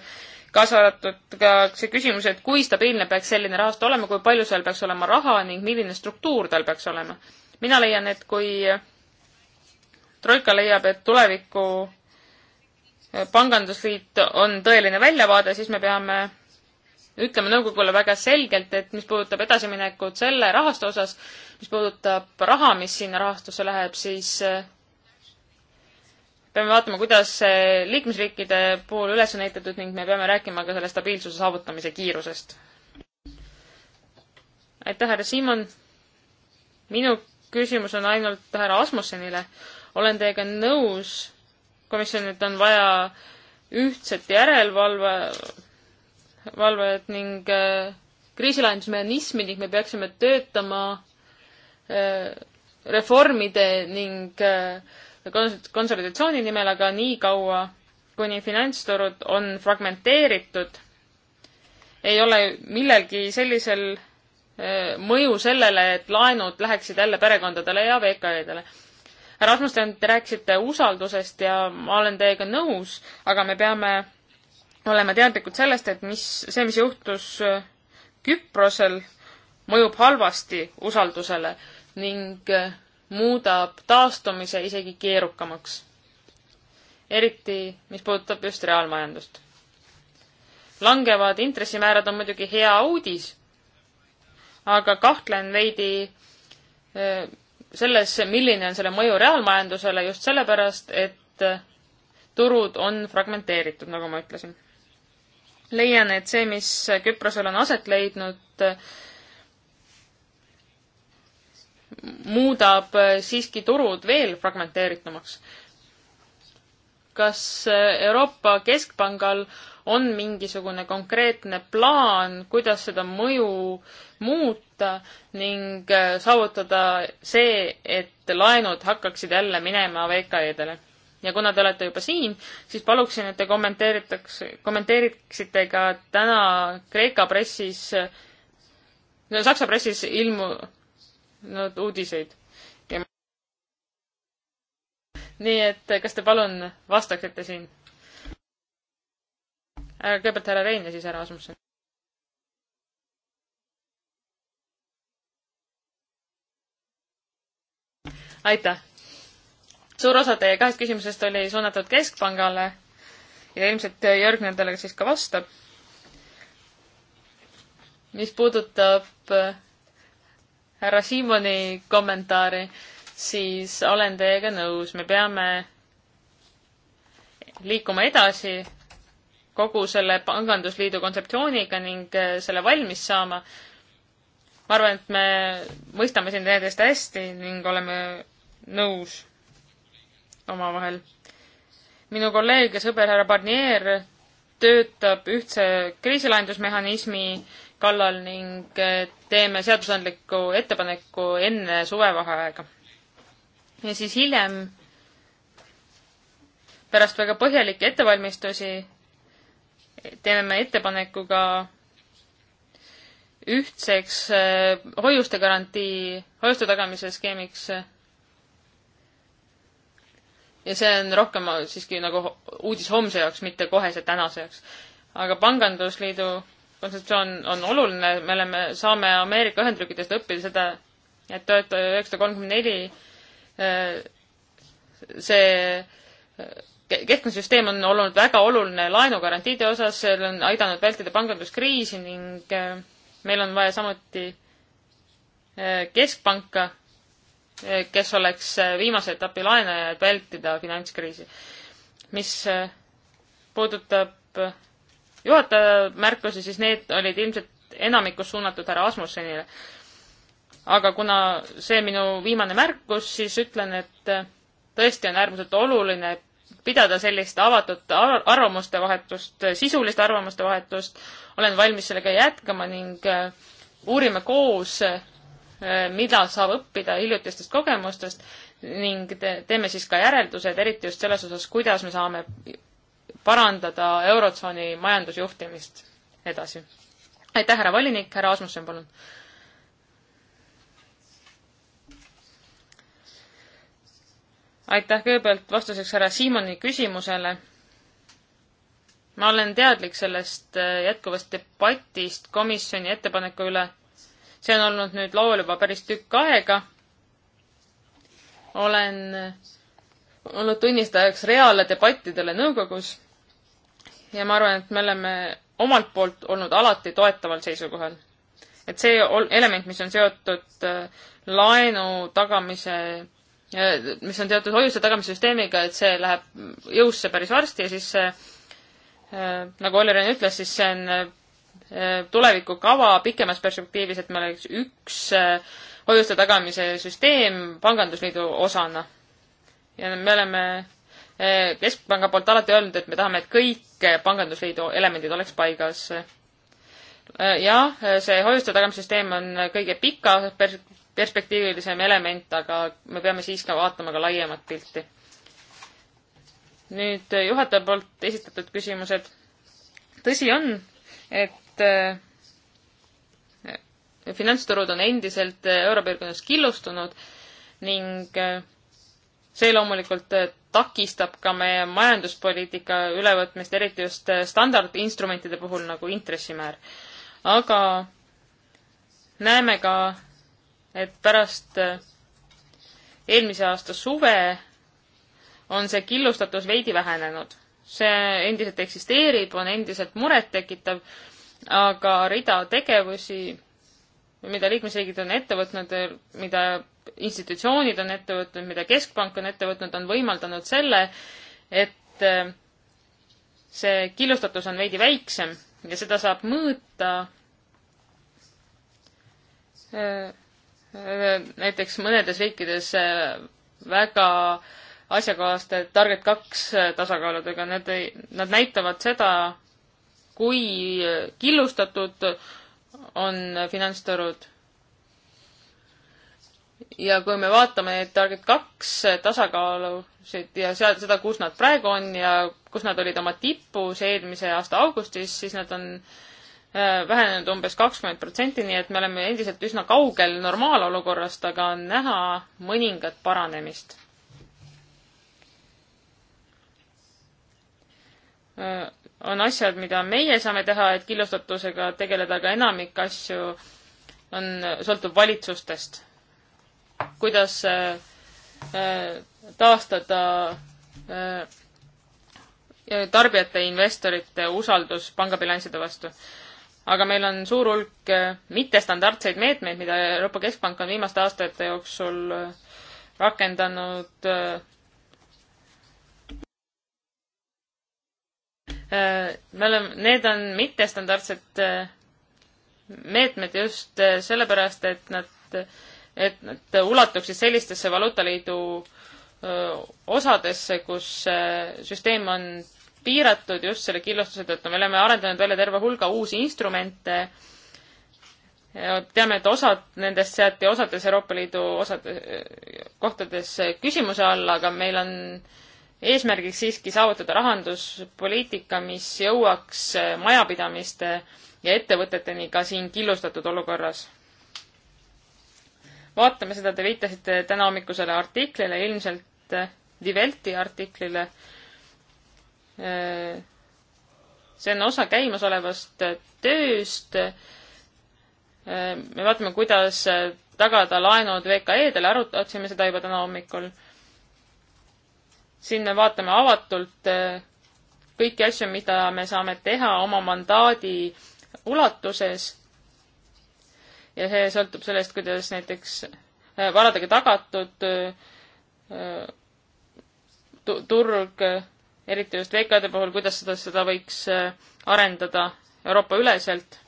kaasa arvatud ka see küsimus, et kui stabiilne peaks selline rahastu olema, kui palju seal peaks olema raha ning milline struktuur tal peaks olema. mina leian, et kui Troika leiab, et tuleviku pangandusliit on tõeline väljavaade, siis me peame ütleme nõukogule väga selgelt, et mis puudutab edasiminekut selle rahastu osas, mis puudutab raha, mis sinna rahastusse läheb, siis äh, peame vaatama, kuidas see liikmesriikide puhul üles on ehitatud ning me peame rääkima ka selle stabiilsuse saavutamise kiirusest. aitäh, härra Siimon. minu küsimus on ainult härra Asmussenile. olen teiega nõus, komisjonilt on vaja ühtset järelevalve, valvajat ning äh, kriisilahendusmehhanismi ning me peaksime töötama äh, reformide ning äh, konsolidatsiooni nimel, aga nii kaua, kuni finantsturud on fragmenteeritud, ei ole millelgi sellisel mõju sellele, et laenud läheksid jälle perekondadele ja VKE-dele. härra Asmusten, te rääkisite usaldusest ja ma olen teiega nõus, aga me peame olema teadlikud sellest, et mis, see, mis juhtus Küprosel, mõjub halvasti usaldusele ning muudab taastumise isegi keerukamaks. eriti, mis puudutab just reaalmajandust. langevad intressimäärad on muidugi hea uudis, aga kahtlen veidi eh, selles, milline on selle mõju reaalmajandusele just sellepärast, et eh, turud on fragmenteeritud, nagu ma ütlesin. leian, et see, mis Küprosel on aset leidnud, eh, muudab äh, siiski turud veel fragmenteeritumaks. kas äh, Euroopa Keskpangal on mingisugune konkreetne plaan, kuidas seda mõju muuta ning äh, saavutada see, et laenud hakkaksid jälle minema VKE-dele? ja kuna te olete juba siin, siis paluksin, et te kommenteeritaks, kommenteeriksite ka täna Kreeka pressis, Saksa pressis ilmu-, no uudiseid. nii et kas te palun vastaksite siin? Äh, kõigepealt härra Rein ja siis härra Asmussen. aitäh! suur osa teie kahest küsimusest oli suunatud Keskpangale ja ilmselt Jörg nendele siis ka vastab. mis puudutab äh, härra Siimoni kommentaari, siis olen teiega nõus, me peame liikuma edasi kogu selle pangandusliidu kontseptsiooniga ning äh, selle valmis saama. ma arvan, et me mõistame siin teineteist hästi ning oleme nõus omavahel. minu kolleeg ja sõber härra Barnier töötab ühtse kriisilahendusmehhanismi äh, kallal ning eh, teeme seadusandliku ettepaneku enne suvevaheaega. ja siis hiljem, pärast väga põhjalikke ettevalmistusi, teeme me ettepaneku ka ühtseks eh, hoiuste garantii, hoiuste tagamise skeemiks. ja see on rohkem siiski nagu uudis homse jaoks, mitte kohese tänase jaoks. aga Pangandusliidu kontseptsioon on oluline, me oleme, saame Ameerika Ühendriikidest õppida seda, et tuhat üheksasada kolmkümmend neli äh, see äh, keskne süsteem on olnud väga oluline laenugarantiide osas, seal on aidanud vältida panganduskriisi ning äh, meil on vaja samuti keskpanka, kes oleks viimase etapi laenaja, et vältida finantskriisi. mis puudutab juhataja märkusi, siis need olid ilmselt enamikus suunatud härra Asmussenile. aga kuna see minu viimane märkus, siis ütlen, et tõesti on äärmiselt oluline pidada sellist avatud arvamuste vahetust, sisulist arvamuste vahetust. olen valmis sellega jätkama ning äh, uurime koos, äh, mida saab õppida hiljutistest kogemustest ning teeme siis ka järeldused, eriti just selles osas, kuidas me saame parandada Eurotsooni majandusjuhtimist edasi. aitäh, härra volinik, härra Asmussen, palun. aitäh kõigepealt vastuseks härra Siimoni küsimusele. ma olen teadlik sellest äh, jätkuvast debatist komisjoni ettepaneku üle. see on olnud nüüd laual juba päris tükk aega. olen äh, olnud tunnistajaks reaale debattidele nõukogus ja ma arvan, et me oleme omalt poolt olnud alati toetaval seisukohal. et see element, mis on seotud äh, laenu tagamise, äh, mis on seotud hoiuste tagamise süsteemiga, et see läheb jõusse päris varsti ja siis see, äh, nagu Oliver ütles, siis see on tulevikukava pikemas perspektiivis, et meil oleks üks hoiuste tagamise süsteem pangandusliidu osana. ja me oleme Eh, Keskpanga poolt alati öelnud, et me tahame, et kõik eh, pangandusliidu elemendid oleks paigas. Eh, jah, see hoiuste tagamissüsteem on kõige pika pers-, perspektiivilisem element, aga me peame siis ka vaatama ka laiemat pilti. nüüd juhataja poolt esitatud küsimused. tõsi on, et finantsturud on endiselt Europiirkonnas killustunud ning see loomulikult äh, takistab ka meie majanduspoliitika ülevõtmist, eriti just äh, standardinstrumentide puhul nagu intressimäär. aga näeme ka, et pärast äh, eelmise aasta suve on see killustatus veidi vähenenud. see endiselt eksisteerib, on endiselt murettekitav, aga rida tegevusi, mida liikmesriigid on ette võtnud, mida institutsioonid on ette võtnud, mida Keskpank on ette võtnud, on võimaldanud selle, et äh, see killustatus on veidi väiksem ja seda saab mõõta äh, äh, näiteks mõnedes riikides väga asjakohaste target kaks tasakaaludega, need, nad näitavad seda, kui killustatud on finantsturud ja kui me vaatame Target kaks tasakaalusid ja seal seda, kus nad praegu on ja kus nad olid oma tipus eelmise aasta augustis, siis nad on äh, vähenenud umbes kakskümmend protsenti, nii et me oleme endiselt üsna kaugel normaalolukorrast, aga on näha mõningat paranemist. Äh, on asjad, mida meie saame teha, et killustatusega tegeleda, aga enamik asju on, sõltub valitsustest kuidas äh, äh, taastada äh, tarbijate ja investorite usaldus pangabilansside vastu. aga meil on suur hulk mittestandardseid meetmeid, mida Euroopa Keskpank on viimaste aastate jooksul rakendanud me oleme, need on mittestandardsed meetmed just sellepärast, et nad et nad ulatuksid sellistesse valuutaliidu osadesse, kus süsteem on piiratud just selle killustuse tõttu. me oleme arendanud välja terve hulga uusi instrumente. teame, et osad nendest seati osades Euroopa Liidu osades kohtades küsimuse alla, aga meil on eesmärgiks siiski saavutada rahanduspoliitika, mis jõuaks majapidamiste ja ettevõteteni ka siin killustatud olukorras vaatame seda, te viitasite täna hommikusele artiklile, ilmselt Divelti artiklile. see on osa käimasolevast tööst. me vaatame, kuidas tagada laenud VKE-dele, arutasime seda juba täna hommikul. siin me vaatame avatult kõiki asju, mida me saame teha oma mandaadi ulatuses ja see sõltub sellest, kuidas näiteks äh, varadega tagatud äh, turg, eriti just VKD puhul, kuidas seda, seda võiks äh, arendada Euroopa üleselt.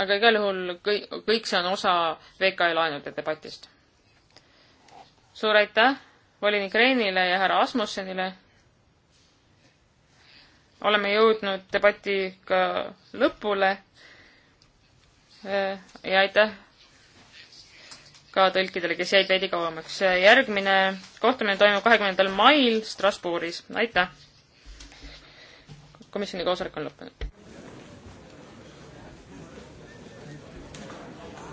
aga igal juhul kõik, kõik see on osa VKI e laenude debatist. suur aitäh volinik Reinile ja härra Asmussenile oleme jõudnud debatiga lõpule äh, ja aitäh ka tõlkidele, kes jäid veidi kauemaks. Äh, järgmine kohtumine toimub kahekümnendal mail Strasbourgis, aitäh! komisjoni koosolek on lõppenud.